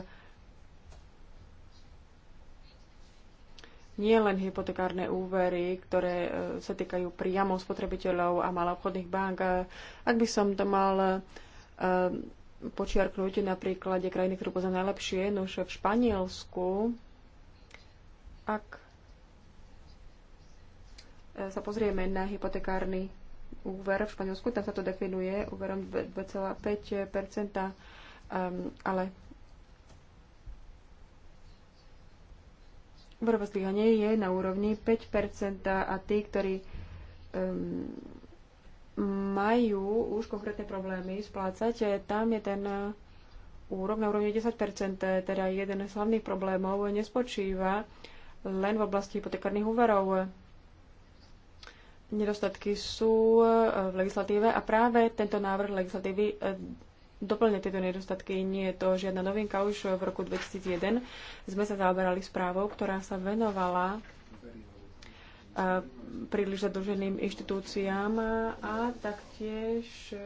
nie len hypotekárne úvery, ktoré e, sa týkajú priamo spotrebiteľov a maloobchodných bank. E, ak by som to mal e, počiarknúť na príklade krajiny, ktorú poznám najlepšie, no v Španielsku, ak sa pozrieme na hypotekárny úver v Španielsku, tam sa to definuje úverom 2,5 ehm, ale Borové stíhanie je na úrovni 5% a tí, ktorí um, majú už konkrétne problémy splácať, eh, tam je ten eh, úrok na úrovni 10%, eh, teda jeden z hlavných problémov nespočíva len v oblasti hypotekárnych úverov. Nedostatky sú v legislatíve a práve tento návrh legislatívy doplňa tieto nedostatky. Nie je to žiadna novinka. Už v roku 2001 sme sa zaoberali správou, ktorá sa venovala e, príliš zadlženým inštitúciám a taktiež e,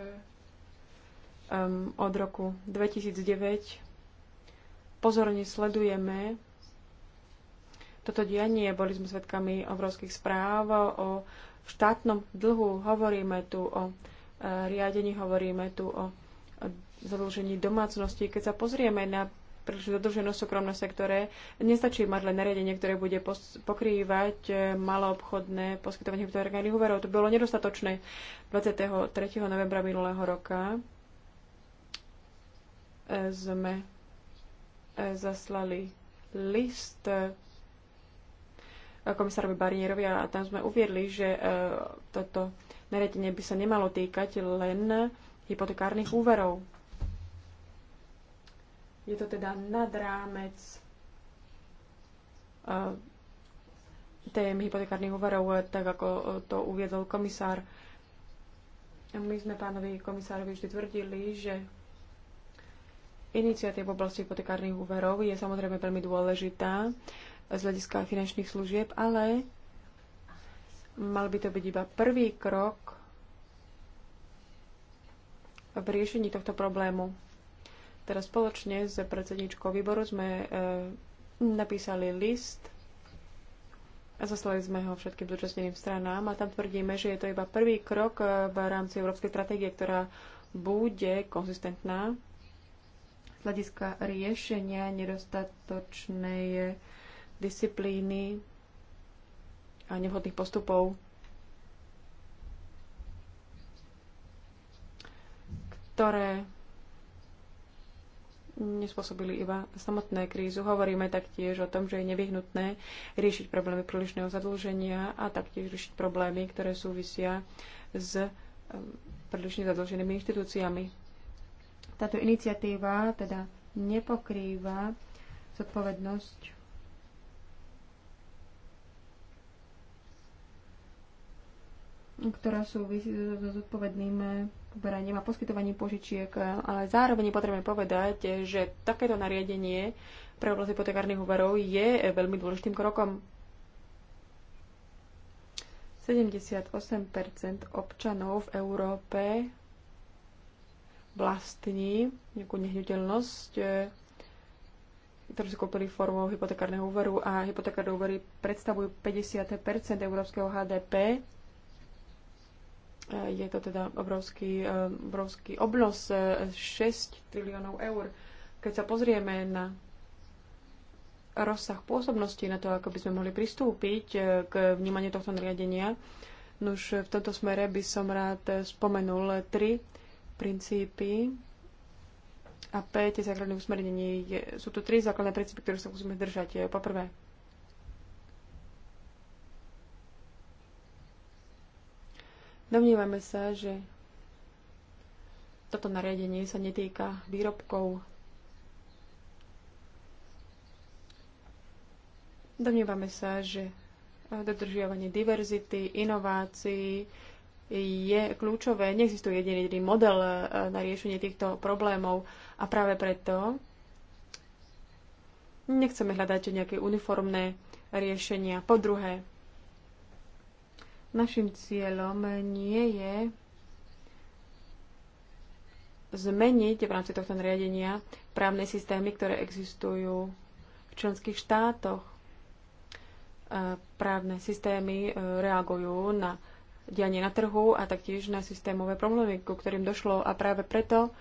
od roku 2009 pozorne sledujeme toto dianie. Boli sme svedkami obrovských správ o štátnom dlhu, hovoríme tu o e, riadení, hovoríme tu o zadlžení domácnosti. Keď sa pozrieme na príliš zadlženosť v súkromnom sektore, nestačí mať len nariadenie, ktoré bude pokrývať eh, maloobchodné poskytovanie hypotekárnych úverov. To bolo nedostatočné 23. novembra minulého roka. Eh, sme eh, zaslali list komisárovi Barnierovi a tam sme uviedli, že toto nariadenie by sa nemalo týkať len hypotekárnych úverov. Je to teda nad rámec e, tém hypotekárnych úverov, e, tak ako e, to uviedol komisár. My sme pánovi komisárovi vždy tvrdili, že iniciatíva v oblasti hypotekárnych úverov je samozrejme veľmi dôležitá z hľadiska finančných služieb, ale mal by to byť iba prvý krok v riešení tohto problému. Teraz spoločne s predsedničkou výboru sme e, napísali list a zaslali sme ho všetkým zúčastneným stranám a tam tvrdíme, že je to iba prvý krok e, v rámci európskej stratégie, ktorá bude konzistentná z hľadiska riešenia nedostatočnej disciplíny a nevhodných postupov ktoré nespôsobili iba samotné krízu. Hovoríme taktiež o tom, že je nevyhnutné riešiť problémy prílišného zadlženia a taktiež riešiť problémy, ktoré súvisia s prílišne zadlženými inštitúciami. Táto iniciatíva teda nepokrýva zodpovednosť ktorá súvisí so zodpovedným poberaním a poskytovaním požičiek, ale zároveň potrebujeme povedať, že takéto nariadenie pre oblasť hypotekárnych úverov je veľmi dôležitým krokom. 78 občanov v Európe vlastní nejakú nehnuteľnosť, ktorú si kúpili formou hypotekárneho úveru a hypotekárne úvery predstavujú 50 európskeho HDP je to teda obrovský, eh, obrovský obnos 6 eh, triliónov eur. Keď sa pozrieme na rozsah pôsobnosti, na to, ako by sme mohli pristúpiť eh, k vnímaniu tohto nariadenia, už v tomto smere by som rád spomenul tri princípy a päť základných usmernení. Sú tu tri základné princípy, ktoré sa musíme držať. Poprvé, Domnívame sa, že toto nariadenie sa netýka výrobkov. Domnívame sa, že dodržiavanie diverzity, inovácií je kľúčové. Neexistuje jediný model eh, na riešenie týchto problémov a práve preto nechceme hľadať nejaké uniformné riešenia. Po druhé, Našim cieľom nie je zmeniť v rámci tohto nariadenia právne systémy, ktoré existujú v členských štátoch. E, právne systémy e, reagujú na dianie na trhu a taktiež na systémové problémy, ku ktorým došlo a práve preto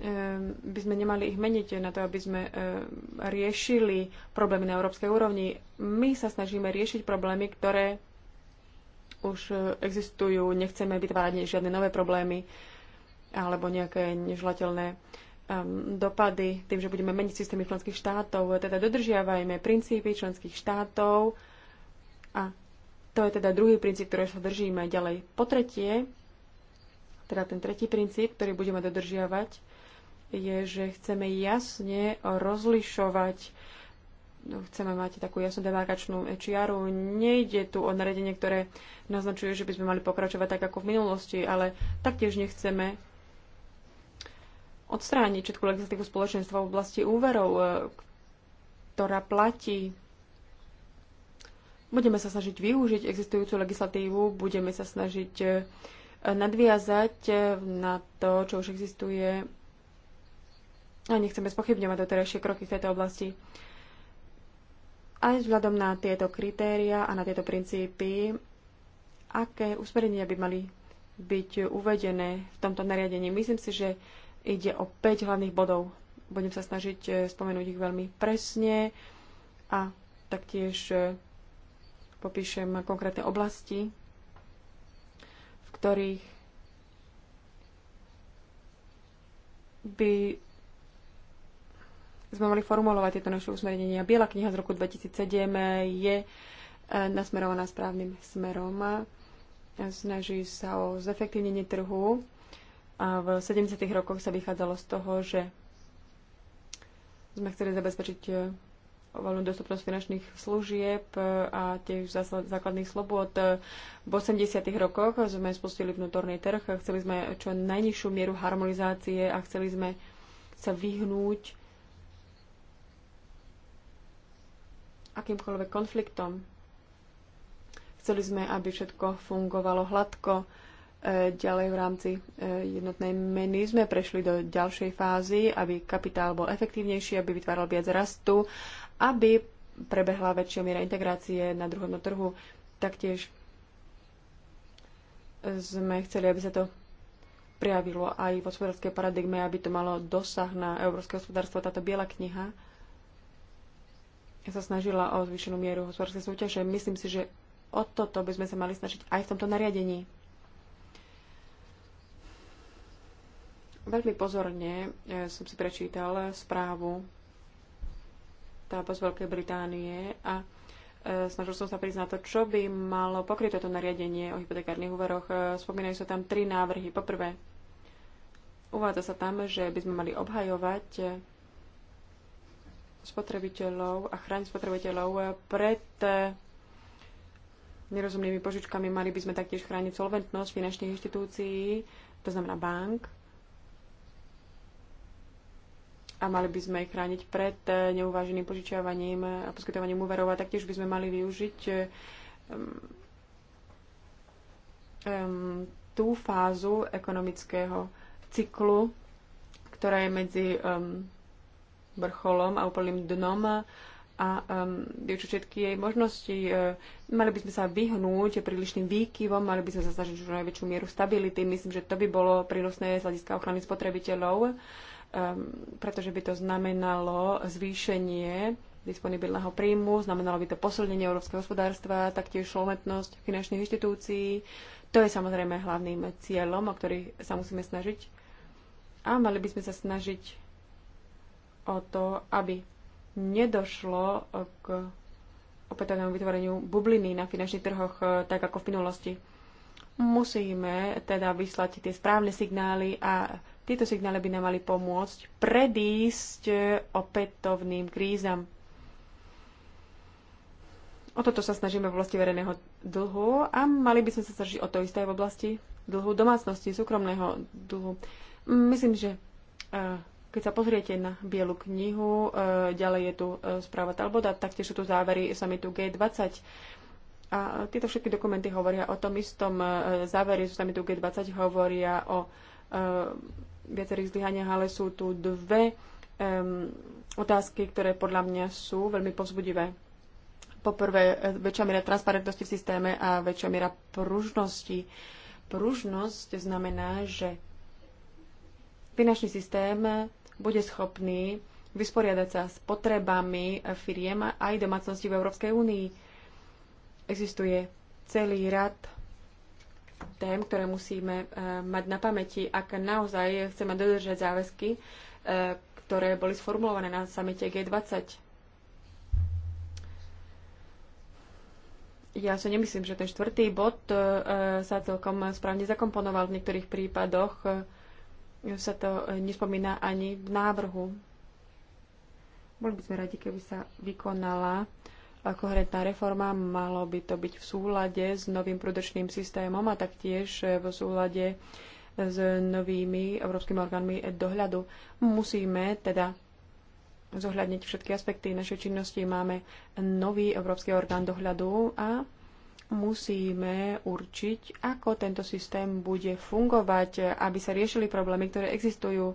e, by sme nemali ich meniť na to, aby sme riešili problémy na európskej úrovni. My sa snažíme riešiť problémy, ktoré už e, existujú, nechceme vytvárať žiadne nové problémy alebo nejaké neželateľné um, dopady tým, že budeme meniť systémy členských štátov. Teda dodržiavajme princípy členských štátov a to je teda druhý princíp, ktorý sa držíme ďalej. Po tretie, teda ten tretí princíp, ktorý budeme dodržiavať, je, že chceme jasne rozlišovať chceme mať takú jasnú demarkačnú čiaru. Nejde tu o naredenie, ktoré naznačuje, že by sme mali pokračovať tak ako v minulosti, ale taktiež nechceme odstrániť všetku legislatívu spoločenstva v oblasti úverov, e, ktorá platí. Budeme sa snažiť využiť existujúcu legislatívu, budeme sa snažiť e, nadviazať e, na to, čo už existuje a nechceme spochybňovať doterajšie kroky v tejto oblasti. Aj vzhľadom na tieto kritéria a na tieto princípy, aké usmerenia by mali byť uvedené v tomto nariadení. Myslím si, že ide o 5 hlavných bodov. Budem sa snažiť eh, spomenúť ich veľmi presne a taktiež eh, popíšem konkrétne oblasti, v ktorých by sme mali formulovať tieto naše usmernenia. Biela kniha z roku 2007 je e, nasmerovaná správnym smerom. Snaží sa o zefektívnenie trhu. A v 70. rokoch sa vychádzalo z toho, že sme chceli zabezpečiť e, voľnú dostupnosť finančných služieb e, a tiež základných slobod. V 80. rokoch sme spustili vnútorný trh, chceli sme čo najnižšiu mieru harmonizácie a chceli sme sa vyhnúť akýmkoľvek konfliktom. Chceli sme, aby všetko fungovalo hladko. E, ďalej v rámci e, jednotnej meny sme prešli do ďalšej fázy, aby kapitál bol efektívnejší, aby vytváral viac rastu, aby prebehla väčšia miera integrácie na druhom trhu. Taktiež sme chceli, aby sa to prejavilo aj v hospodárskej paradigme, aby to malo dosah na európske hospodárstvo, táto biela kniha sa snažila o zvýšenú mieru hospodárskej súťaže. Myslím si, že o toto by sme sa mali snažiť aj v tomto nariadení. Veľmi pozorne e, som si prečítal správu z Veľkej Británie a e, snažil som sa na to, čo by malo pokryť toto nariadenie o hypotekárnych úveroch. E, spomínajú sa tam tri návrhy. Poprvé, uvádza sa tam, že by sme mali obhajovať spotrebiteľov a chrániť spotrebiteľov pred eh, nerozumnými požičkami. Mali by sme taktiež chrániť solventnosť finančných inštitúcií, to znamená bank. A mali by sme ich chrániť pred eh, neuváženým požičiavaním a poskytovaním úverov. A taktiež by sme mali využiť um, um, tú fázu ekonomického cyklu, ktorá je medzi um, vrcholom a úplným dnom a um, všetky jej možnosti. Uh, mali by sme sa vyhnúť prílišným výkyvom, mali by sme sa snažiť čo najväčšiu mieru stability. Myslím, že to by bolo prínosné z hľadiska ochrany spotrebiteľov, um, pretože by to znamenalo zvýšenie disponibilného príjmu, znamenalo by to posilnenie európskeho hospodárstva, taktiež šlometnosť finančných inštitúcií. To je samozrejme hlavným cieľom, o ktorý sa musíme snažiť. A mali by sme sa snažiť o to, aby nedošlo e, k opätovnému vytvoreniu bubliny na finančných trhoch, e, tak ako v minulosti. Musíme teda vyslať tie správne signály a tieto signály by nám mali pomôcť predísť e, opätovným krízam. O toto sa snažíme v oblasti verejného dlhu a mali by sme sa snažiť o to isté v oblasti dlhu domácnosti, súkromného dlhu. Myslím, že keď sa pozriete na Bielu knihu, e, ďalej je tu e, správa Talboda, taktiež sú tu závery samitu G20. A tieto všetky dokumenty hovoria o tom istom. E, závery sú samitu G20 hovoria o viacerých zlyhaniach, ale sú tu dve otázky, ktoré podľa mňa sú veľmi pozbudivé. Poprvé, väčšia miera transparentnosti v systéme a väčšia miera pružnosti. Pružnosť znamená, že finančný systém bude schopný vysporiadať sa s potrebami firiem aj domácnosti v Európskej únii. Existuje celý rad tém, ktoré musíme eh, mať na pamäti, ak naozaj chceme dodržať záväzky, eh, ktoré boli sformulované na samite G20. Ja si nemyslím, že ten štvrtý bod eh, sa celkom správne zakomponoval v niektorých prípadoch sa to e, nespomína ani v návrhu. Boli by sme radi, keby sa vykonala e, koherentná reforma. Malo by to byť v súlade s novým prudečným systémom a taktiež e, v súlade s novými európskymi orgánmi dohľadu. Musíme teda zohľadniť všetky aspekty našej činnosti. Máme nový európsky orgán dohľadu a musíme určiť, ako tento systém bude fungovať, aby sa riešili problémy, ktoré existujú.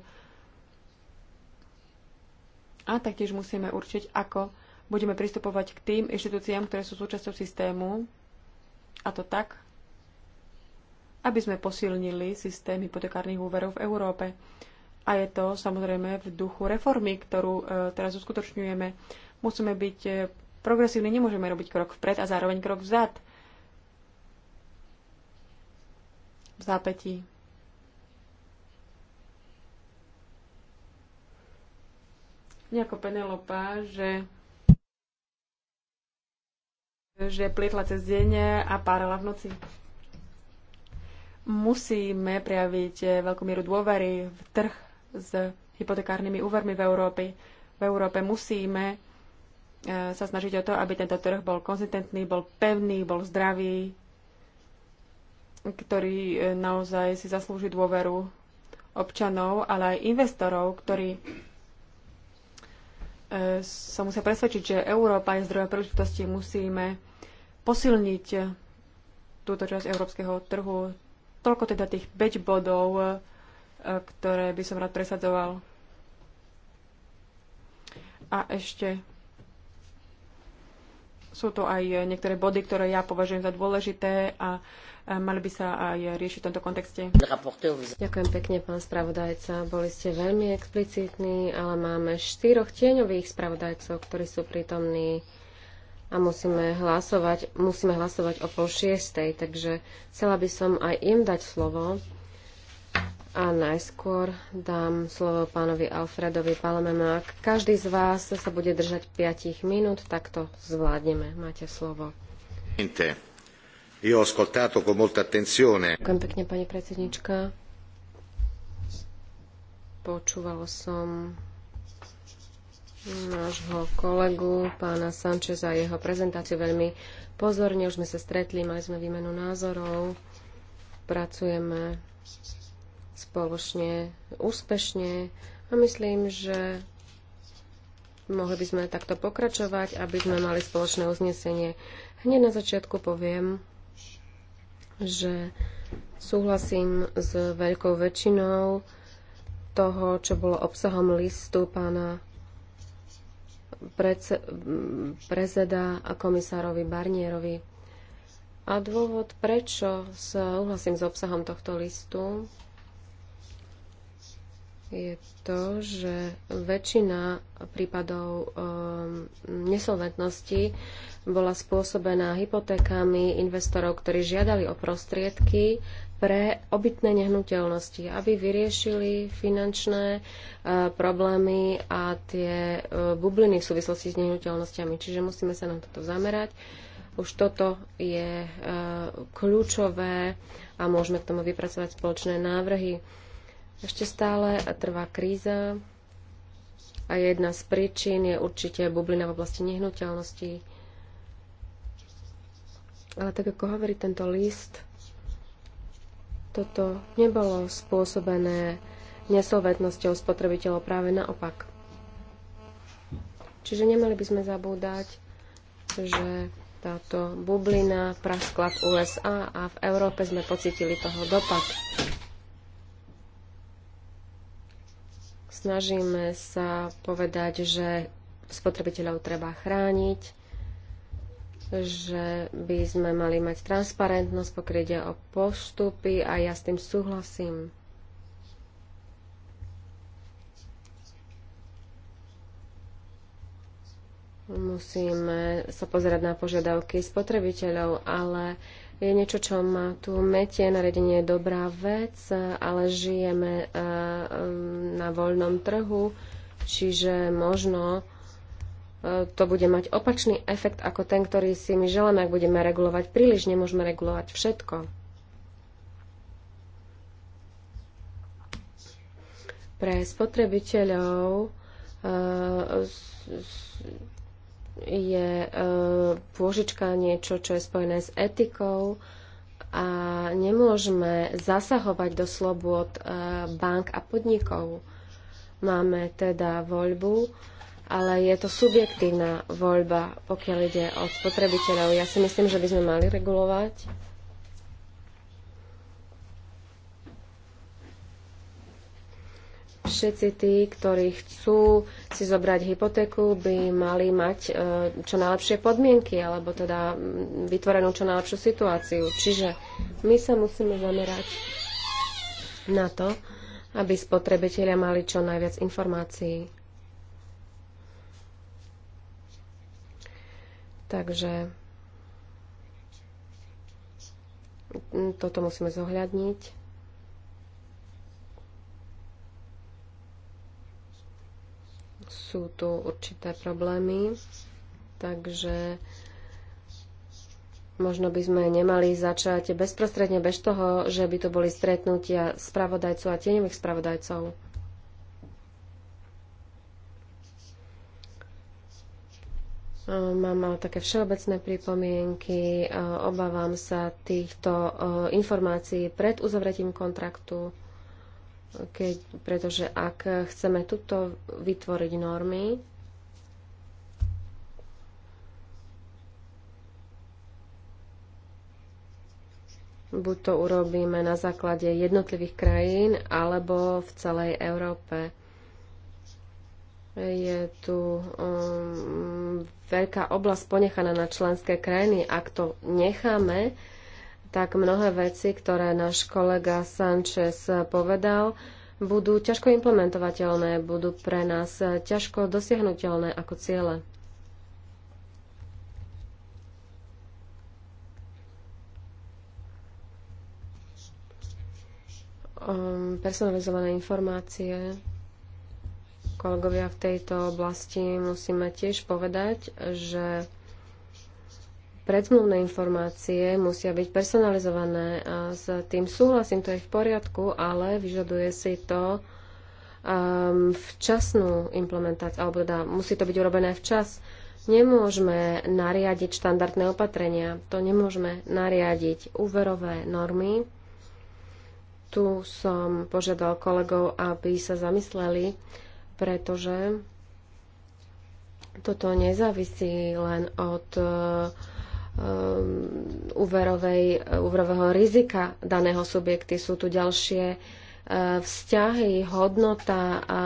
A taktiež musíme určiť, ako budeme pristupovať k tým inštitúciám, ktoré sú súčasťou systému. A to tak, aby sme posilnili systém hypotekárnych úverov v Európe. A je to samozrejme v duchu reformy, ktorú e, teraz uskutočňujeme. Musíme byť e, progresívni, nemôžeme robiť krok vpred a zároveň krok vzad v zápetí. Nejako Penelopa, že že plietla cez deň a párala v noci. Musíme prejaviť veľkú mieru dôvery v trh s hypotekárnymi úvermi v Európe. V Európe musíme e, sa snažiť o to, aby tento trh bol konzistentný, bol pevný, bol zdravý, ktorý e, naozaj si zaslúži dôveru občanov, ale aj investorov, ktorí e, sa musia presvedčiť, že Európa je zdrojom príležitosti. Musíme posilniť e, túto časť európskeho trhu. Toľko teda tých 5 bodov, ktoré by som rád presadzoval. A ešte sú to aj niektoré body, ktoré ja považujem za dôležité a mali by sa aj riešiť v tomto kontexte. Ďakujem pekne, pán spravodajca. Boli ste veľmi explicitní, ale máme štyroch tieňových spravodajcov, ktorí sú prítomní a musíme hlasovať, musíme hlasovať o pol šiestej, takže chcela by som aj im dať slovo. A najskôr dám slovo pánovi Alfredovi Palememu. Ak každý z vás sa bude držať 5 minút, tak to zvládneme. Máte slovo. Io ho ascoltato con molta attenzione. Ďakujem pekne, pani predsednička. Počúvala som nášho kolegu, pána a jeho prezentáciu veľmi pozorne. Už sme sa stretli, mali sme výmenu názorov, pracujeme spoločne, úspešne a myslím, že mohli by sme takto pokračovať, aby sme mali spoločné uznesenie. Hneď na začiatku poviem, že súhlasím s veľkou väčšinou toho, čo bolo obsahom listu pána prezeda a komisárovi Barnierovi. A dôvod, prečo súhlasím s obsahom tohto listu, je to, že väčšina prípadov um, nesolventnosti bola spôsobená hypotékami investorov, ktorí žiadali o prostriedky pre obytné nehnuteľnosti, aby vyriešili finančné e, problémy a tie e, bubliny v súvislosti s nehnuteľnosťami. Čiže musíme sa na toto zamerať. Už toto je e, kľúčové a môžeme k tomu vypracovať spoločné návrhy. Ešte stále trvá kríza a jedna z príčin je určite bublina v oblasti nehnuteľností ale tak ako hovorí tento list, toto nebolo spôsobené nesolvetnosťou spotrebiteľov, práve naopak. Čiže nemali by sme zabúdať, že táto bublina praskla v USA a v Európe sme pocitili toho dopad. Snažíme sa povedať, že spotrebiteľov treba chrániť, že by sme mali mať transparentnosť, pokrytie o postupy a ja s tým súhlasím. Musíme sa pozerať na požiadavky spotrebiteľov, ale je niečo, čo má tu metie. Naredenie je dobrá vec, ale žijeme eh, na voľnom trhu, čiže možno to bude mať opačný efekt ako ten, ktorý si my želáme, ak budeme regulovať príliš, nemôžeme regulovať všetko. Pre spotrebiteľov eh, je eh, pôžička niečo, čo je spojené s etikou a nemôžeme zasahovať do slobod eh, bank a podnikov. Máme teda voľbu, ale je to subjektívna voľba, pokiaľ ide od spotrebiteľov. Ja si myslím, že by sme mali regulovať. Všetci tí, ktorí chcú si zobrať hypotéku, by mali mať e, čo najlepšie podmienky, alebo teda vytvorenú čo najlepšiu situáciu. Čiže my sa musíme zamerať na to, aby spotrebitelia mali čo najviac informácií. Takže toto musíme zohľadniť. Sú tu určité problémy, takže možno by sme nemali začať bezprostredne bez toho, že by to boli stretnutia spravodajcov a tieňových spravodajcov. Mám ale také všeobecné pripomienky. Obávam sa týchto e, informácií pred uzavretím kontraktu, keď, pretože ak chceme tuto vytvoriť normy, buď to urobíme na základe jednotlivých krajín alebo v celej Európe je tu um, veľká oblasť ponechaná na členské krajiny. Ak to necháme, tak mnohé veci, ktoré náš kolega Sanchez povedal, budú ťažko implementovateľné, budú pre nás ťažko dosiahnuteľné ako ciele. Um, personalizované informácie Kolegovia, v tejto oblasti musíme tiež povedať, že predzmluvné informácie musia byť personalizované. A s tým súhlasím, to je v poriadku, ale vyžaduje si to um, včasnú implementáciu, alebo teda musí to byť urobené včas. Nemôžeme nariadiť štandardné opatrenia, to nemôžeme nariadiť úverové normy. Tu som požiadal kolegov, aby sa zamysleli, pretože toto nezávisí len od eh, eh, úverovej, úverového rizika daného subjekty. Sú tu ďalšie eh, vzťahy, hodnota a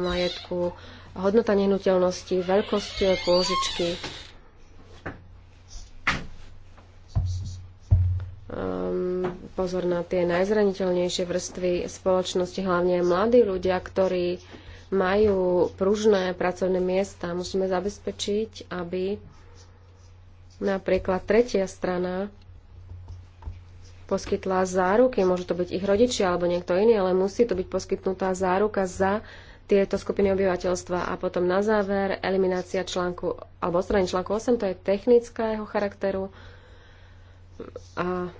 majetku, hodnota nehnuteľnosti, veľkosť pôžičky. Ehm, pozor na tie najzraniteľnejšie vrstvy spoločnosti, hlavne mladí ľudia, ktorí majú pružné pracovné miesta. Musíme zabezpečiť, aby napríklad tretia strana poskytla záruky, môžu to byť ich rodičia alebo niekto iný, ale musí to byť poskytnutá záruka za tieto skupiny obyvateľstva. A potom na záver eliminácia článku, alebo odstranenie článku 8, to je technického charakteru. A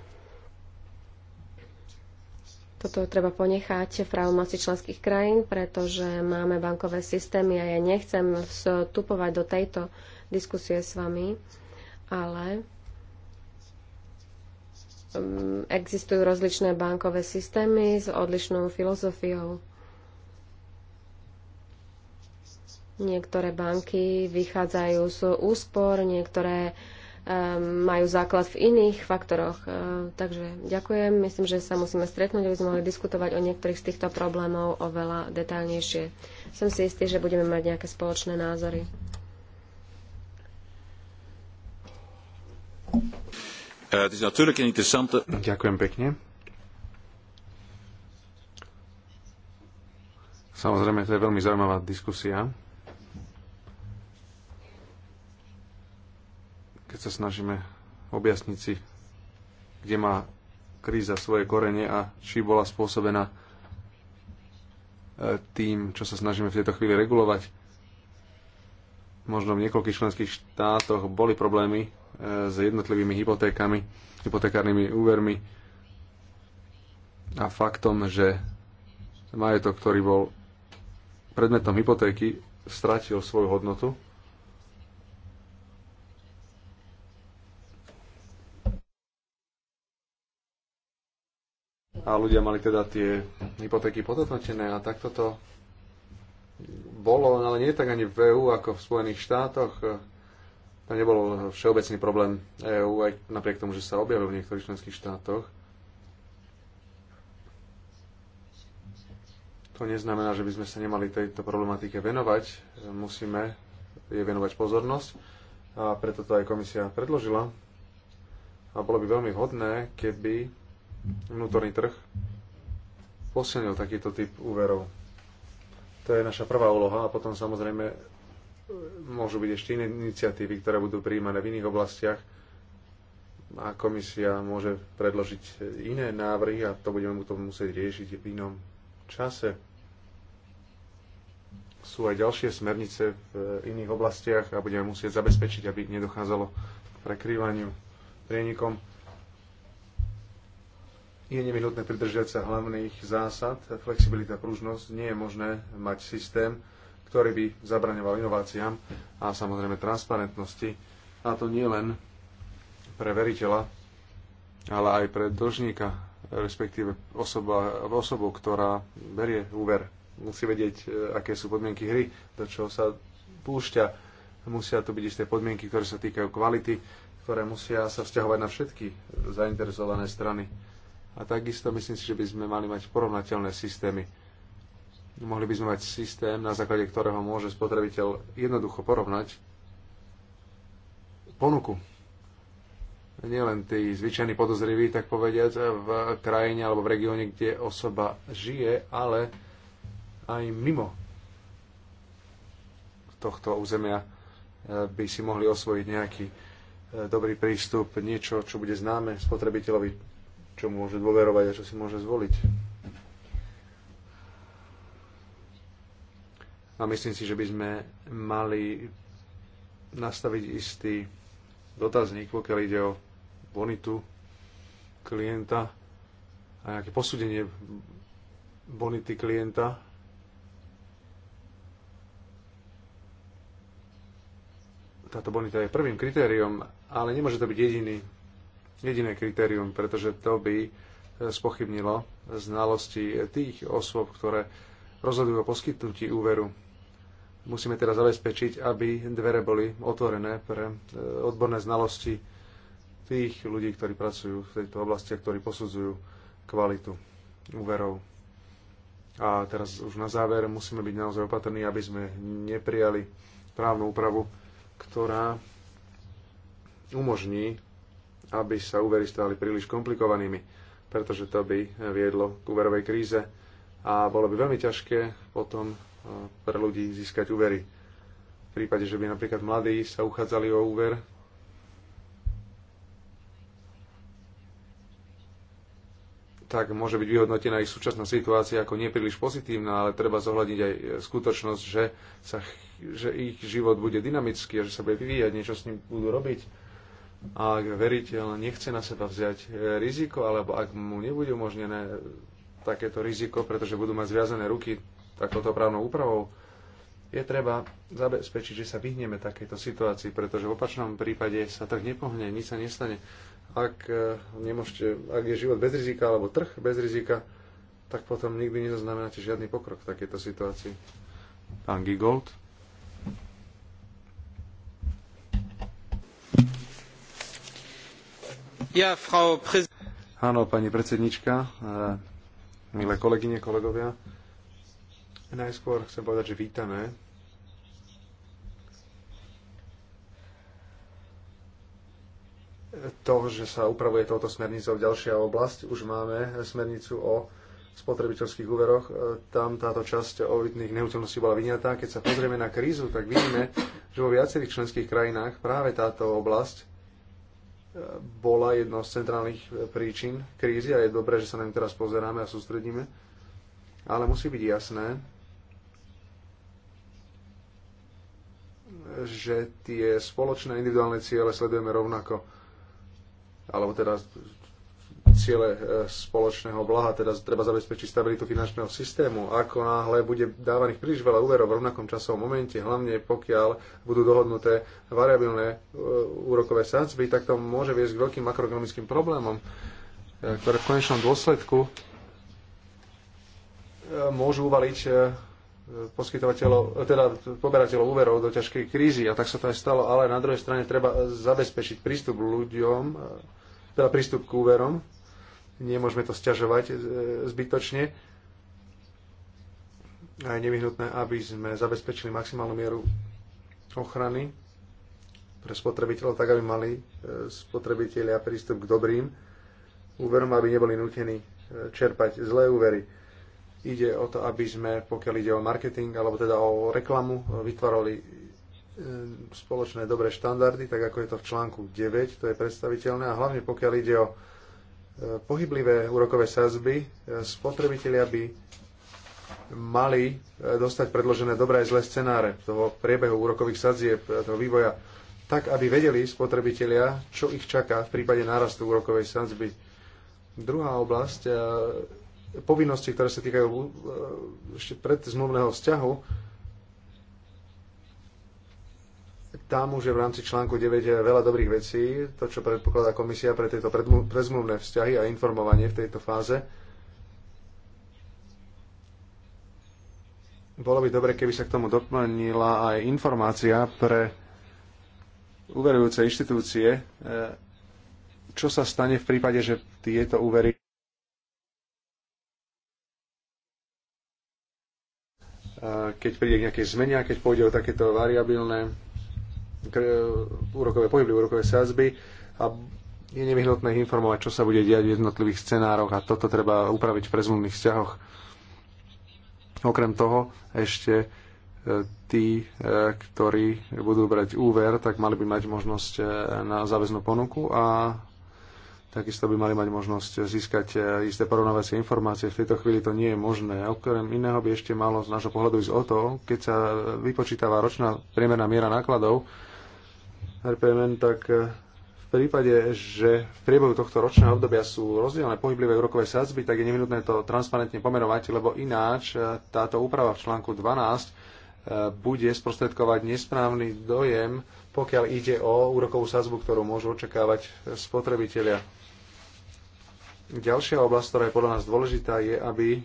toto treba ponechať v právomoci členských krajín, pretože máme bankové systémy a ja nechcem vstupovať do tejto diskusie s vami, ale mm, existujú rozličné bankové systémy s odlišnou filozofiou. Niektoré banky vychádzajú z úspor, niektoré majú základ v iných faktoroch. E, takže ďakujem. Myslím, že sa musíme stretnúť, aby sme mohli diskutovať o niektorých z týchto problémov oveľa detálnejšie. Som si istý, že budeme mať nejaké spoločné názory. Eh, ďakujem pekne. Samozrejme, to je veľmi zaujímavá diskusia. keď sa snažíme objasniť si, kde má kríza svoje korene a či bola spôsobená e, tým, čo sa snažíme v tejto chvíli regulovať. Možno v niekoľkých členských štátoch boli problémy e, s jednotlivými hypotékami, hypotekárnymi úvermi a faktom, že majetok, ktorý bol predmetom hypotéky, stratil svoju hodnotu a ľudia mali teda tie hypotéky podhodnotené a takto to bolo, no ale nie tak ani v EÚ ako v Spojených štátoch. To nebol všeobecný problém EÚ, aj napriek tomu, že sa objavil v niektorých členských štátoch. To neznamená, že by sme sa nemali tejto problematike venovať. Musíme jej venovať pozornosť a preto to aj komisia predložila. A bolo by veľmi hodné, keby vnútorný trh posilnil takýto typ úverov. To je naša prvá úloha a potom samozrejme e, môžu byť ešte iné iniciatívy, ktoré budú prijímané v iných oblastiach a komisia môže predložiť iné návrhy a to budeme to musieť riešiť v inom čase. Sú aj ďalšie smernice v e, iných oblastiach a budeme musieť zabezpečiť, aby nedochádzalo k prekrývaniu prienikom je nevyhnutné pridržiať sa hlavných zásad. Flexibilita, pružnosť. Nie je možné mať systém, ktorý by zabraňoval inováciám a samozrejme transparentnosti. A to nie len pre veriteľa, ale aj pre dlžníka, respektíve osoba, osobu, ktorá berie úver. Musí vedieť, e, aké sú podmienky hry, do čoho sa púšťa. Musia to byť isté podmienky, ktoré sa týkajú kvality, ktoré musia sa vzťahovať na všetky zainteresované strany a takisto myslím si, že by sme mali mať porovnateľné systémy. Mohli by sme mať systém, na základe ktorého môže spotrebiteľ jednoducho porovnať ponuku. Nielen tí zvyčajní podozriví, tak povediať, v krajine alebo v regióne, kde osoba žije, ale aj mimo tohto územia e, by si mohli osvojiť nejaký e, dobrý prístup, niečo, čo bude známe spotrebiteľovi čo môže dôverovať a čo si môže zvoliť. A myslím si, že by sme mali nastaviť istý dotazník, pokiaľ ide o bonitu klienta a nejaké posúdenie bonity klienta. Táto bonita je prvým kritériom, ale nemôže to byť jediný jediné kritérium, pretože to by e, spochybnilo znalosti tých osôb, ktoré rozhodujú o poskytnutí úveru. Musíme teda zabezpečiť, aby dvere boli otvorené pre e, odborné znalosti tých ľudí, ktorí pracujú v tejto oblasti a ktorí posudzujú kvalitu úverov. A teraz už na záver musíme byť naozaj opatrní, aby sme neprijali právnu úpravu, ktorá umožní aby sa úvery stali príliš komplikovanými, pretože to by viedlo k úverovej kríze a bolo by veľmi ťažké potom e, pre ľudí získať úvery. V prípade, že by napríklad mladí sa uchádzali o úver, tak môže byť vyhodnotená ich súčasná situácia ako nepríliš pozitívna, ale treba zohľadniť aj e, skutočnosť, že, sa, že ich život bude dynamický a že sa bude vyvíjať, niečo s ním budú robiť a ak veriteľ nechce na seba vziať e, riziko, alebo ak mu nebude umožnené e, takéto riziko, pretože budú mať zviazané ruky takouto právnou úpravou, je treba zabezpečiť, že sa vyhneme takejto situácii, pretože v opačnom prípade sa trh nepohne, nič sa nestane. Ak, e, nemôžete, ak je život bez rizika alebo trh bez rizika, tak potom nikdy nezaznamenáte žiadny pokrok v takejto situácii. Pán Gigold. Áno, pani predsednička, eh, milé kolegyne, kolegovia. Najskôr chcem povedať, že vítame to, že sa upravuje touto smernicou ďalšia oblasť. Už máme smernicu o spotrebiteľských úveroch. Eh, tam táto časť o obytných nehnuteľností bola vyňatá. Keď sa pozrieme na krízu, tak vidíme, že vo viacerých členských krajinách práve táto oblasť bola jedna z centrálnych e, príčin krízy a je dobré, že sa na ňu teraz pozeráme a sústredíme. Ale musí byť jasné, že tie spoločné individuálne ciele sledujeme rovnako. Alebo teraz ciele e, spoločného blaha, teda treba zabezpečiť stabilitu finančného systému. Ako náhle bude dávaných príliš veľa úverov v rovnakom časovom momente, hlavne pokiaľ budú dohodnuté variabilné e, úrokové sadzby, tak to môže viesť k veľkým makroekonomickým problémom, e, ktoré v konečnom dôsledku môžu uvaliť poskytovateľov, teda poberateľov úverov do ťažkej krízy a tak sa to aj stalo, ale na druhej strane treba zabezpečiť prístup ľuďom, teda prístup k úverom Nemôžeme to sťažovať e, zbytočne. A je nevyhnutné, aby sme zabezpečili maximálnu mieru ochrany pre spotrebiteľov, tak aby mali e, spotrebitelia prístup k dobrým úverom, aby neboli nutení e, čerpať zlé úvery. Ide o to, aby sme, pokiaľ ide o marketing alebo teda o reklamu, vytvorili spoločné dobré štandardy, tak ako je to v článku 9, to je predstaviteľné a hlavne pokiaľ ide o pohyblivé úrokové sadzby, e, spotrebitelia by mali e, dostať predložené dobré aj zlé scenáre toho priebehu úrokových sadzieb, e, toho vývoja, tak aby vedeli spotrebitelia, čo ich čaká v prípade nárastu úrokovej sadzby. Druhá oblasť, povinnosti, ktoré sa týkajú ešte predzmluvného vzťahu, tam už je v rámci článku 9 eh, veľa dobrých vecí, to, čo predpokladá komisia pre tieto prezmluvné vzťahy a informovanie v tejto fáze. Bolo by dobre, keby sa k tomu doplnila aj informácia pre uverujúce inštitúcie, eh, čo sa stane v prípade, že tieto úvery eh, keď príde k nejakej zmene a keď pôjde o takéto variabilné úrokové pohyby, úrokové sázby a je nevyhnutné informovať, čo sa bude diať v jednotlivých scenároch a toto treba upraviť v prezumných vzťahoch. Okrem toho ešte e, tí, e, ktorí budú brať úver, tak mali by mať možnosť e, na záväznú ponuku a takisto by mali mať možnosť získať isté porovnávacie informácie. V tejto chvíli to nie je možné. Okrem iného by ešte malo z nášho pohľadu ísť o to, keď sa vypočítava ročná priemerná miera nákladov, RPMN, tak e, v prípade, že v priebehu tohto ročného obdobia sú rozdielne pohyblivé úrokové sadzby, tak je nevinutné to transparentne pomenovať, lebo ináč e, táto úprava v článku 12 e, bude sprostredkovať nesprávny dojem, pokiaľ ide o úrokovú sadzbu, ktorú môžu očakávať spotrebitelia. Ďalšia oblasť, ktorá je podľa nás dôležitá, je, aby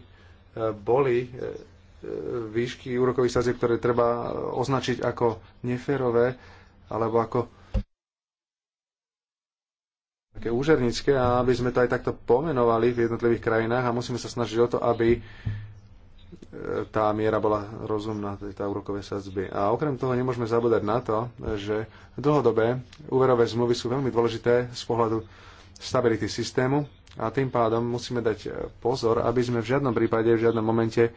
boli výšky úrokových sadzieb, ktoré treba označiť ako neférové, alebo ako také úžernické, a aby sme to aj takto pomenovali v jednotlivých krajinách a musíme sa snažiť o to, aby e, tá miera bola rozumná, tá úrokové sadzby. A okrem toho nemôžeme zabúdať na to, že dlhodobé úverové zmluvy sú veľmi dôležité z pohľadu stability systému a tým pádom musíme dať pozor, aby sme v žiadnom prípade, v žiadnom momente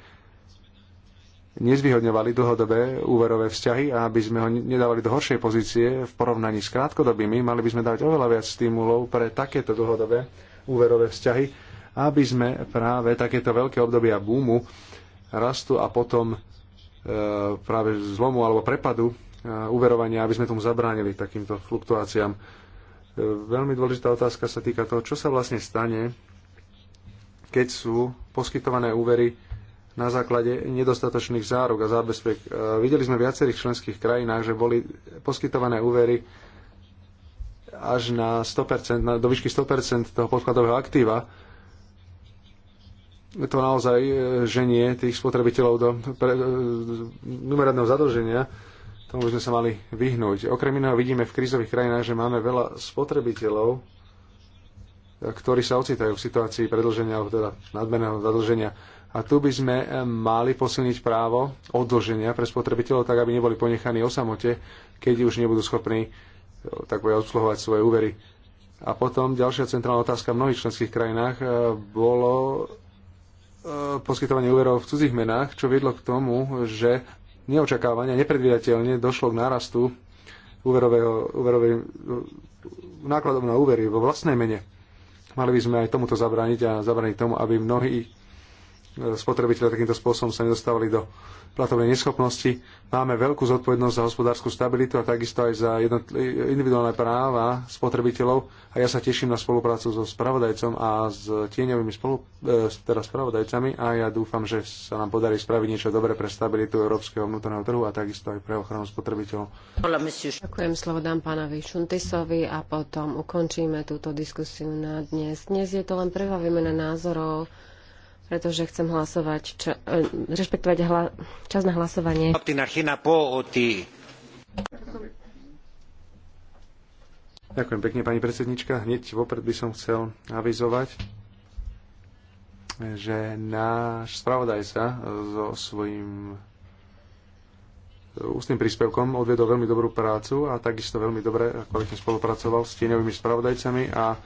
nezvyhodňovali dlhodobé úverové vzťahy a aby sme ho nedávali do horšej pozície v porovnaní s krátkodobými. Mali by sme dať oveľa viac stimulov pre takéto dlhodobé úverové vzťahy, aby sme práve takéto veľké obdobia búmu, rastu a potom e, práve zlomu alebo prepadu e, úverovania, aby sme tomu zabránili takýmto fluktuáciám. E, veľmi dôležitá otázka sa týka toho, čo sa vlastne stane, keď sú poskytované úvery na základe nedostatočných záruk a zábezpek. E, videli sme v viacerých členských krajinách, že boli poskytované úvery až na 100%, na, do výšky 100% toho podkladového aktíva. To naozaj e, ženie tých spotrebiteľov do e, numeradného zadlženia. Tomu by sme sa mali vyhnúť. Okrem iného vidíme v krízových krajinách, že máme veľa spotrebiteľov, ktorí sa ocitajú v situácii predlženia alebo teda nadmerného zadlženia a tu by sme eh, mali posilniť právo odloženia pre spotrebiteľov, tak aby neboli ponechaní o samote, keď už nebudú schopní eh, tak bude obsluhovať svoje úvery. A potom ďalšia centrálna otázka v mnohých členských krajinách eh, bolo poskytovanie úverov v cudzích menách, čo viedlo k tomu, že neočakávania, nepredvídateľne došlo k nárastu úverového, úverové, nákladov na úvery vo vlastnej mene. Mali by sme aj tomuto zabrániť a zabrániť tomu, aby mnohí spotrebiteľe takýmto spôsobom sa nedostávali do platovnej neschopnosti. Máme veľkú zodpovednosť za hospodárskú stabilitu a takisto aj za individuálne práva spotrebiteľov a ja sa teším na spoluprácu so spravodajcom a s tieňovými spolu, e, teda spravodajcami a ja dúfam, že sa nám podarí spraviť niečo dobré pre stabilitu európskeho vnútorného trhu a takisto aj pre ochranu spotrebiteľov. Ďakujem, slovo dám pánovi Šuntisovi a potom ukončíme túto diskusiu na dnes. Dnes je to len prvá výmena názorov pretože chcem hlasovať, čo, e, rešpektovať hla, čas na hlasovanie. Ďakujem pekne, pani predsednička. Hneď vopred by som chcel avizovať, že náš spravodajca e, so svojím e, ústnym príspevkom odvedol veľmi dobrú prácu a takisto veľmi dobre a kvalitne spolupracoval s tieňovými spravodajcami a e,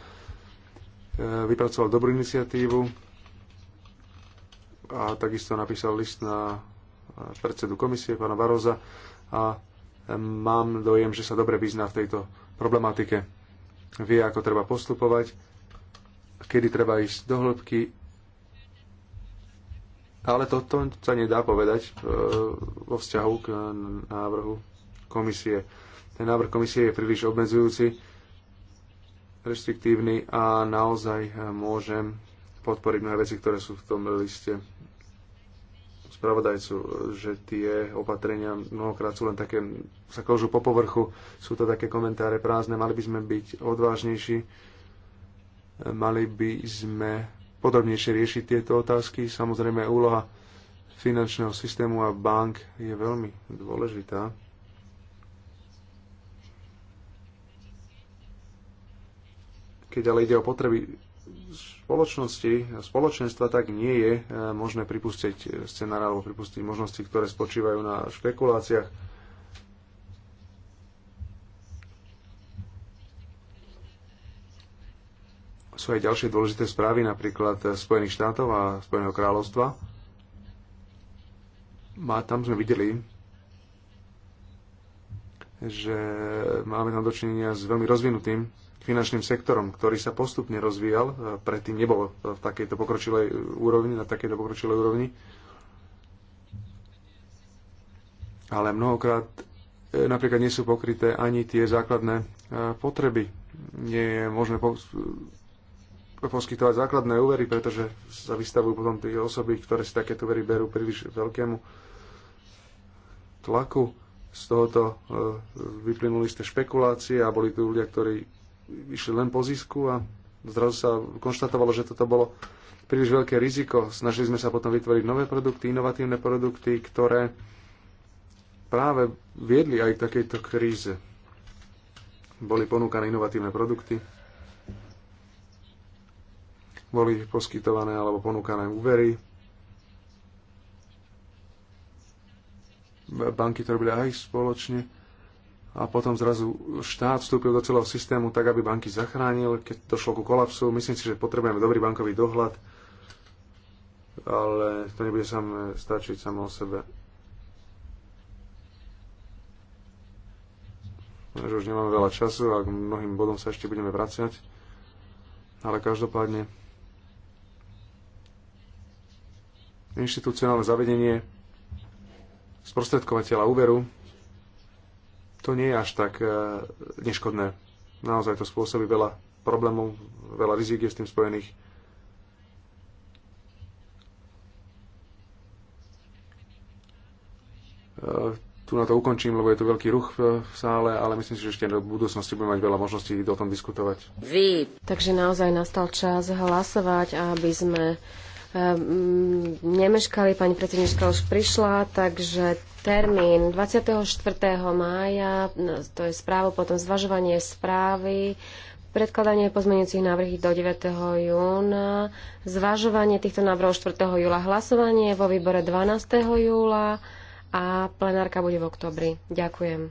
vypracoval dobrú iniciatívu a takisto napísal list na e, predsedu komisie, pána Baroza a e, mám dojem, že sa dobre vyzná v tejto problematike. Vie, ako treba postupovať, kedy treba ísť do hĺbky, ale toto sa nedá povedať e, vo vzťahu k návrhu komisie. Ten návrh komisie je príliš obmedzujúci, restriktívny a naozaj môžem podporiť mnohé veci, ktoré sú v tom liste spravodajcu, že tie opatrenia mnohokrát sú len také, sa kožu po povrchu, sú to také komentáre prázdne, mali by sme byť odvážnejší, mali by sme podrobnejšie riešiť tieto otázky. Samozrejme, úloha finančného systému a bank je veľmi dôležitá. Keď ale ide o potreby spoločnosti, spoločenstva, tak nie je e, možné pripustiť scenár alebo pripustiť možnosti, ktoré spočívajú na špekuláciách. Sú aj ďalšie dôležité správy, napríklad Spojených štátov a Spojeného kráľovstva. A tam sme videli, že máme tam dočinenia s veľmi rozvinutým finančným sektorom, ktorý sa postupne rozvíjal, e, predtým nebolo e, v takejto pokročilej e, úrovni, na takejto pokročilej úrovni. Ale mnohokrát napríklad nie sú pokryté ani tie základné potreby. Nie je možné poskytovať základné úvery, pretože sa vystavujú potom tie osoby, ktoré si takéto úvery berú príliš veľkému tlaku. Z tohoto vyplynuli ste špekulácie a boli tu ľudia, ktorí išli len po zisku a zrazu sa konštatovalo, že toto bolo príliš veľké riziko. Snažili sme sa potom vytvoriť nové produkty, inovatívne produkty, ktoré práve viedli aj k takejto kríze. Boli ponúkané inovatívne produkty, boli poskytované alebo ponúkané úvery. Banky to robili aj spoločne a potom zrazu štát vstúpil do celého systému tak, aby banky zachránil, keď došlo ku kolapsu. Myslím si, že potrebujeme dobrý bankový dohľad, ale to nebude sam e, stačiť samo o sebe. Že už nemáme veľa času a k mnohým bodom sa ešte budeme vraciať. Ale každopádne inštitucionálne zavedenie sprostredkovateľa úveru to nie je až tak e, neškodné. Naozaj to spôsobí veľa problémov, veľa rizik je s tým spojených. E, tu na to ukončím, lebo je tu veľký ruch v sále, ale myslím si, že ešte do budúcnosti budeme mať veľa možností o tom diskutovať. Vy. Takže naozaj nastal čas hlasovať, aby sme Ehm, nemeškali. Pani predsednička už prišla, takže termín 24. mája, no, to je správo, potom zvažovanie správy, predkladanie pozmeňujúcich návrhy do 9. júna, zvažovanie týchto návrhov 4. júla, hlasovanie vo výbore 12. júla a plenárka bude v oktobri. Ďakujem.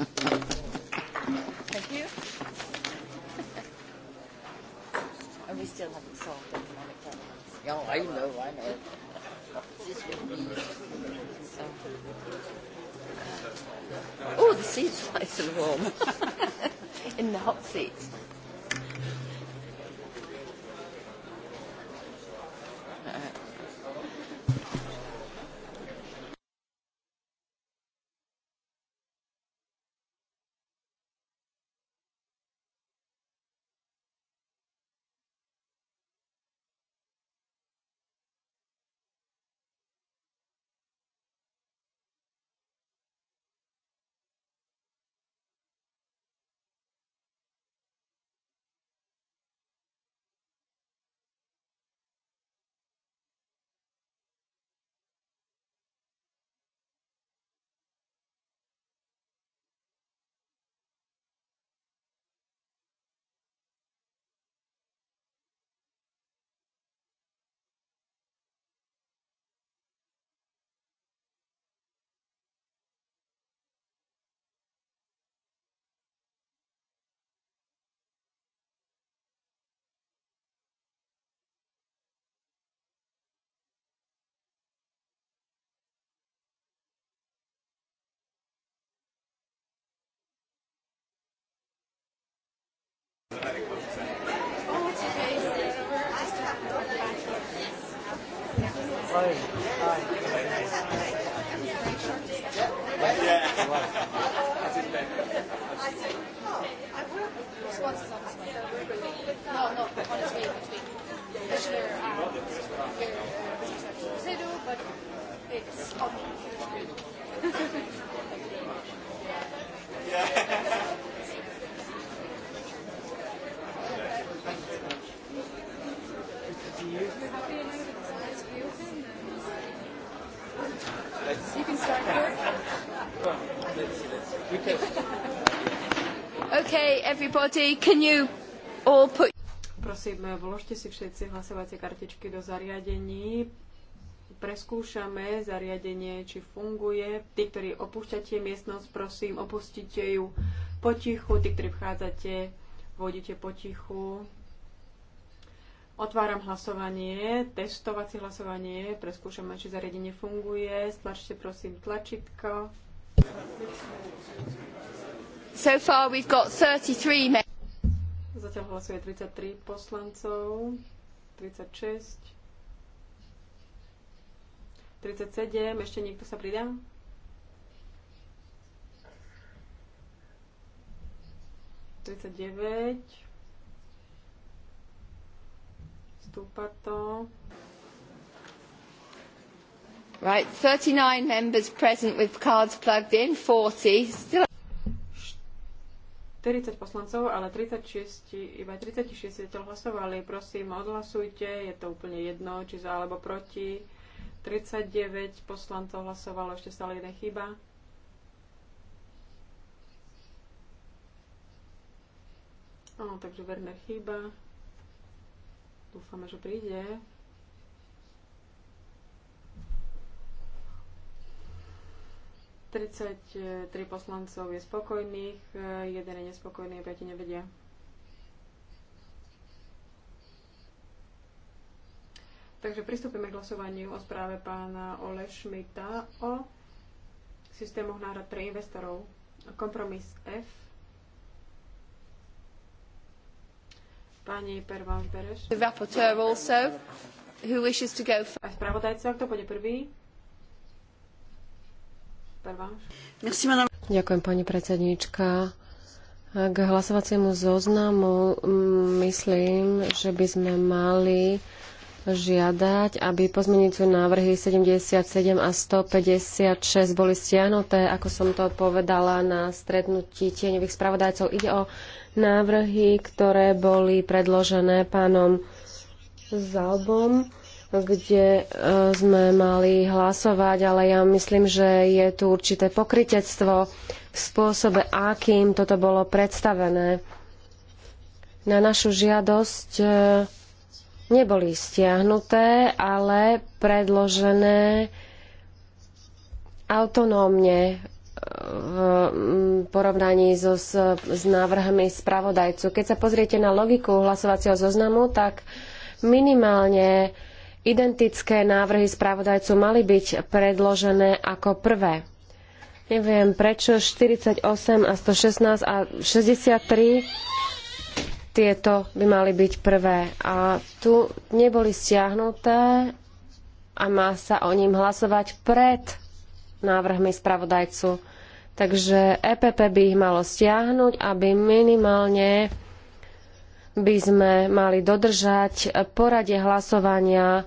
Yeah, I know, I know. Oh, the seats nice and warm in the hot seats. Everybody, can you all put... Prosím, vložte si všetci hlasovacie kartičky do zariadení. Preskúšame zariadenie, či funguje. Tí, ktorí opúšťate miestnosť, prosím, opustite ju potichu. Tí, ktorí vchádzate, vodite potichu. Otváram hlasovanie, testovacie hlasovanie. Preskúšame, či zariadenie funguje. Stlačte prosím tlačítko. So far we've got 33 men. Zatiaľ hlasuje 33 poslancov, 36, 37, ešte niekto sa pridá? Tridsaťdeväť. Stúpa to. Right, 39 members present with cards plugged in, 40 still 40 poslancov, ale 36, iba 36 hlasovali. Prosím, odhlasujte, je to úplne jedno, či za alebo proti. 39 poslancov hlasovalo, ešte stále jedna chyba. Áno, takže Werner chyba. Dúfame, že príde. 33 eh, poslancov je spokojných, eh, jeden je nespokojný a 5 nevedia. Takže pristúpime k hlasovaniu o správe pána Ole Šmita o systémoch náhrad pre investorov. Kompromis F. Pani Pervan Bereš. The rapporteur also, who wishes to go first. A spravodajca, kto pôjde prvý? Ďakujem, pani predsedníčka. K hlasovaciemu zoznamu mm, myslím, že by sme mali žiadať, aby pozmenujúce návrhy 77 a 156 boli stiahnuté, ako som to povedala na stretnutí tieňových spravodajcov. Ide o návrhy, ktoré boli predložené pánom Zalbom kde e, sme mali hlasovať, ale ja myslím, že je tu určité pokritectvo v spôsobe, akým toto bolo predstavené. Na našu žiadosť e, neboli stiahnuté, ale predložené autonómne e, v porovnaní so, s, s návrhmi spravodajcu. Keď sa pozriete na logiku hlasovacieho zoznamu, tak minimálne uh, Identické návrhy spravodajcu mali byť predložené ako prvé. Neviem prečo 48 a 116 a 63 tieto by mali byť prvé. A tu neboli stiahnuté a má sa o ním hlasovať pred návrhmi spravodajcu. Takže EPP by ich malo stiahnuť, aby minimálne by sme mali dodržať poradie hlasovania,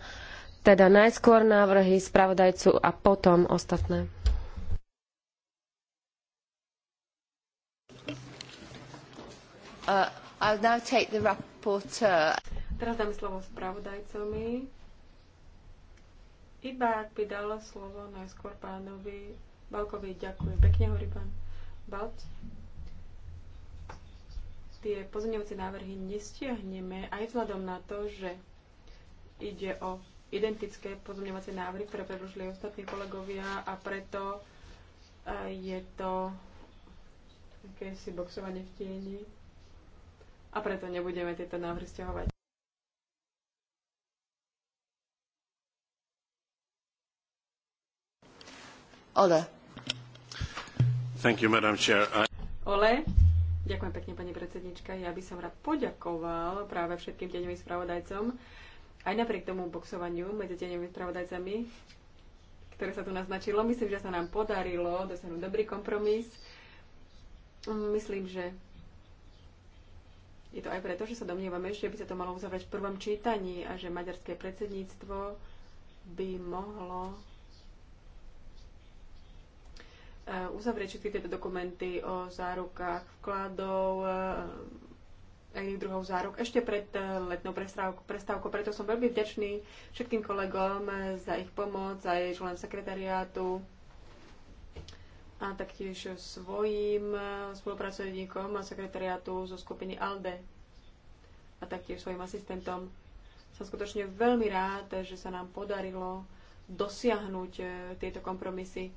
teda najskôr návrhy spravodajcu a potom ostatné. Uh, Teraz dám slovo spravodajcovi. Iba ak by dala slovo najskôr pánovi Balkovi. Ďakujem pekne, hovorí pán Balc tie pozmeňovacie návrhy nestiahneme aj vzhľadom na to, že ide o identické pozmeňovacie návrhy, ktoré predložili ostatní kolegovia a preto e, je to akési boxovanie v tieni a preto nebudeme tieto návrhy stiahovať. Ole. Thank you, Madam Chair. I... Ole. Ďakujem pekne, pani predsednička. Ja by som rád poďakoval práve všetkým deňovým spravodajcom, aj napriek tomu boxovaniu medzi deňovými spravodajcami, ktoré sa tu naznačilo. Myslím, že sa nám podarilo dosiahnuť dobrý kompromis. Myslím, že je to aj preto, že sa domnievame, že by sa to malo uzavrieť v prvom čítaní a že maďarské predsedníctvo by mohlo uzavrieť všetky tieto dokumenty o zárukách vkladov e, a iných druhov záruk ešte pred e, letnou prestávkou. Preto som veľmi vďačný všetkým kolegom e, za ich pomoc, za jej členom sekretariátu a taktiež svojim spolupracovníkom a sekretariátu zo skupiny ALDE a taktiež svojim asistentom. Som skutočne veľmi rád, že sa nám podarilo dosiahnuť tieto kompromisy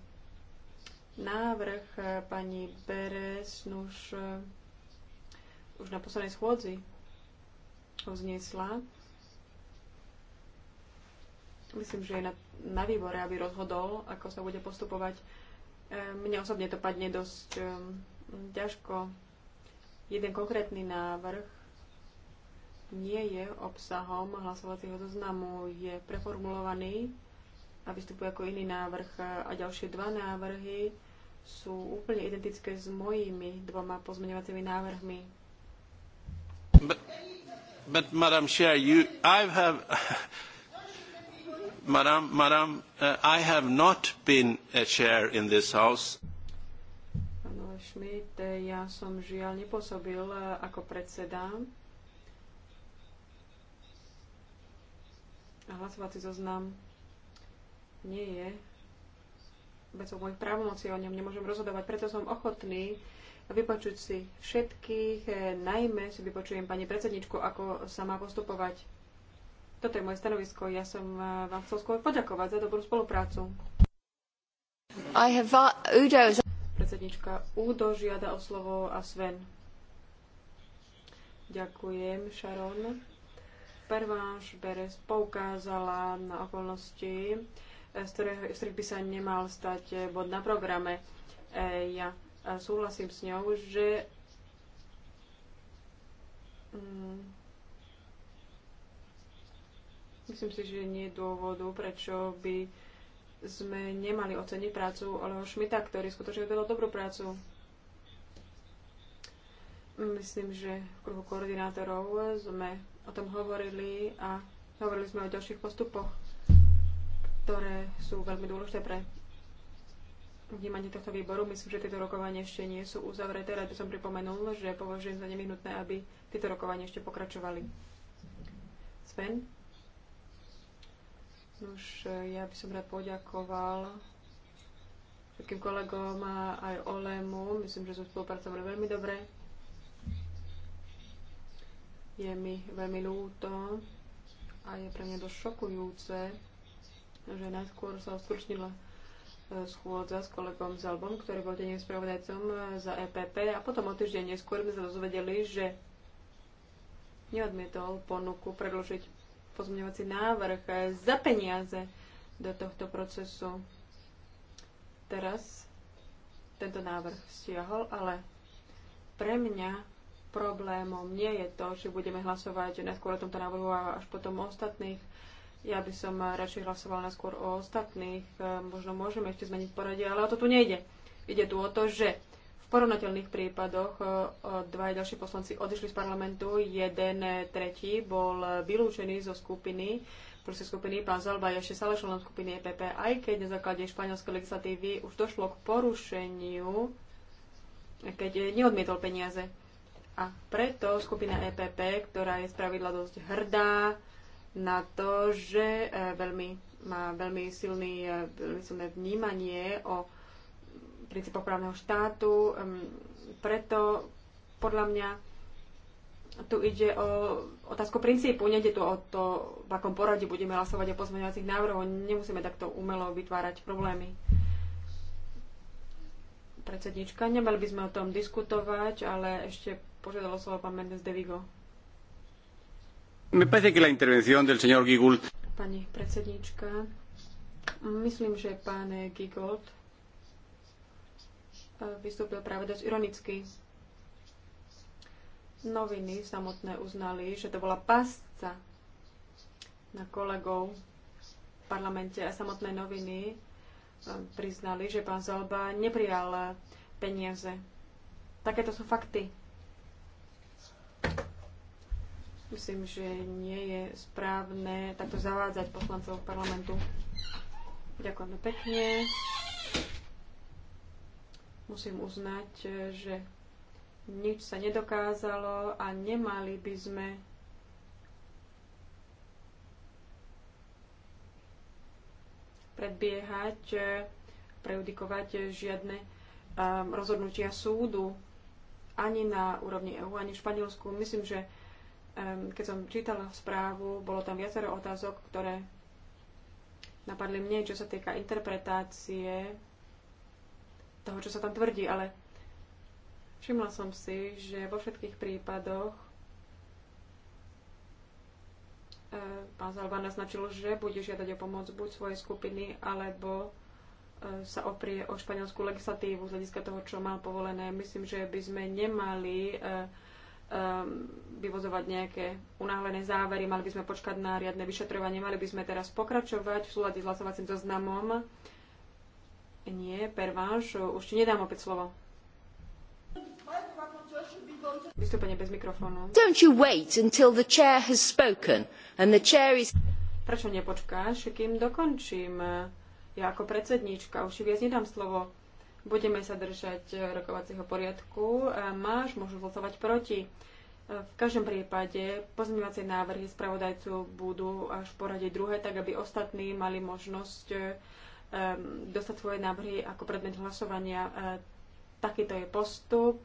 Návrh eh, pani Beres no už, eh, už na poslednej schôdzi ho Myslím, že je na, na výbore, aby rozhodol, ako sa bude postupovať. Eh, mne osobne to padne dosť ťažko. Jeden konkrétny návrh nie je obsahom hlasovacieho zoznamu, je preformulovaný a vystupuje ako iný návrh a ďalšie dva návrhy sú úplne identické s mojimi dvoma pozmeňovacími návrhmi. But, but Madam Chair, you, I have, Madam, Madam, uh, I have not been a chair in this house. Pán Schmidt, ja som žiaľ nepôsobil uh, ako predseda. A hlasovací zoznam nie je vecou mojich právomocí, o ňom nemôžem rozhodovať, preto som ochotný vypočuť si všetkých, eh, najmä si vypočujem pani predsedničku, ako sa má postupovať. Toto je moje stanovisko. Ja som eh, vám chcel skôr poďakovať za dobrú spoluprácu. I have uh, Udo. Predsednička Udo žiada o slovo a Sven. Ďakujem, Sharon. Perváš Beres poukázala na okolnosti, z, ktorého, z ktorých by sa nemal stať eh, bod na programe. Eh, ja eh, súhlasím s ňou, že mm, myslím si, že nie je dôvodu, prečo by sme nemali oceniť prácu Oleho Šmita, ktorý skutočne udelal dobrú prácu. Myslím, že v kruhu koordinátorov sme o tom hovorili a hovorili sme o ďalších postupoch ktoré sú veľmi dôležité pre vnímanie tohto výboru. Myslím, že tieto rokovania ešte nie sú uzavreté. Rád by som pripomenul, že považujem za nevyhnutné, aby tieto rokovania ešte pokračovali. Sven? Už ja by som rád poďakoval všetkým kolegom a aj Olemu. Myslím, že sme spolupracovali veľmi dobre. Je mi veľmi ľúto a je pre mňa dosť šokujúce, že najskôr sa uskutočnila e, schôdza s kolegom Zalbom, ktorý bol denným spravodajcom e, za EPP a potom o týždeň neskôr sme sa dozvedeli, že neodmietol ponuku predložiť pozmeňovací návrh e, za peniaze do tohto procesu. Teraz tento návrh stiahol, ale pre mňa problémom nie je to, že budeme hlasovať najskôr o tomto návrhu a až potom o ostatných ja by som radšej hlasovala skôr o ostatných. E, možno môžeme ešte zmeniť poradie, ale o to tu nejde. Ide tu o to, že v porovnateľných prípadoch e, dva ďalší poslanci odišli z parlamentu, jeden tretí bol vylúčený zo skupiny, proste skupiny pán Zalba je ešte stále členom skupiny EPP, aj keď na základe španielskej legislatívy už došlo k porušeniu, keď neodmietol peniaze. A preto skupina EPP, ktorá je spravidla dosť hrdá, na to, že e, veľmi, má veľmi, silný, e, veľmi silné vnímanie o princípoch právneho štátu. Preto podľa mňa tu ide o otázku princípu, nejde tu o to, v akom poradí budeme hlasovať o pozmeňovacích návrhoch. Nemusíme takto umelo vytvárať problémy. Predsednička, nemali by sme o tom diskutovať, ale ešte požiadalo slovo pán Mendes de Vigo. Pani predsedníčka, myslím, že pán Gigold eh, vystúpil práve dosť ironicky. Noviny samotné uznali, že to bola pasca na kolegov v parlamente a samotné noviny eh, priznali, že pán Zalba neprijal peniaze. Takéto sú fakty. Myslím, že nie je správne takto zavádzať poslancov parlamentu. Ďakujem pekne. Musím uznať, že nič sa nedokázalo a nemali by sme predbiehať, prejudikovať žiadne um, rozhodnutia súdu ani na úrovni EU, ani v Španielsku. Myslím, že keď som čítala správu, bolo tam viacero otázok, ktoré napadli mne, čo sa týka interpretácie toho, čo sa tam tvrdí, ale všimla som si, že vo všetkých prípadoch e, pán Zalba naznačil, že bude žiadať o pomoc buď svojej skupiny, alebo e, sa oprie o španielskú legislatívu z hľadiska toho, čo mal povolené. Myslím, že by sme nemali uh, um, vyvozovať nejaké unáhlené závery, mali by sme počkať na riadne vyšetrovanie, mali by sme teraz pokračovať v súlade s hlasovacím zoznamom. Nie, perváš, už ti nedám opäť slovo. Vystúpenie bez mikrofónu. Don't you wait until the chair has spoken and the chair is... Prečo nepočkáš, kým dokončím? Ja ako predsedníčka už si viac nedám slovo budeme sa držať eh, rokovacieho poriadku, máš môžu hlasovať proti. Eh, v každom prípade pozmývacie návrhy spravodajcu budú až v porade druhé, tak aby ostatní mali možnosť um, dostať svoje návrhy ako predmet hlasovania. Takýto je postup.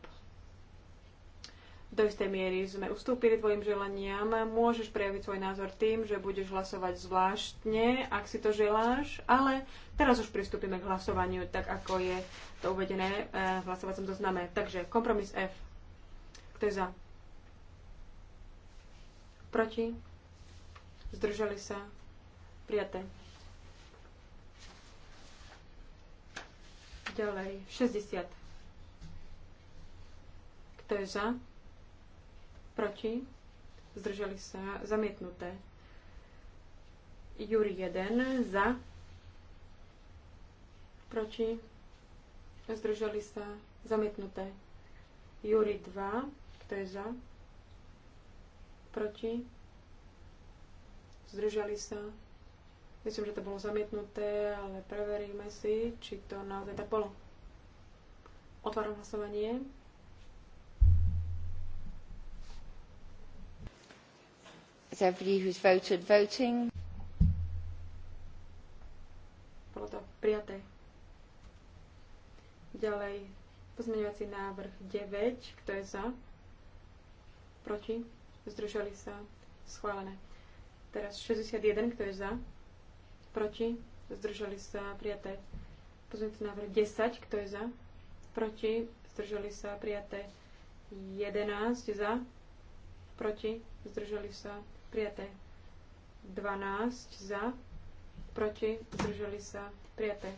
Do istej miery sme ustúpili tvojim želaniam. Môžeš prejaviť svoj názor tým, že budeš hlasovať zvláštne, ak si to želáš, ale Teraz už pristúpime k hlasovaniu, tak ako je to uvedené eh, v hlasovacom zozname. Takže kompromis F. Kto je za? Proti? Zdržali sa? Prijaté. Ďalej, 60. Kto je za? Proti? Zdržali sa? Zamietnuté. Júri 1. Za? proti, zdržali sa, zamietnuté. Júri 2, kto je za, proti, zdržali sa. Myslím, že to bolo zamietnuté, ale preveríme si, či to naozaj tak bolo. Otváram hlasovanie. Is everybody who's voted voting? Bolo to prijaté. Ďalej, pozmeňovací návrh 9. Kto je za? Proti? Zdržali sa? Schválené. Teraz 61. Kto je za? Proti? Zdržali sa? Prijaté. Pozmeňovací návrh 10. Kto je za? Proti? Zdržali sa? Prijaté. 11. Za? Proti? Zdržali sa? Prijaté. 12. Za? Proti? Zdržali sa? Prijaté.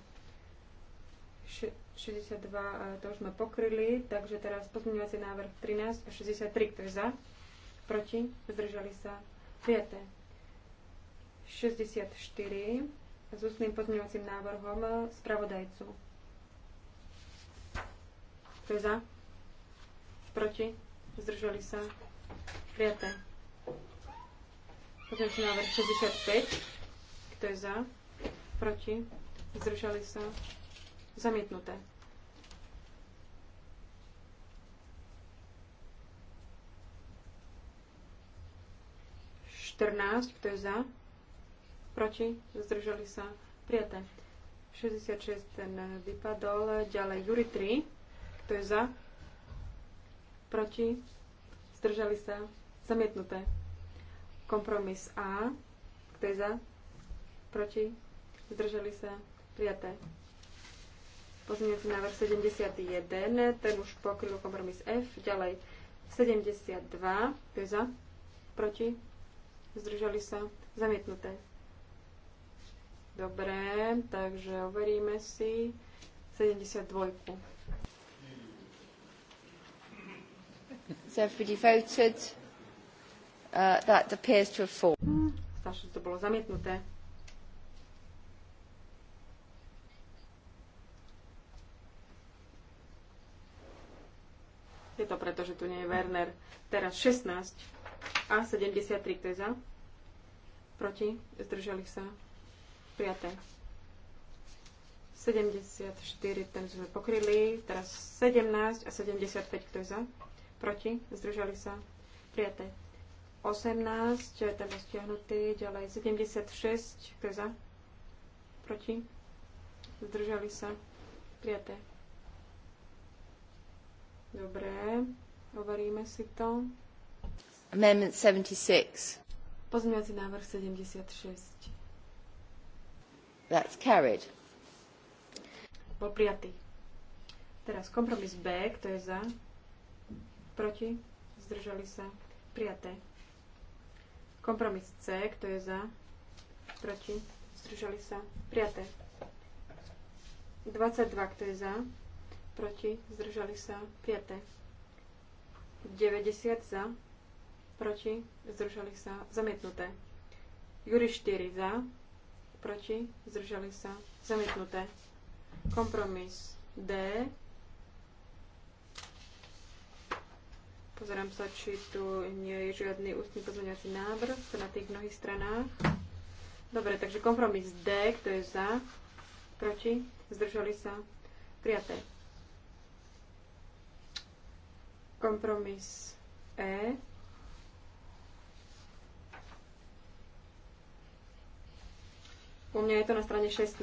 62 e, to už sme pokryli, takže teraz pozmeňovací návrh 13 a 63, kto je za, proti, zdržali sa, prijaté. 64 s ústnym pozmeňovacím návrhom spravodajcu. Kto je za, proti, zdržali sa, prijaté. Pozmeňovací návrh 65, kto je za, proti, zdržali sa, prijaté. Zamietnuté. Štrnáct, kto je za? Proti? Zdržali sa? Prijaté. 66 ten eh, vypadol. Ďalej Juri 3. Kto je za? Proti? Zdržali sa? Zamietnuté. Kompromis A. Kto je za? Proti? Zdržali sa? Prijaté. Pozmeňujúci návrh 71, ten už pokryl kompromis F. Ďalej 72, to je za, proti, zdržali sa, zamietnuté. Dobre, takže overíme si 72. So everybody voted. Uh, that appears to have fallen. Mm, to bolo zamietnuté. Je to preto, že tu nie je Werner. Teraz 16 a 73, kto je za? Proti? Zdržali sa? Prijaté. 74, ten sme pokryli. Teraz 17 a 75, kto je za? Proti? Zdržali sa? Prijaté. 18, ten bol stiahnutý. Ďalej 76, kto je za? Proti? Zdržali sa? Prijaté. Dobre, overíme si to. Amendment 76. Pozmiaci návrh 76. That's carried. Bol prijatý. Teraz kompromis B, kto je za? Proti? Zdržali sa? Prijaté. Kompromis C, kto je za? Proti? Zdržali sa? Prijaté. 22, kto je za? proti, zdržali sa, 5. 90 za, proti, zdržali sa, zamietnuté. Juri 4 za, proti, zdržali sa, zamietnuté. Kompromis D. Pozerám sa, či tu nie je žiadny ústny pozmeňovací návrh na tých mnohých stranách. Dobre, takže kompromis D, kto je za, proti, zdržali sa, prijaté. Kompromis E. U mňa je to na strane 16.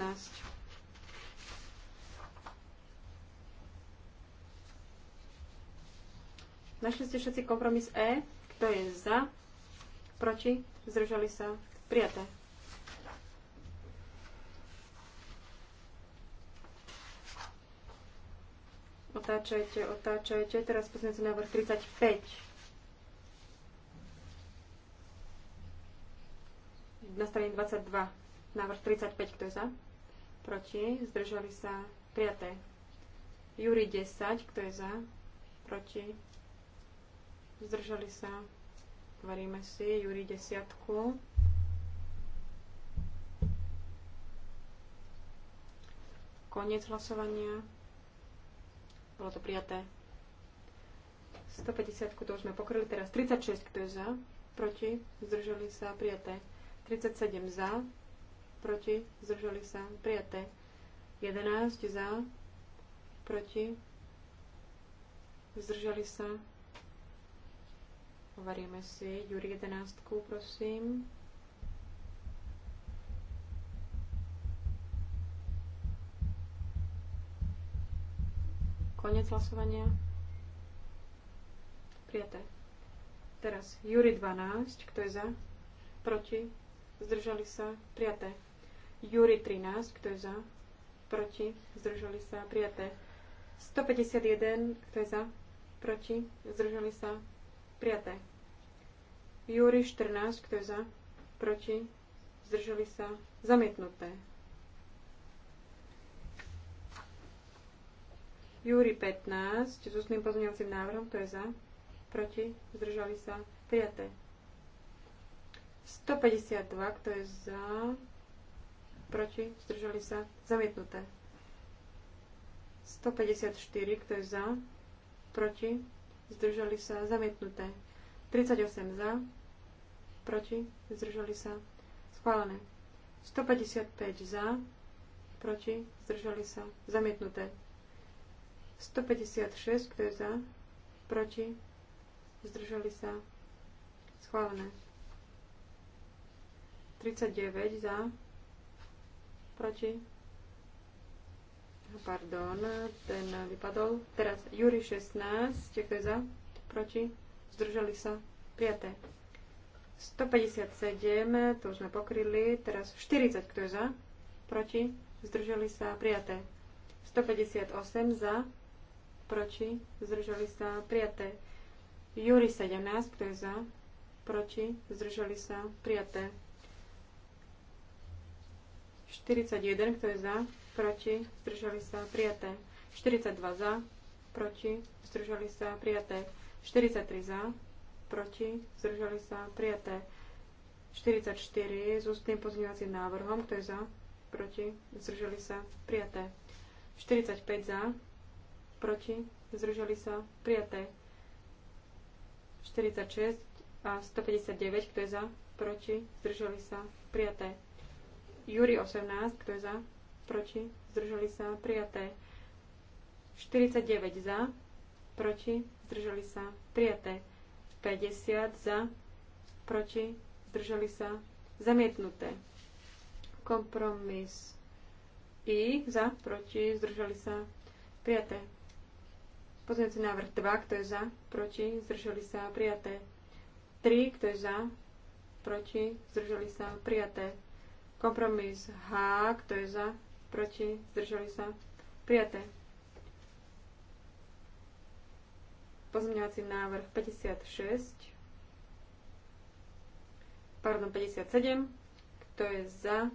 Našli ste všetci kompromis E. Kto je za? Proti? Zdržali sa? Prijaté. Otáčajte, otáčajte. Teraz pozrieme návrh 35. Na strane 22. Návrh 35, kto je za? Proti. Zdržali sa. Prijaté. Júri 10, kto je za? Proti. Zdržali sa. Varíme si. Júri 10. Koniec hlasovania. Bolo to prijaté. 150, to už sme pokryli teraz. 36, kto je za? Proti? Zdržali sa? Prijaté. 37 za? Proti? Zdržali sa? Prijaté. 11 za? Proti? Zdržali sa? Hovoríme si. Juri 11, prosím. Konec hlasovania. Prijaté. Teraz Júri 12, kto je za? Proti? Zdržali sa? Prijaté. Júri 13, kto je za? Proti? Zdržali sa? Prijaté. 151, kto je za? Proti? Zdržali sa? Prijaté. Júri 14, kto je za? Proti? Zdržali sa? Zamietnuté. Júri 15 s ústnym pozmeňovacím návrhom, kto je za, proti, zdržali sa, prijaté. 152, kto je za, proti, zdržali sa, zamietnuté. 154, kto je za, proti, zdržali sa, zamietnuté. 38 za, proti, zdržali sa, schválené. 155 za, proti, zdržali sa, zamietnuté. 156, kto je za? Proti? Zdržali sa? Schválené. 39 za? Proti? No, pardon, ten vypadol. Teraz Juri 16, kto je za? Proti? Zdržali sa? Prijaté. 157, to už sme pokryli. Teraz 40, kto je za? Proti? Zdržali sa? Prijaté. 158 za? proti, zdržali sa, prijaté. Júri 17, kto je za, proti, zdržali sa, prijaté. 41, kto je za, proti, zdržali sa, prijaté. 42 za, proti, zdržali sa, prijaté. 43 za, proti, zdržali sa, prijaté. 44 s ústnym pozmeňovacím návrhom, kto je za, proti, zdržali sa, prijaté. 45 za, proti, zdržali sa, prijaté. 46 a 159, kto je za, proti, zdržali sa, prijaté. Júri 18, kto je za, proti, zdržali sa, prijaté. 49 za, proti, zdržali sa, prijaté. 50 za, proti, zdržali sa, zamietnuté. Kompromis I za, proti, zdržali sa, prijaté. Pozmeňujúci návrh 2, kto je za, proti, zdržali sa, prijaté. 3, kto je za, proti, zdržali sa, prijaté. Kompromis H, kto je za, proti, zdržali sa, prijaté. Pozmeňovací návrh 56, pardon, 57, kto je za,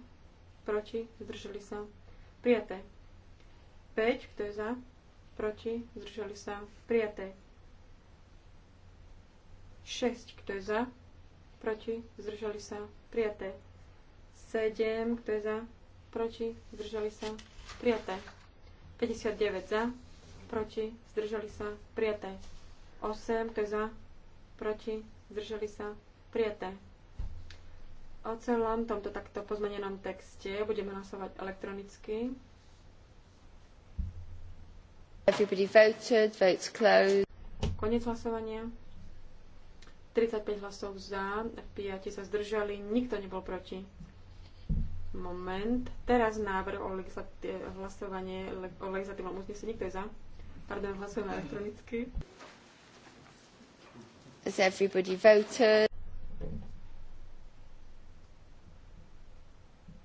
proti, zdržali sa, prijaté. 5, kto je za, proti, zdržali sa, prijaté. 6, kto je za, proti, zdržali sa, prijaté. 7, kto je za, proti, zdržali sa, prijaté. 59 za, proti, zdržali sa, prijaté. 8, kto je za, proti, zdržali sa, prijaté. O celom tomto takto pozmenenom texte budeme hlasovať elektronicky. Everybody voted, votes closed. Konec hlasovania. 35 hlasov za, 5 sa zdržali, nikto nebol proti. Moment. Teraz návrh o eh, hlasovanie o legislatívnom uznesení. Kto je za? Pardon, hlasujeme elektronicky. Has everybody voted?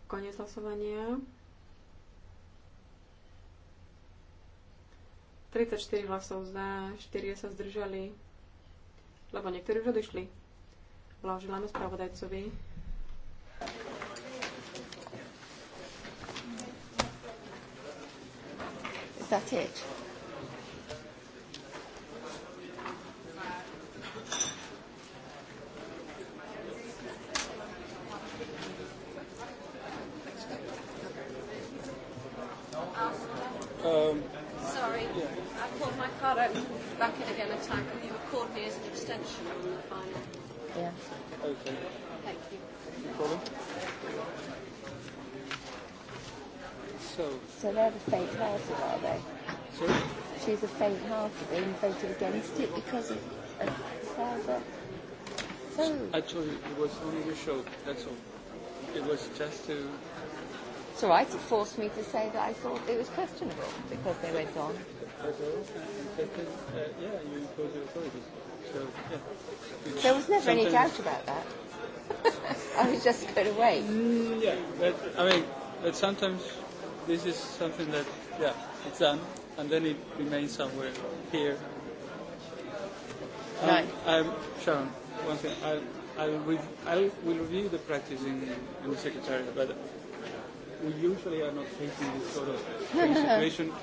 Konec hlasovania. 34 hlasov za, 4 sa zdržali, lebo niektorí už odišli. Blahoželáme spravodajcovi. Is it? So. they're the faint-hearted, are they? Sorry. She's a faint-hearted they voted against it because of, a father. So. Actually, it was only a show. That's all. It was just to that's all right. It forced me to say that I thought it was questionable because they went on. There was never any doubt about that. I was just going to Mm, yeah, but I mean, but sometimes this is something that, yeah, it's done, and then it remains somewhere here. Um, no. I'm Sharon. One thing, I'll I'll re- I'll we'll review the practice in, in the secretariat, but we usually are not taking this sort of situation.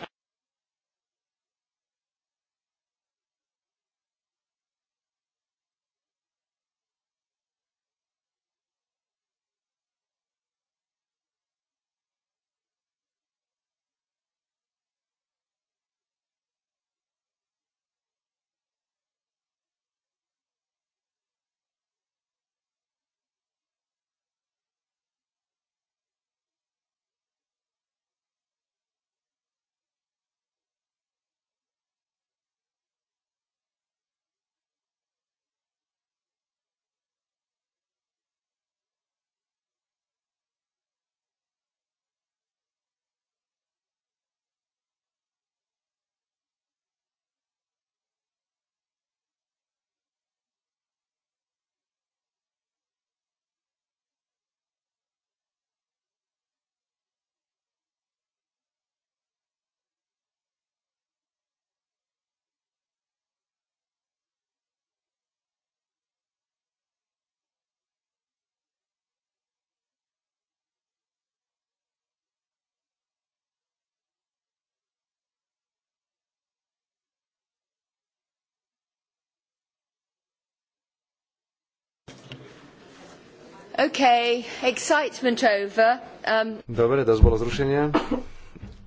Okay, excitement over. Um... Dobre, dosť bolo zrušenia.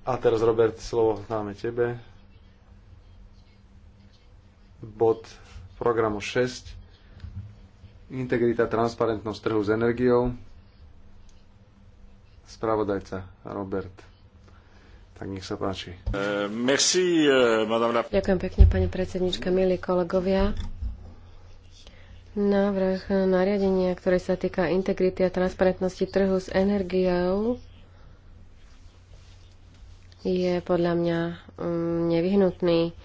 A teraz, Robert, slovo dáme tebe. Bod programu 6. Integrita, transparentnosť trhu s energiou. Spravodajca Robert. Tak nech sa páči. Uh, merci, uh, la... Ďakujem pekne, pani predsednička, milí kolegovia. Návrh nariadenia, ktoré sa týka integrity a transparentnosti trhu s energiou, je podľa mňa mm, nevyhnutný.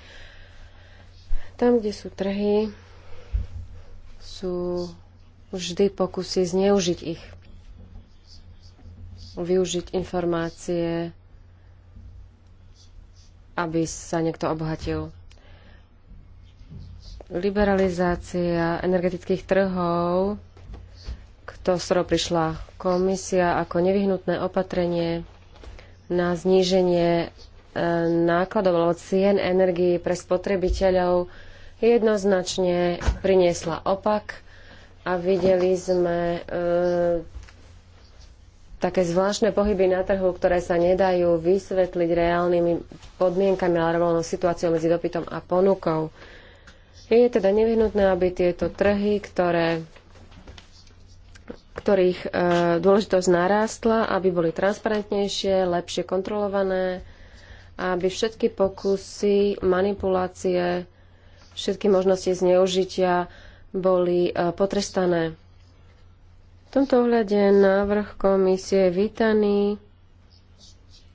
Tam, kde sú trhy, sú vždy pokusy zneužiť ich, využiť informácie, aby sa niekto obohatil liberalizácia energetických trhov, kto s ktorou prišla komisia ako nevyhnutné opatrenie na zníženie e, nákladov alebo cien energii pre spotrebiteľov jednoznačne priniesla opak a videli sme e, také zvláštne pohyby na trhu, ktoré sa nedajú vysvetliť reálnymi podmienkami alebo situáciou medzi dopytom a ponukou. E, je teda nevyhnutné, aby tieto trhy, ktoré, ktorých e, dôležitosť narástla, aby boli transparentnejšie, lepšie kontrolované, aby všetky pokusy, manipulácie, všetky možnosti zneužitia boli e, potrestané. V tomto ohľade návrh komisie je vítaný.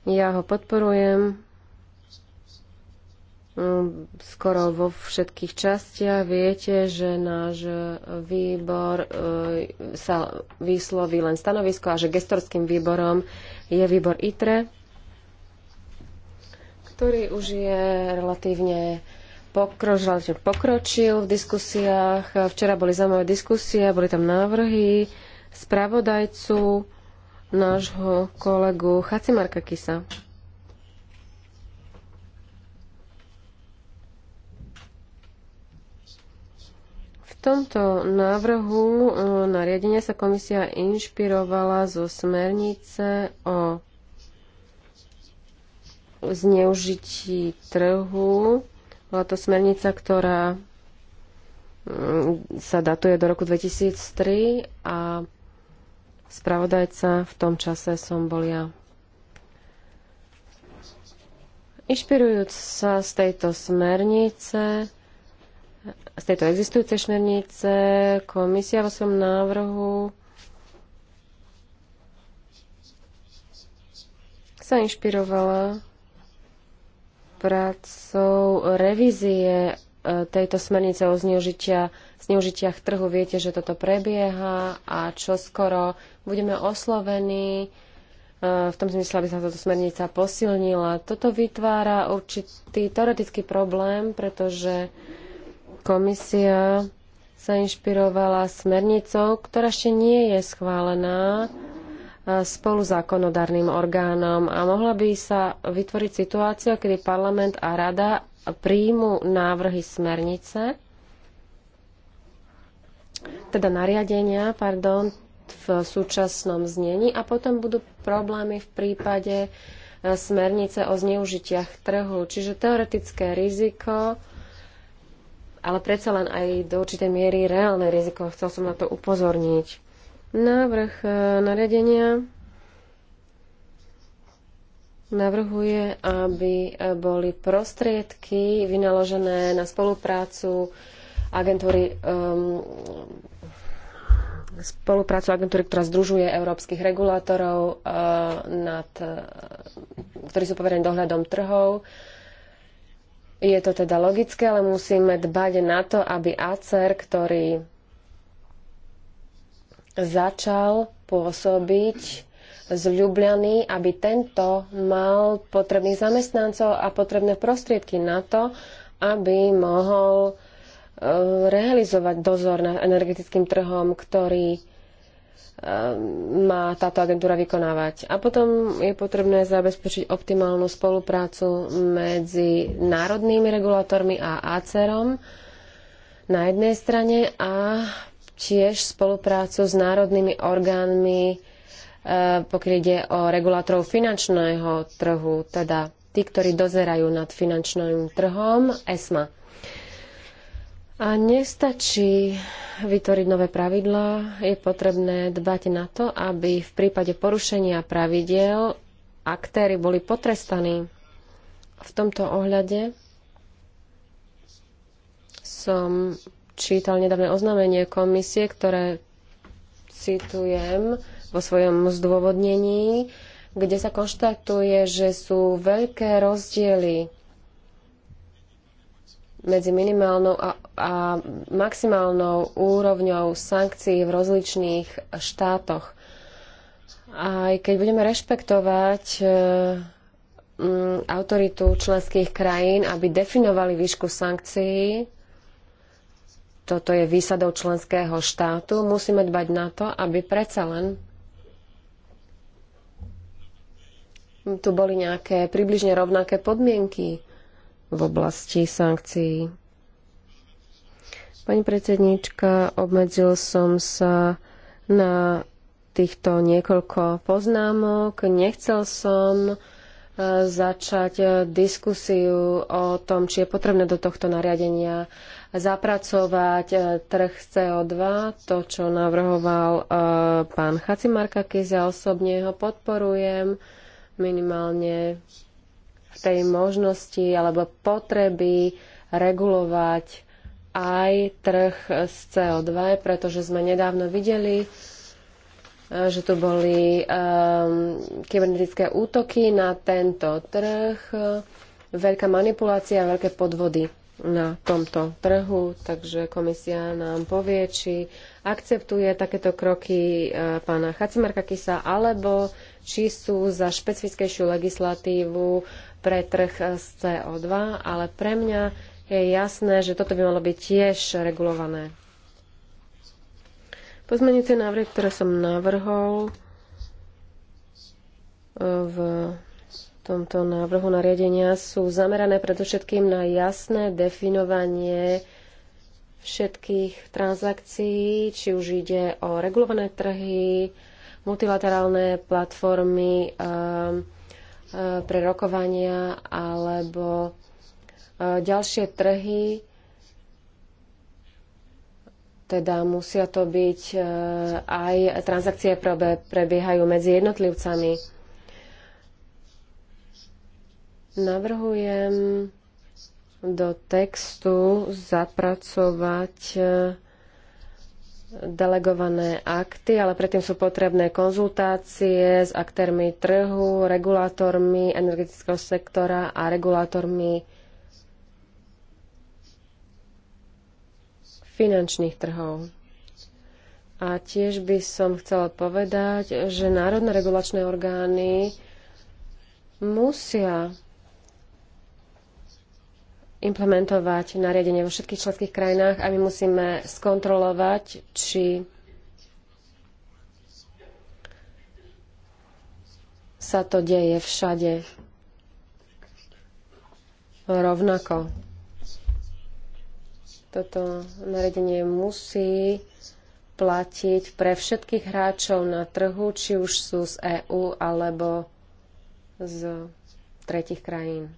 Ja ho podporujem Ehm, skoro vo všetkých častiach. Viete, že náš výbor ehm, sa vysloví len stanovisko a že gestorským výborom je výbor ITRE, ktorý už je relatívne pokročil, pokročil v diskusiách. Včera boli zaujímavé diskusie, boli tam návrhy spravodajcu nášho kolegu Chacimarka Kisa. tomto návrhu e, nariadenia sa komisia inšpirovala zo smernice o zneužití trhu. Bola to smernica, ktorá mm, sa datuje do roku 2003 a spravodajca v tom čase som bol ja. Inšpirujúc sa z tejto smernice, z tejto existujúcej smernice. Komisia vo svojom návrhu sa inšpirovala prácou revízie e, tejto smernice o zneužitia, zneužitiach trhu. Viete, že toto prebieha a čo skoro budeme oslovení e, v tom zmysle, aby sa táto smernica posilnila. Toto vytvára určitý teoretický problém, pretože Komisia sa inšpirovala smernicou, ktorá ešte nie je schválená spolu zákonodárnym orgánom a mohla by sa vytvoriť situácia, kedy parlament a rada príjmu návrhy smernice, teda nariadenia, pardon, v súčasnom znení a potom budú problémy v prípade e, smernice o zneužitiach trhu. Čiže teoretické riziko ale predsa len aj do určitej miery reálne riziko. Chcel som na to upozorniť. Návrh e, nariadenia navrhuje, aby e, boli prostriedky vynaložené na spoluprácu agentúry um, spoluprácu agentúry, ktorá združuje európskych regulátorov, uh, nad, uh, ktorí sú poverení dohľadom trhov, uh, je to teda logické, ale musíme dbať na to, aby ACER, ktorý začal pôsobiť z Ljubljany, aby tento mal potrebných zamestnancov a potrebné prostriedky na to, aby mohol eh, realizovať dozor nad energetickým trhom, ktorý Ehm, má táto agentúra vykonávať. A potom je potrebné zabezpečiť optimálnu spoluprácu medzi národnými regulátormi a ACERom na jednej strane a tiež spoluprácu s národnými orgánmi, ehm, pokiaľ ide o regulátorov finančného trhu, teda tí, ktorí dozerajú nad finančným trhom, ESMA. A nestačí vytvoriť nové pravidlá, je potrebné dbať na to, aby v prípade porušenia pravidel aktéry boli potrestaní. V tomto ohľade som čítal nedávne oznámenie komisie, ktoré citujem vo svojom zdôvodnení, kde sa konštatuje, že sú veľké rozdiely medzi minimálnou a, a maximálnou úrovňou sankcií v rozličných štátoch. Aj keď budeme rešpektovať e, autoritu členských krajín, aby definovali výšku sankcií, toto je výsadou členského štátu, musíme dbať na to, aby predsa len tu boli nejaké približne rovnaké podmienky v oblasti sankcií. Pani predsednička, obmedzil som sa na týchto niekoľko poznámok. Nechcel som eh, začať eh, diskusiu o tom, či je potrebné do tohto nariadenia zapracovať eh, trh CO2, to, čo navrhoval pán Chacimarka ja osobne ho podporujem minimálne tej možnosti alebo potreby regulovať aj trh s CO2, pretože sme nedávno videli, eh, že tu boli um, kybernetické útoky na tento trh, veľká manipulácia, veľké podvody na tomto trhu, takže komisia nám povie, či akceptuje takéto kroky eh, pána Chacimarka Kisa, alebo či sú za špecifickejšiu legislatívu pre trh s CO2, ale pre mňa je jasné, že toto by malo byť tiež regulované. Pozmenujúce návrhy, ktoré som navrhol e, v tomto návrhu nariadenia, sú zamerané predovšetkým na jasné definovanie všetkých transakcií, či už ide o regulované trhy, multilaterálne platformy, um, Eh, pre rokovania alebo eh, ďalšie trhy, teda musia to byť eh, aj transakcie prebiehajú medzi jednotlivcami. Navrhujem do textu zapracovať delegované akty, ale predtým sú potrebné konzultácie s aktérmi trhu, regulátormi energetického sektora a regulátormi finančných trhov. A tiež by som chcela povedať, že národné regulačné orgány musia implementovať nariadenie vo všetkých členských krajinách a my musíme skontrolovať, či sa to deje všade rovnako. Toto nariadenie musí platiť pre všetkých hráčov na trhu, či už sú z EÚ alebo z tretich krajín.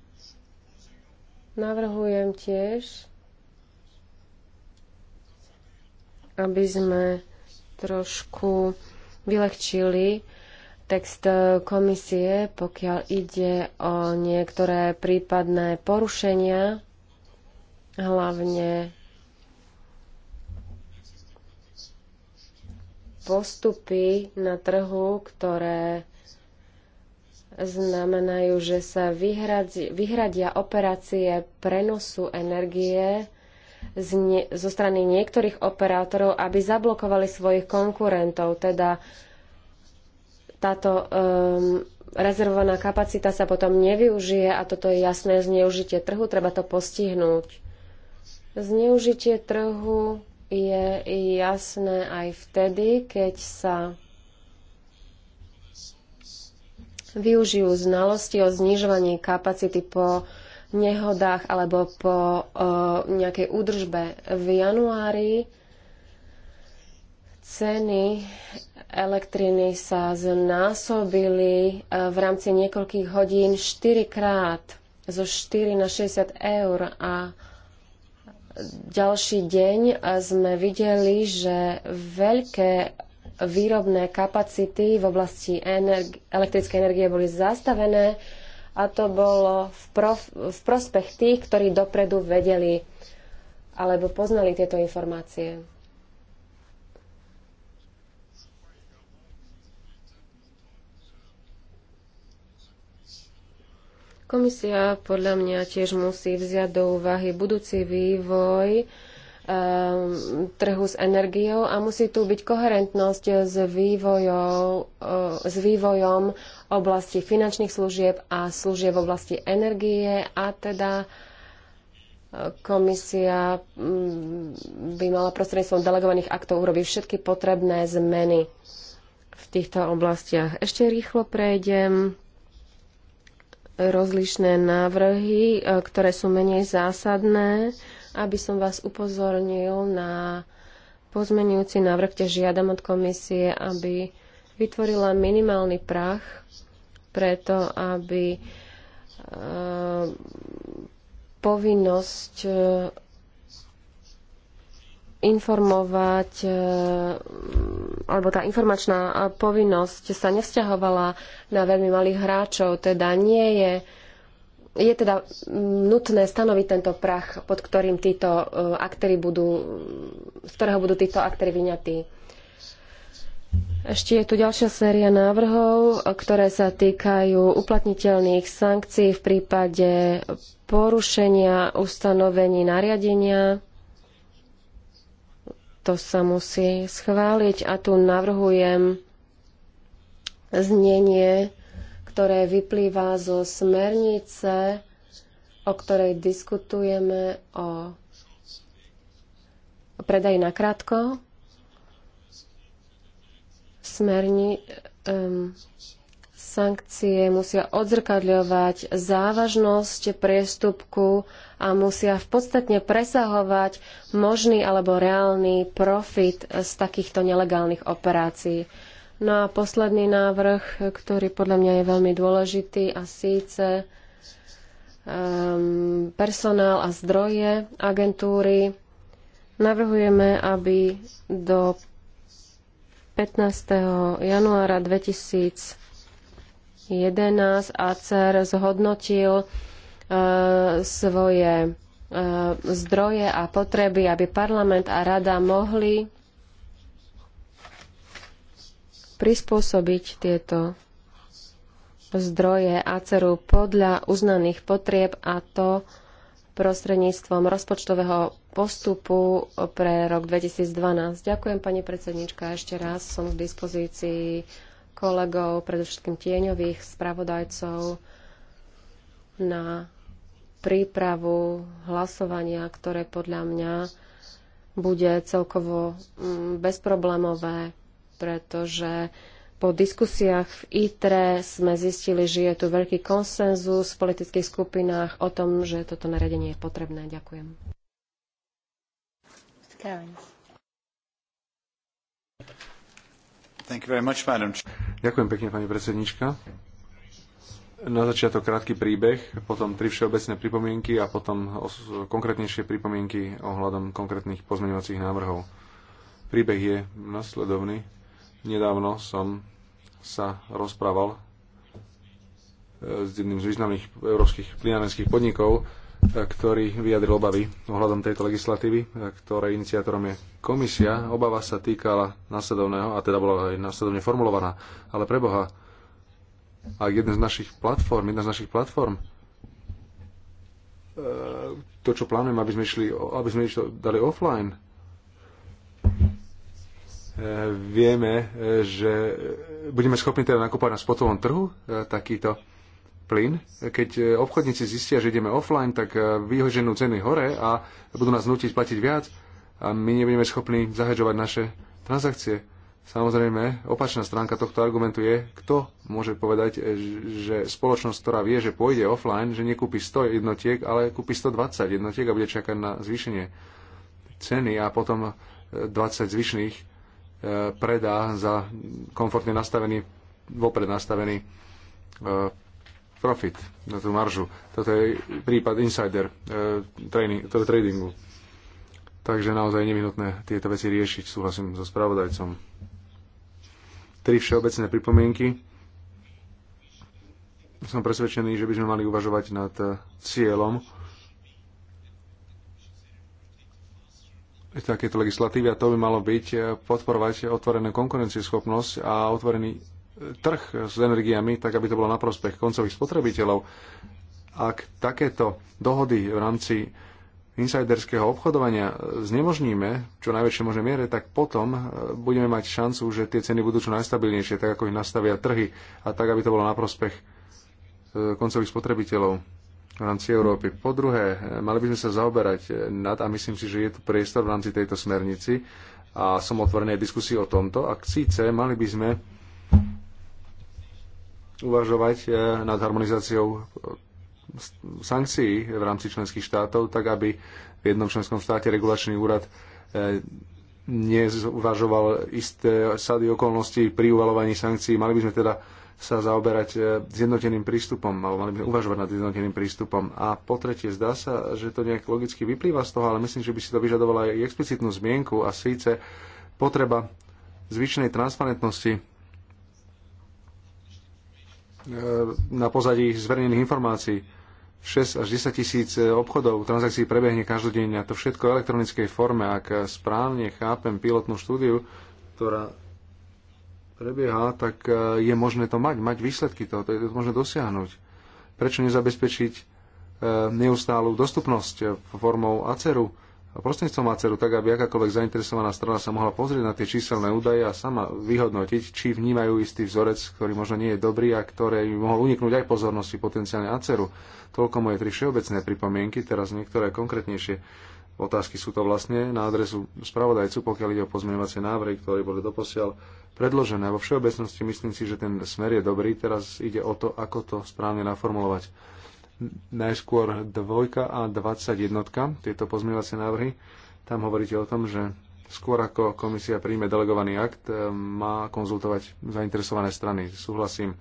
Navrhujem tiež, aby sme trošku vylehčili text e, komisie, pokiaľ ide o niektoré prípadné porušenia, hlavne postupy na trhu, ktoré znamenajú, že sa vyhradzi, vyhradia operácie prenosu energie z ne, zo strany niektorých operátorov, aby zablokovali svojich konkurentov. Teda táto um, rezervovaná kapacita sa potom nevyužije a toto je jasné zneužitie trhu, treba to postihnúť. Zneužitie trhu je jasné aj vtedy, keď sa využijú znalosti o znižovaní kapacity po nehodách alebo po o, e, nejakej údržbe. V januári ceny elektriny sa znásobili e, v rámci niekoľkých hodín 4 krát zo 4 na 60 eur a ďalší deň e, sme videli, že veľké výrobné kapacity v oblasti energi- elektrickej energie boli zastavené a to bolo v, prof- v prospech tých, ktorí dopredu vedeli alebo poznali tieto informácie. Komisia podľa mňa tiež musí vziať do úvahy budúci vývoj Um, trhu s energiou a musí tu byť koherentnosť s, vývojou, uh, s vývojom oblasti finančných služieb a služieb v oblasti energie a teda uh, komisia mm, by mala prostredníctvom delegovaných aktov urobiť všetky potrebné zmeny v týchto oblastiach. Ešte rýchlo prejdem rozlišné návrhy, uh, ktoré sú menej zásadné aby som vás upozornil na pozmenujúci návrh, kde žiadam od komisie, aby vytvorila minimálny prach preto, aby e, povinnosť e, informovať, e, alebo tá informačná povinnosť sa nevzťahovala na veľmi malých hráčov, teda nie je je teda nutné stanoviť tento prach, pod ktorým títo eh, aktéry budú, z ktorého budú títo aktéry vyňatí. Ešte je tu ďalšia séria návrhov, ktoré sa týkajú uplatniteľných sankcií v prípade porušenia ustanovení nariadenia. To sa musí schváliť a tu navrhujem znenie ktoré vyplýva zo smernice, o ktorej diskutujeme o predaji na krátko. Smerni, um, sankcie musia odzrkadľovať závažnosť priestupku a musia v podstate presahovať možný alebo reálny profit z takýchto nelegálnych operácií. No a posledný návrh, ktorý podľa mňa je veľmi dôležitý a síce um, personál a zdroje agentúry. Navrhujeme, aby do 15. januára 2011 ACER zhodnotil uh, svoje uh, zdroje a potreby, aby parlament a rada mohli prispôsobiť tieto zdroje ACERu podľa uznaných potrieb a to prostredníctvom rozpočtového postupu pre rok 2012. Ďakujem, pani predsednička, ešte raz som k dispozícii kolegov, predovšetkým tieňových spravodajcov na prípravu hlasovania, ktoré podľa mňa bude celkovo mm, bezproblémové pretože po diskusiách v ITRE sme zistili, že je tu veľký konsenzus v politických skupinách o tom, že toto naredenie je potrebné. Ďakujem. Much, Ďakujem pekne, pani predsednička. Na začiatok krátky príbeh, potom tri všeobecné pripomienky a potom konkrétnejšie pripomienky ohľadom konkrétnych pozmeňovacích návrhov. Príbeh je nasledovný Nedávno som sa rozprával e, s jedným z významných európskych plynárenských podnikov, e, ktorý vyjadril obavy ohľadom tejto legislatívy, e, ktorej iniciátorom je komisia. Obava sa týkala následovného, a teda bola aj následovne formulovaná, ale preboha, ak jedna z našich platform, jedna z našich platform, to, čo plánujem, aby sme, išli, aby sme išli, dali offline, vieme, že budeme schopní teda nakúpať na spotovom trhu e, takýto plyn. Keď e, obchodníci zistia, že ideme offline, tak e, vyhoženú ceny hore a budú nás nutiť platiť viac a my nebudeme schopní zahedžovať naše transakcie. Samozrejme, opačná stránka tohto argumentu je, kto môže povedať, že spoločnosť, ktorá vie, že pôjde offline, že nekúpi 100 jednotiek, ale kúpi 120 jednotiek a bude čakať na zvýšenie ceny a potom 20 zvyšných predá za komfortne nastavený, vopred nastavený e, profit, na tú maržu. Toto je prípad insider e, tradingu. Takže naozaj je nevyhnutné tieto veci riešiť, súhlasím so spravodajcom. Tri všeobecné pripomienky. Som presvedčený, že by sme mali uvažovať nad e, cieľom takéto legislatívy a to by malo byť eh, podporovať otvorenú konkurencieschopnosť a otvorený eh, trh s energiami, tak aby to bolo na prospech koncových spotrebiteľov. Ak takéto dohody v rámci insiderského obchodovania eh, znemožníme čo najväčšej možnej miere, tak potom budeme mať šancu, že tie ceny budú čo najstabilnejšie, tak ako ich nastavia trhy a tak, aby to bolo na prospech koncových spotrebiteľov v rámci Európy. Po druhé, mali by sme sa zaoberať nad, a myslím si, že je tu priestor v rámci tejto smernici, a som otvorený aj diskusii o tomto, ak síce mali by sme uvažovať e, nad harmonizáciou e, sankcií v rámci členských štátov, tak aby v jednom členskom štáte regulačný úrad e, nezvažoval isté sady okolností pri uvalovaní sankcií. Mali by sme teda sa zaoberať e, zjednoteným prístupom, alebo mali by sme uvažovať nad zjednoteným prístupom. A po tretie, zdá sa, že to nejak logicky vyplýva z toho, ale myslím, že by si to vyžadovalo aj explicitnú zmienku a síce potreba zvyšnej transparentnosti e, na pozadí zverejnených informácií. 6 až 10 tisíc e, obchodov, transakcií prebehne každodenne a to všetko v elektronickej forme. Ak správne chápem pilotnú štúdiu, ktorá prebieha, tak e, je možné to mať, mať výsledky toho, to je možné dosiahnuť. Prečo nezabezpečiť e, neustálu dostupnosť e, formou ACERu, prostredníctvom ACERu, tak aby akákoľvek zainteresovaná strana sa mohla pozrieť na tie číselné údaje a sama vyhodnotiť, či vnímajú istý vzorec, ktorý možno nie je dobrý a ktorý by mohol uniknúť aj pozornosti potenciálne ACERu. Toľko moje tri všeobecné pripomienky, teraz niektoré konkrétnejšie otázky sú to vlastne na adresu spravodajcu, pokiaľ ide o pozmeňovacie návrhy, ktoré boli doposiaľ predložené. Vo všeobecnosti myslím si, že ten smer je dobrý. Teraz ide o to, ako to správne naformulovať. Najskôr dvojka a 21, tieto pozmievacie návrhy. Tam hovoríte o tom, že skôr ako komisia príjme delegovaný akt, eh, má konzultovať zainteresované strany. Súhlasím.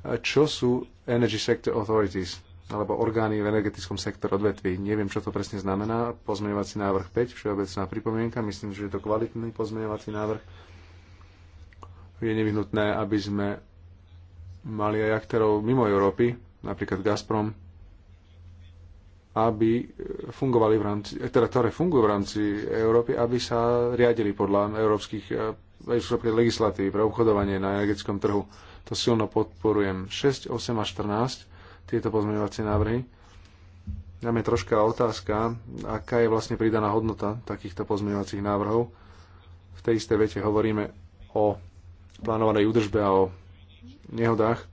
Čo sú Energy Sector Authorities? alebo orgány v energetickom sektore odvetví. Neviem, čo to presne znamená. Pozmeňovací návrh 5, všeobecná pripomienka. Myslím, že je to kvalitný pozmeňovací návrh je nevyhnutné, aby sme mali aj aktérov mimo Európy, napríklad Gazprom, aby fungovali v rámci, teda, ktoré fungujú v rámci Európy, aby sa riadili podľa európskych e, legislatív pre obchodovanie na energetickom trhu. To silno podporujem. 6, 8 a 14 tieto pozmeňovacie návrhy. Nám je troška otázka, aká je vlastne pridaná hodnota takýchto pozmeňovacích návrhov. V tej istej vete hovoríme o plánovanej údržbe a o nehodách.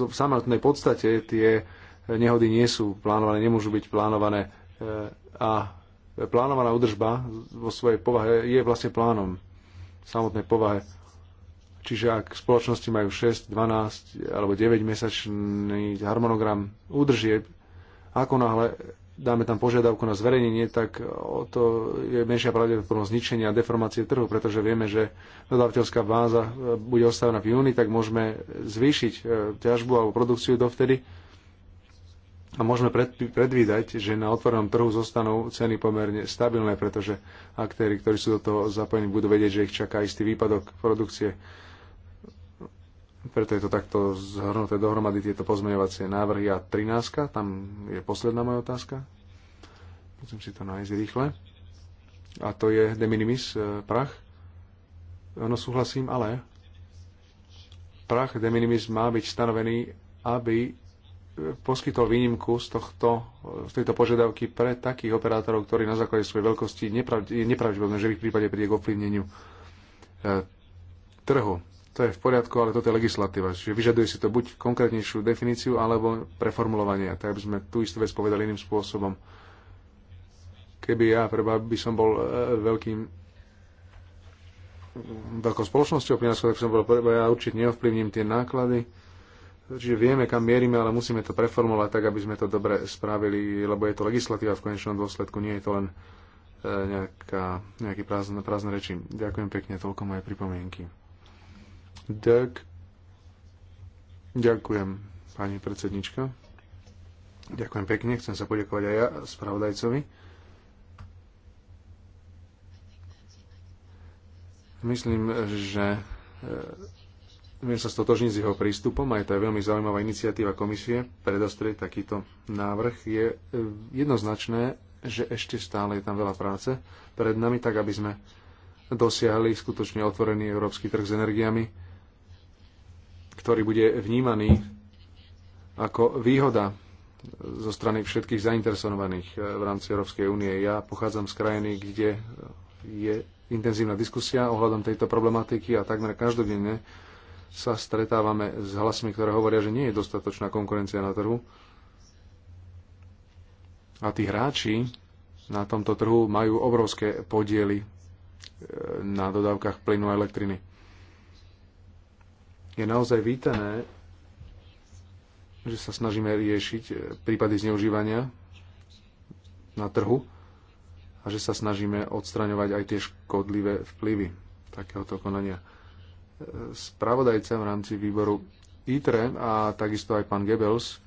V samotnej podstate tie nehody nie sú plánované, nemôžu byť plánované eh, a plánovaná údržba vo svojej povahe je vlastne plánom v samotnej povahe. Čiže ak spoločnosti majú 6, 12 alebo 9 mesačný harmonogram údržieb, ako náhle dáme tam požiadavku na zverejnenie, tak o to je menšia pravdepodobnosť zničenia a deformácie trhu, pretože vieme, že dodávateľská báza e, bude ostavená v júni, tak môžeme zvýšiť e, ťažbu alebo produkciu dovtedy a môžeme predvídať, že na otvorenom trhu zostanú ceny pomerne stabilné, pretože aktéry, ktorí sú do toho zapojení, budú vedieť, že ich čaká istý výpadok produkcie preto je to takto zhrnuté dohromady tieto pozmeňovacie návrhy a 13. Tam je posledná moja otázka. Musím si to nájsť rýchle. A to je de minimis e, prach. Ono súhlasím, ale prach de minimis má byť stanovený, aby e, poskytol výnimku z, tohto, e, z tejto požiadavky pre takých operátorov, ktorí na základe svojej veľkosti je nepravdepodobné, že v ich prípade príde k ovplyvneniu e, trhu to je v poriadku, ale toto je legislatíva. Čiže vyžaduje si to buď konkrétnejšiu definíciu, alebo preformulovanie. Tak by sme tú istú vec povedali iným spôsobom. Keby ja, preba, by som bol e, veľkým veľkou spoločnosťou plynárskou, tak som bol, preba, ja určite neovplyvním tie náklady. Čiže vieme, kam mierime, ale musíme to preformulovať tak, aby sme to dobre spravili, lebo je to legislatíva v konečnom dôsledku, nie je to len e, nejaká, nejaký prázdne, prázdne reči. Ďakujem pekne, toľko moje pripomienky. Dirk. Ďakujem, pani predsednička. Ďakujem pekne, chcem sa poďakovať aj ja spravodajcovi. Myslím, že e, Viem sa stotožniť s jeho prístupom a je to aj veľmi zaujímavá iniciatíva komisie predostrieť takýto návrh. Je e, jednoznačné, že ešte stále je tam veľa práce pred nami, tak aby sme dosiahli skutočne otvorený európsky trh s energiami ktorý bude vnímaný ako výhoda zo strany všetkých zainteresovaných eh, v rámci Európskej únie. Ja pochádzam z krajiny, kde je intenzívna diskusia ohľadom tejto problematiky a takmer každodenne sa stretávame s hlasmi, ktoré hovoria, že nie je dostatočná konkurencia na trhu. A tí hráči na tomto trhu majú obrovské podiely eh, na dodávkach plynu a elektriny je naozaj vítané, že sa snažíme riešiť eh, prípady zneužívania na trhu a že sa snažíme odstraňovať aj tie škodlivé vplyvy takéhoto konania. Eh, spravodajca v rámci výboru ITRE a takisto aj pán Goebbels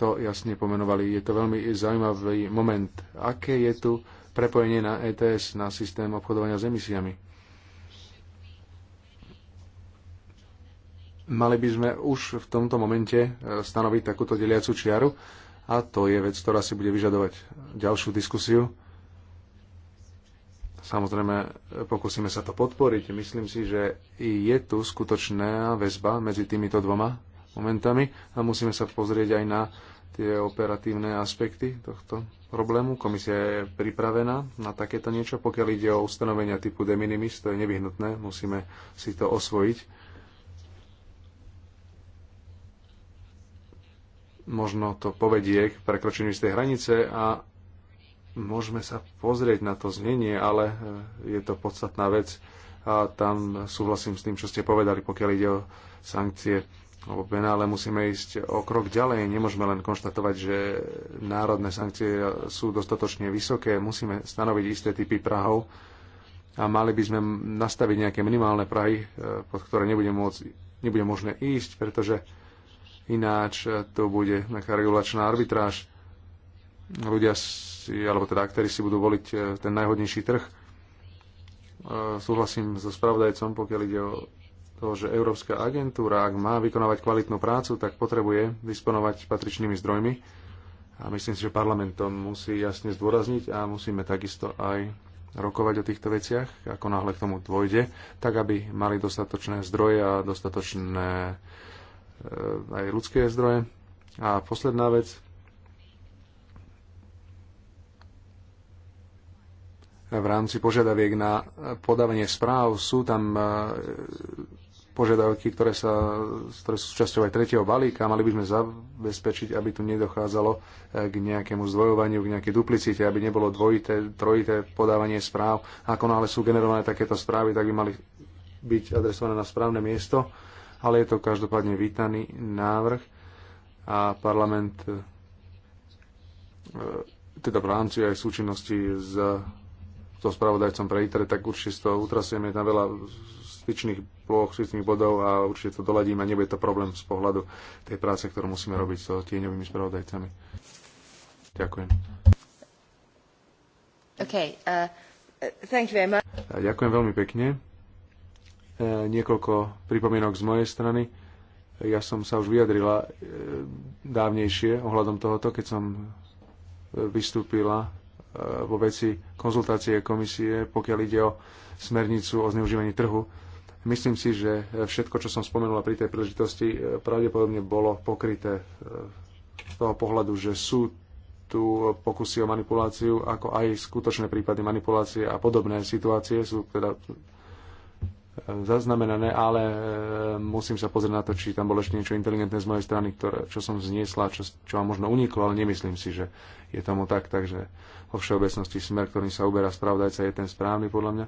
to jasne pomenovali. Je to veľmi zaujímavý moment. Aké je tu prepojenie na ETS, na systém obchodovania s emisiami? Mali by sme už v tomto momente e, stanoviť takúto deliacu čiaru a to je vec, ktorá si bude vyžadovať ďalšiu diskusiu. Samozrejme, e, pokúsime sa to podporiť. Myslím si, že je tu skutočná väzba medzi týmito dvoma momentami a musíme sa pozrieť aj na tie operatívne aspekty tohto problému. Komisia je pripravená na takéto niečo. Pokiaľ ide o ustanovenia typu de minimis, to je nevyhnutné, musíme si to osvojiť Možno to povedie k prekročeniu z tej hranice a môžeme sa pozrieť na to znenie, ale e, je to podstatná vec a tam súhlasím s tým, čo ste povedali, pokiaľ ide o sankcie alebo penále, musíme ísť o krok ďalej. Nemôžeme len konštatovať, že národné sankcie sú dostatočne vysoké. Musíme stanoviť isté typy Prahov a mali by sme nastaviť nejaké minimálne Prahy, e, pod ktoré nebude, môcť, nebude možné ísť, pretože Ináč to bude nejaká regulačná arbitráž. Ľudia si, alebo teda aktéry si budú voliť e, ten najhodnejší trh. E, súhlasím so spravodajcom, pokiaľ ide o to, že Európska agentúra, ak má vykonávať kvalitnú prácu, tak potrebuje disponovať patričnými zdrojmi. A myslím si, že parlament to musí jasne zdôrazniť a musíme takisto aj rokovať o týchto veciach, ako náhle k tomu dôjde, tak aby mali dostatočné zdroje a dostatočné E, aj ľudské zdroje. A posledná vec, v rámci požiadaviek na podávanie správ sú tam e, požiadavky, ktoré, sa, ktoré sú súčasťou aj tretieho balíka. Mali by sme zabezpečiť, aby tu nedochádzalo e, k nejakému zdvojovaniu, k nejakej duplicite, aby nebolo dvojité, trojité podávanie správ. Ako náhle sú generované takéto správy, tak by mali byť adresované na správne miesto ale je to každopádne vítaný návrh a parlament e, teda v rámci aj súčinnosti s so spravodajcom pre ITRE, tak určite to utrasujeme na veľa styčných ploch, styčných bodov a určite to doladíme a nebude to problém z pohľadu tej práce, ktorú musíme robiť so tieňovými spravodajcami. Ďakujem. Okay, uh, thank you very much. Ďakujem veľmi pekne. E, niekoľko pripomienok z mojej strany. Ja som sa už vyjadrila e, dávnejšie ohľadom tohoto, keď som e, vystúpila vo veci konzultácie komisie, pokiaľ ide o smernicu o zneužívaní trhu. Myslím si, že všetko, čo som spomenula pri tej príležitosti, pravdepodobne bolo pokryté z toho pohľadu, že sú tu pokusy o manipuláciu, ako aj skutočné prípady manipulácie a podobné situácie sú teda zaznamenané, ale e, musím sa pozrieť na to, či tam bolo ešte niečo inteligentné z mojej strany, ktoré, čo som zniesla, čo, čo vám možno uniklo, ale nemyslím si, že je tomu tak, takže vo všeobecnosti smer, ktorý sa uberá spravodajca, je ten správny podľa mňa.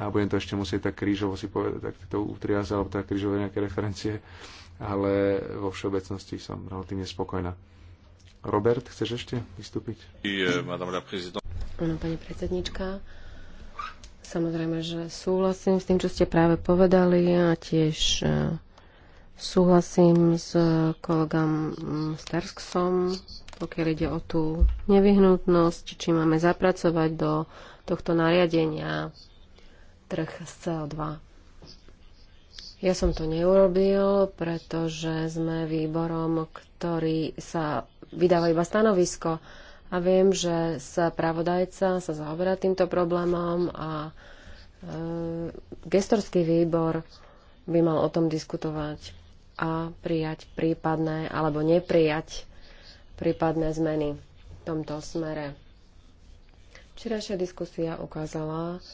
A budem to ešte musieť tak krížovo si povedať, tak to utriaze, alebo tak krížové nejaké referencie, ale vo všeobecnosti som relatívne spokojná. Robert, chceš ešte vystúpiť? Áno, pani predsednička. Samozrejme, že súhlasím s tým, čo ste práve povedali a tiež e, súhlasím s kolegom Starsksom, pokiaľ ide o tú nevyhnutnosť, či máme zapracovať do tohto nariadenia trh z CO2. Ja som to neurobil, pretože sme výborom, ktorý sa vydáva iba stanovisko. A viem, že sa pravodajca sa zaoberá týmto problémom a e, gestorský výbor by mal o tom diskutovať a prijať prípadné alebo neprijať prípadné zmeny v tomto smere. Včerajšia diskusia ukázala,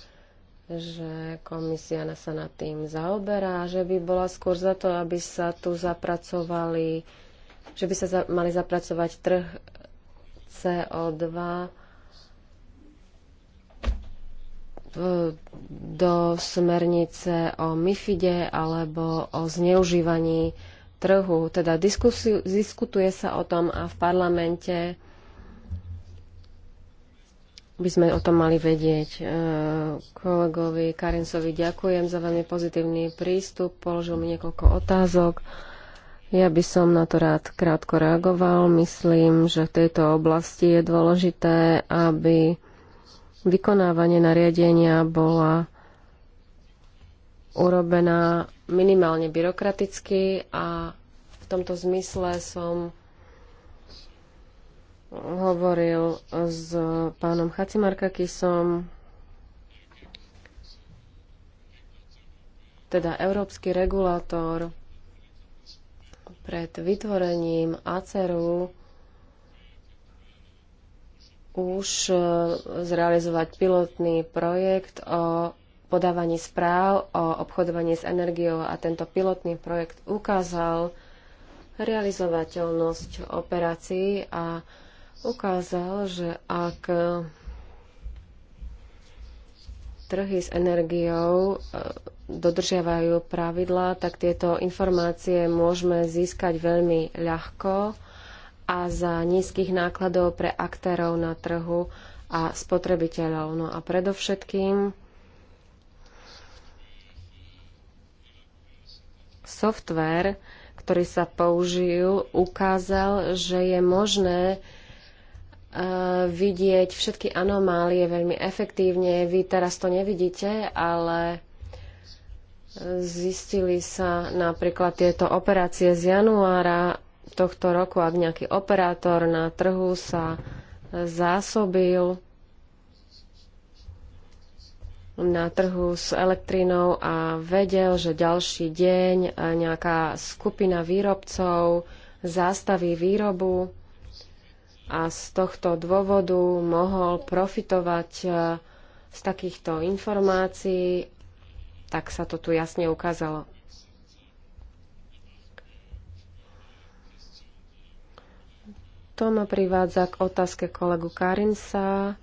že komisia sa nad tým zaoberá, že by bola skôr za to, aby sa tu zapracovali, že by sa za, mali zapracovať trh CO2 e, do smernice o MIFIDE alebo o zneužívaní trhu. Teda diskusiu, diskutuje sa o tom a v parlamente by sme o tom mali vedieť. E, kolegovi Karincovi ďakujem za veľmi pozitívny prístup, položil mi niekoľko otázok. Ja by som na to rád krátko reagoval. Myslím, že v tejto oblasti je dôležité, aby vykonávanie nariadenia bola urobená minimálne byrokraticky a v tomto zmysle som hovoril s pánom Chacimarkakisom, teda európsky regulátor pred vytvorením ACERu už e, zrealizovať pilotný projekt o podávaní správ o obchodovaní s energiou a tento pilotný projekt ukázal realizovateľnosť operácií a ukázal, že ak trhy s energiou e, dodržiavajú pravidlá, tak tieto informácie môžeme získať veľmi ľahko a za nízkych nákladov pre aktérov na trhu a spotrebiteľov. No a predovšetkým software, ktorý sa použil, ukázal, že je možné e, vidieť všetky anomálie veľmi efektívne. Vy teraz to nevidíte, ale Zistili sa napríklad tieto operácie z januára tohto roku, ak nejaký operátor na trhu sa zásobil na trhu s elektrínou a vedel, že ďalší deň nejaká skupina výrobcov zastaví výrobu a z tohto dôvodu mohol profitovať z takýchto informácií tak sa to tu jasne ukázalo. To ma privádza k otázke kolegu Karinsa,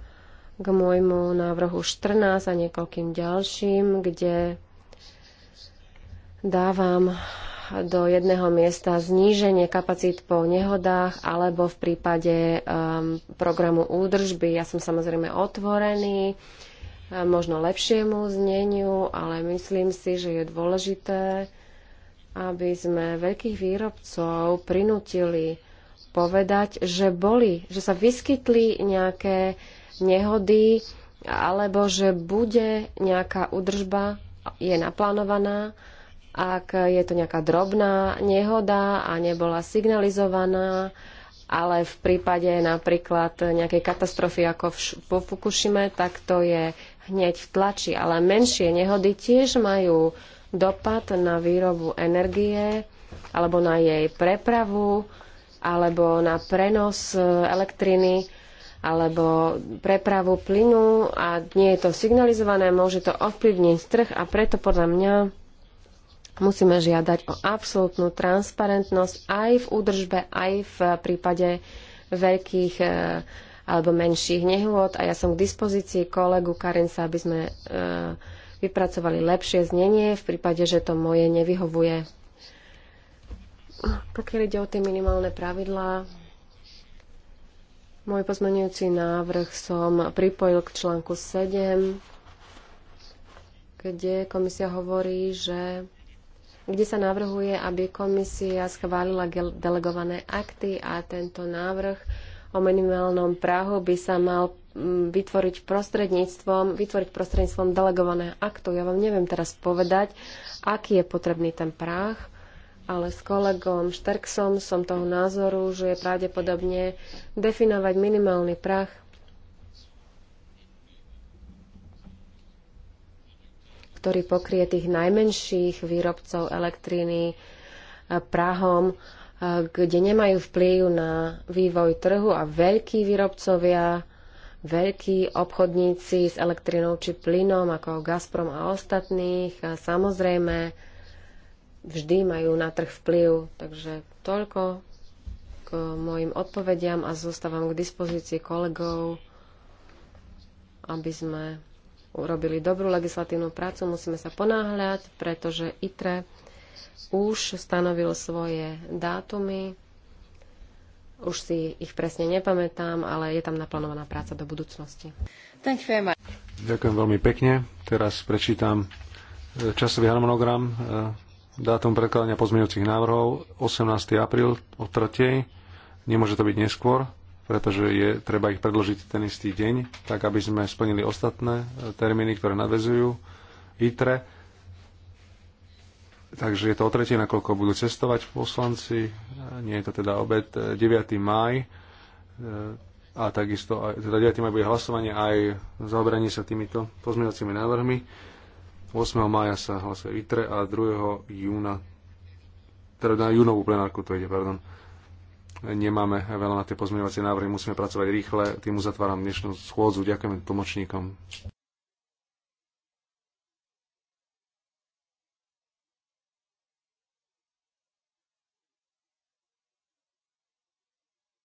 k môjmu návrhu 14 a niekoľkým ďalším, kde dávam do jedného miesta zníženie kapacít po nehodách alebo v prípade um, programu údržby. Ja som samozrejme otvorený. Uh, možno lepšiemu zneniu, ale myslím si, že je dôležité, aby sme veľkých výrobcov prinútili povedať, že boli, že sa vyskytli nejaké nehody, alebo že bude nejaká udržba, je naplánovaná, ak je to nejaká drobná nehoda a nebola signalizovaná, ale v prípade napríklad nejakej katastrofy ako v, po Fukushime, tak to je hneď v tlači, ale menšie nehody tiež majú dopad na výrobu energie alebo na jej prepravu alebo na prenos e, elektriny alebo prepravu plynu a nie je to signalizované, môže to ovplyvniť trh a preto podľa mňa musíme žiadať o absolútnu transparentnosť aj v údržbe, aj v prípade veľkých e, alebo menších nehôd a ja som k dispozícii kolegu Karinsa, aby sme e, vypracovali lepšie znenie v prípade, že to moje nevyhovuje. Pokiaľ ide o tie minimálne pravidlá, môj pozmenujúci návrh som pripojil k článku 7, kde komisia hovorí, že kde sa navrhuje, aby komisia schválila delegované akty a tento návrh o minimálnom práhu by sa mal mm, vytvoriť prostredníctvom, vytvoriť prostredníctvom delegovaného aktu. Ja vám neviem teraz povedať, aký je potrebný ten práh, ale s kolegom Šterksom som toho názoru, že je pravdepodobne definovať minimálny prach ktorý pokrie tých najmenších výrobcov elektriny eh, prahom kde nemajú vplyv na vývoj trhu a veľkí výrobcovia, veľkí obchodníci s elektrinou či plynom ako Gazprom a ostatných a samozrejme vždy majú na trh vplyv. Takže toľko k mojim odpovediam a zostávam k dispozícii kolegov, aby sme urobili dobrú legislatívnu prácu. Musíme sa ponáhľať, pretože ITRE už stanovil svoje dátumy. Už si ich presne nepamätám, ale je tam naplánovaná práca do budúcnosti. Ďakujem veľmi pekne. Teraz prečítam e, časový harmonogram, e, dátum prekladania pozmeňujúcich návrhov 18. apríl o 3. Nemôže to byť neskôr, pretože je treba ich predložiť ten istý deň, tak aby sme splnili ostatné e, termíny, ktoré nadvezujú. ITRE Takže je to o tretie, nakoľko budú cestovať poslanci. Nie je to teda obed. 9. Eh, maj eh, a takisto aj, teda 9. maj bude hlasovanie aj zaoberanie sa týmito pozmeňovacími návrhmi. 8. maja sa hlasuje ITRE a 2. júna teda na júnovú plenárku to ide, pardon. Nemáme veľa na tie pozmeňovacie návrhy, musíme pracovať rýchle. Tým uzatváram dnešnú schôdzu. Ďakujem tlmočníkom.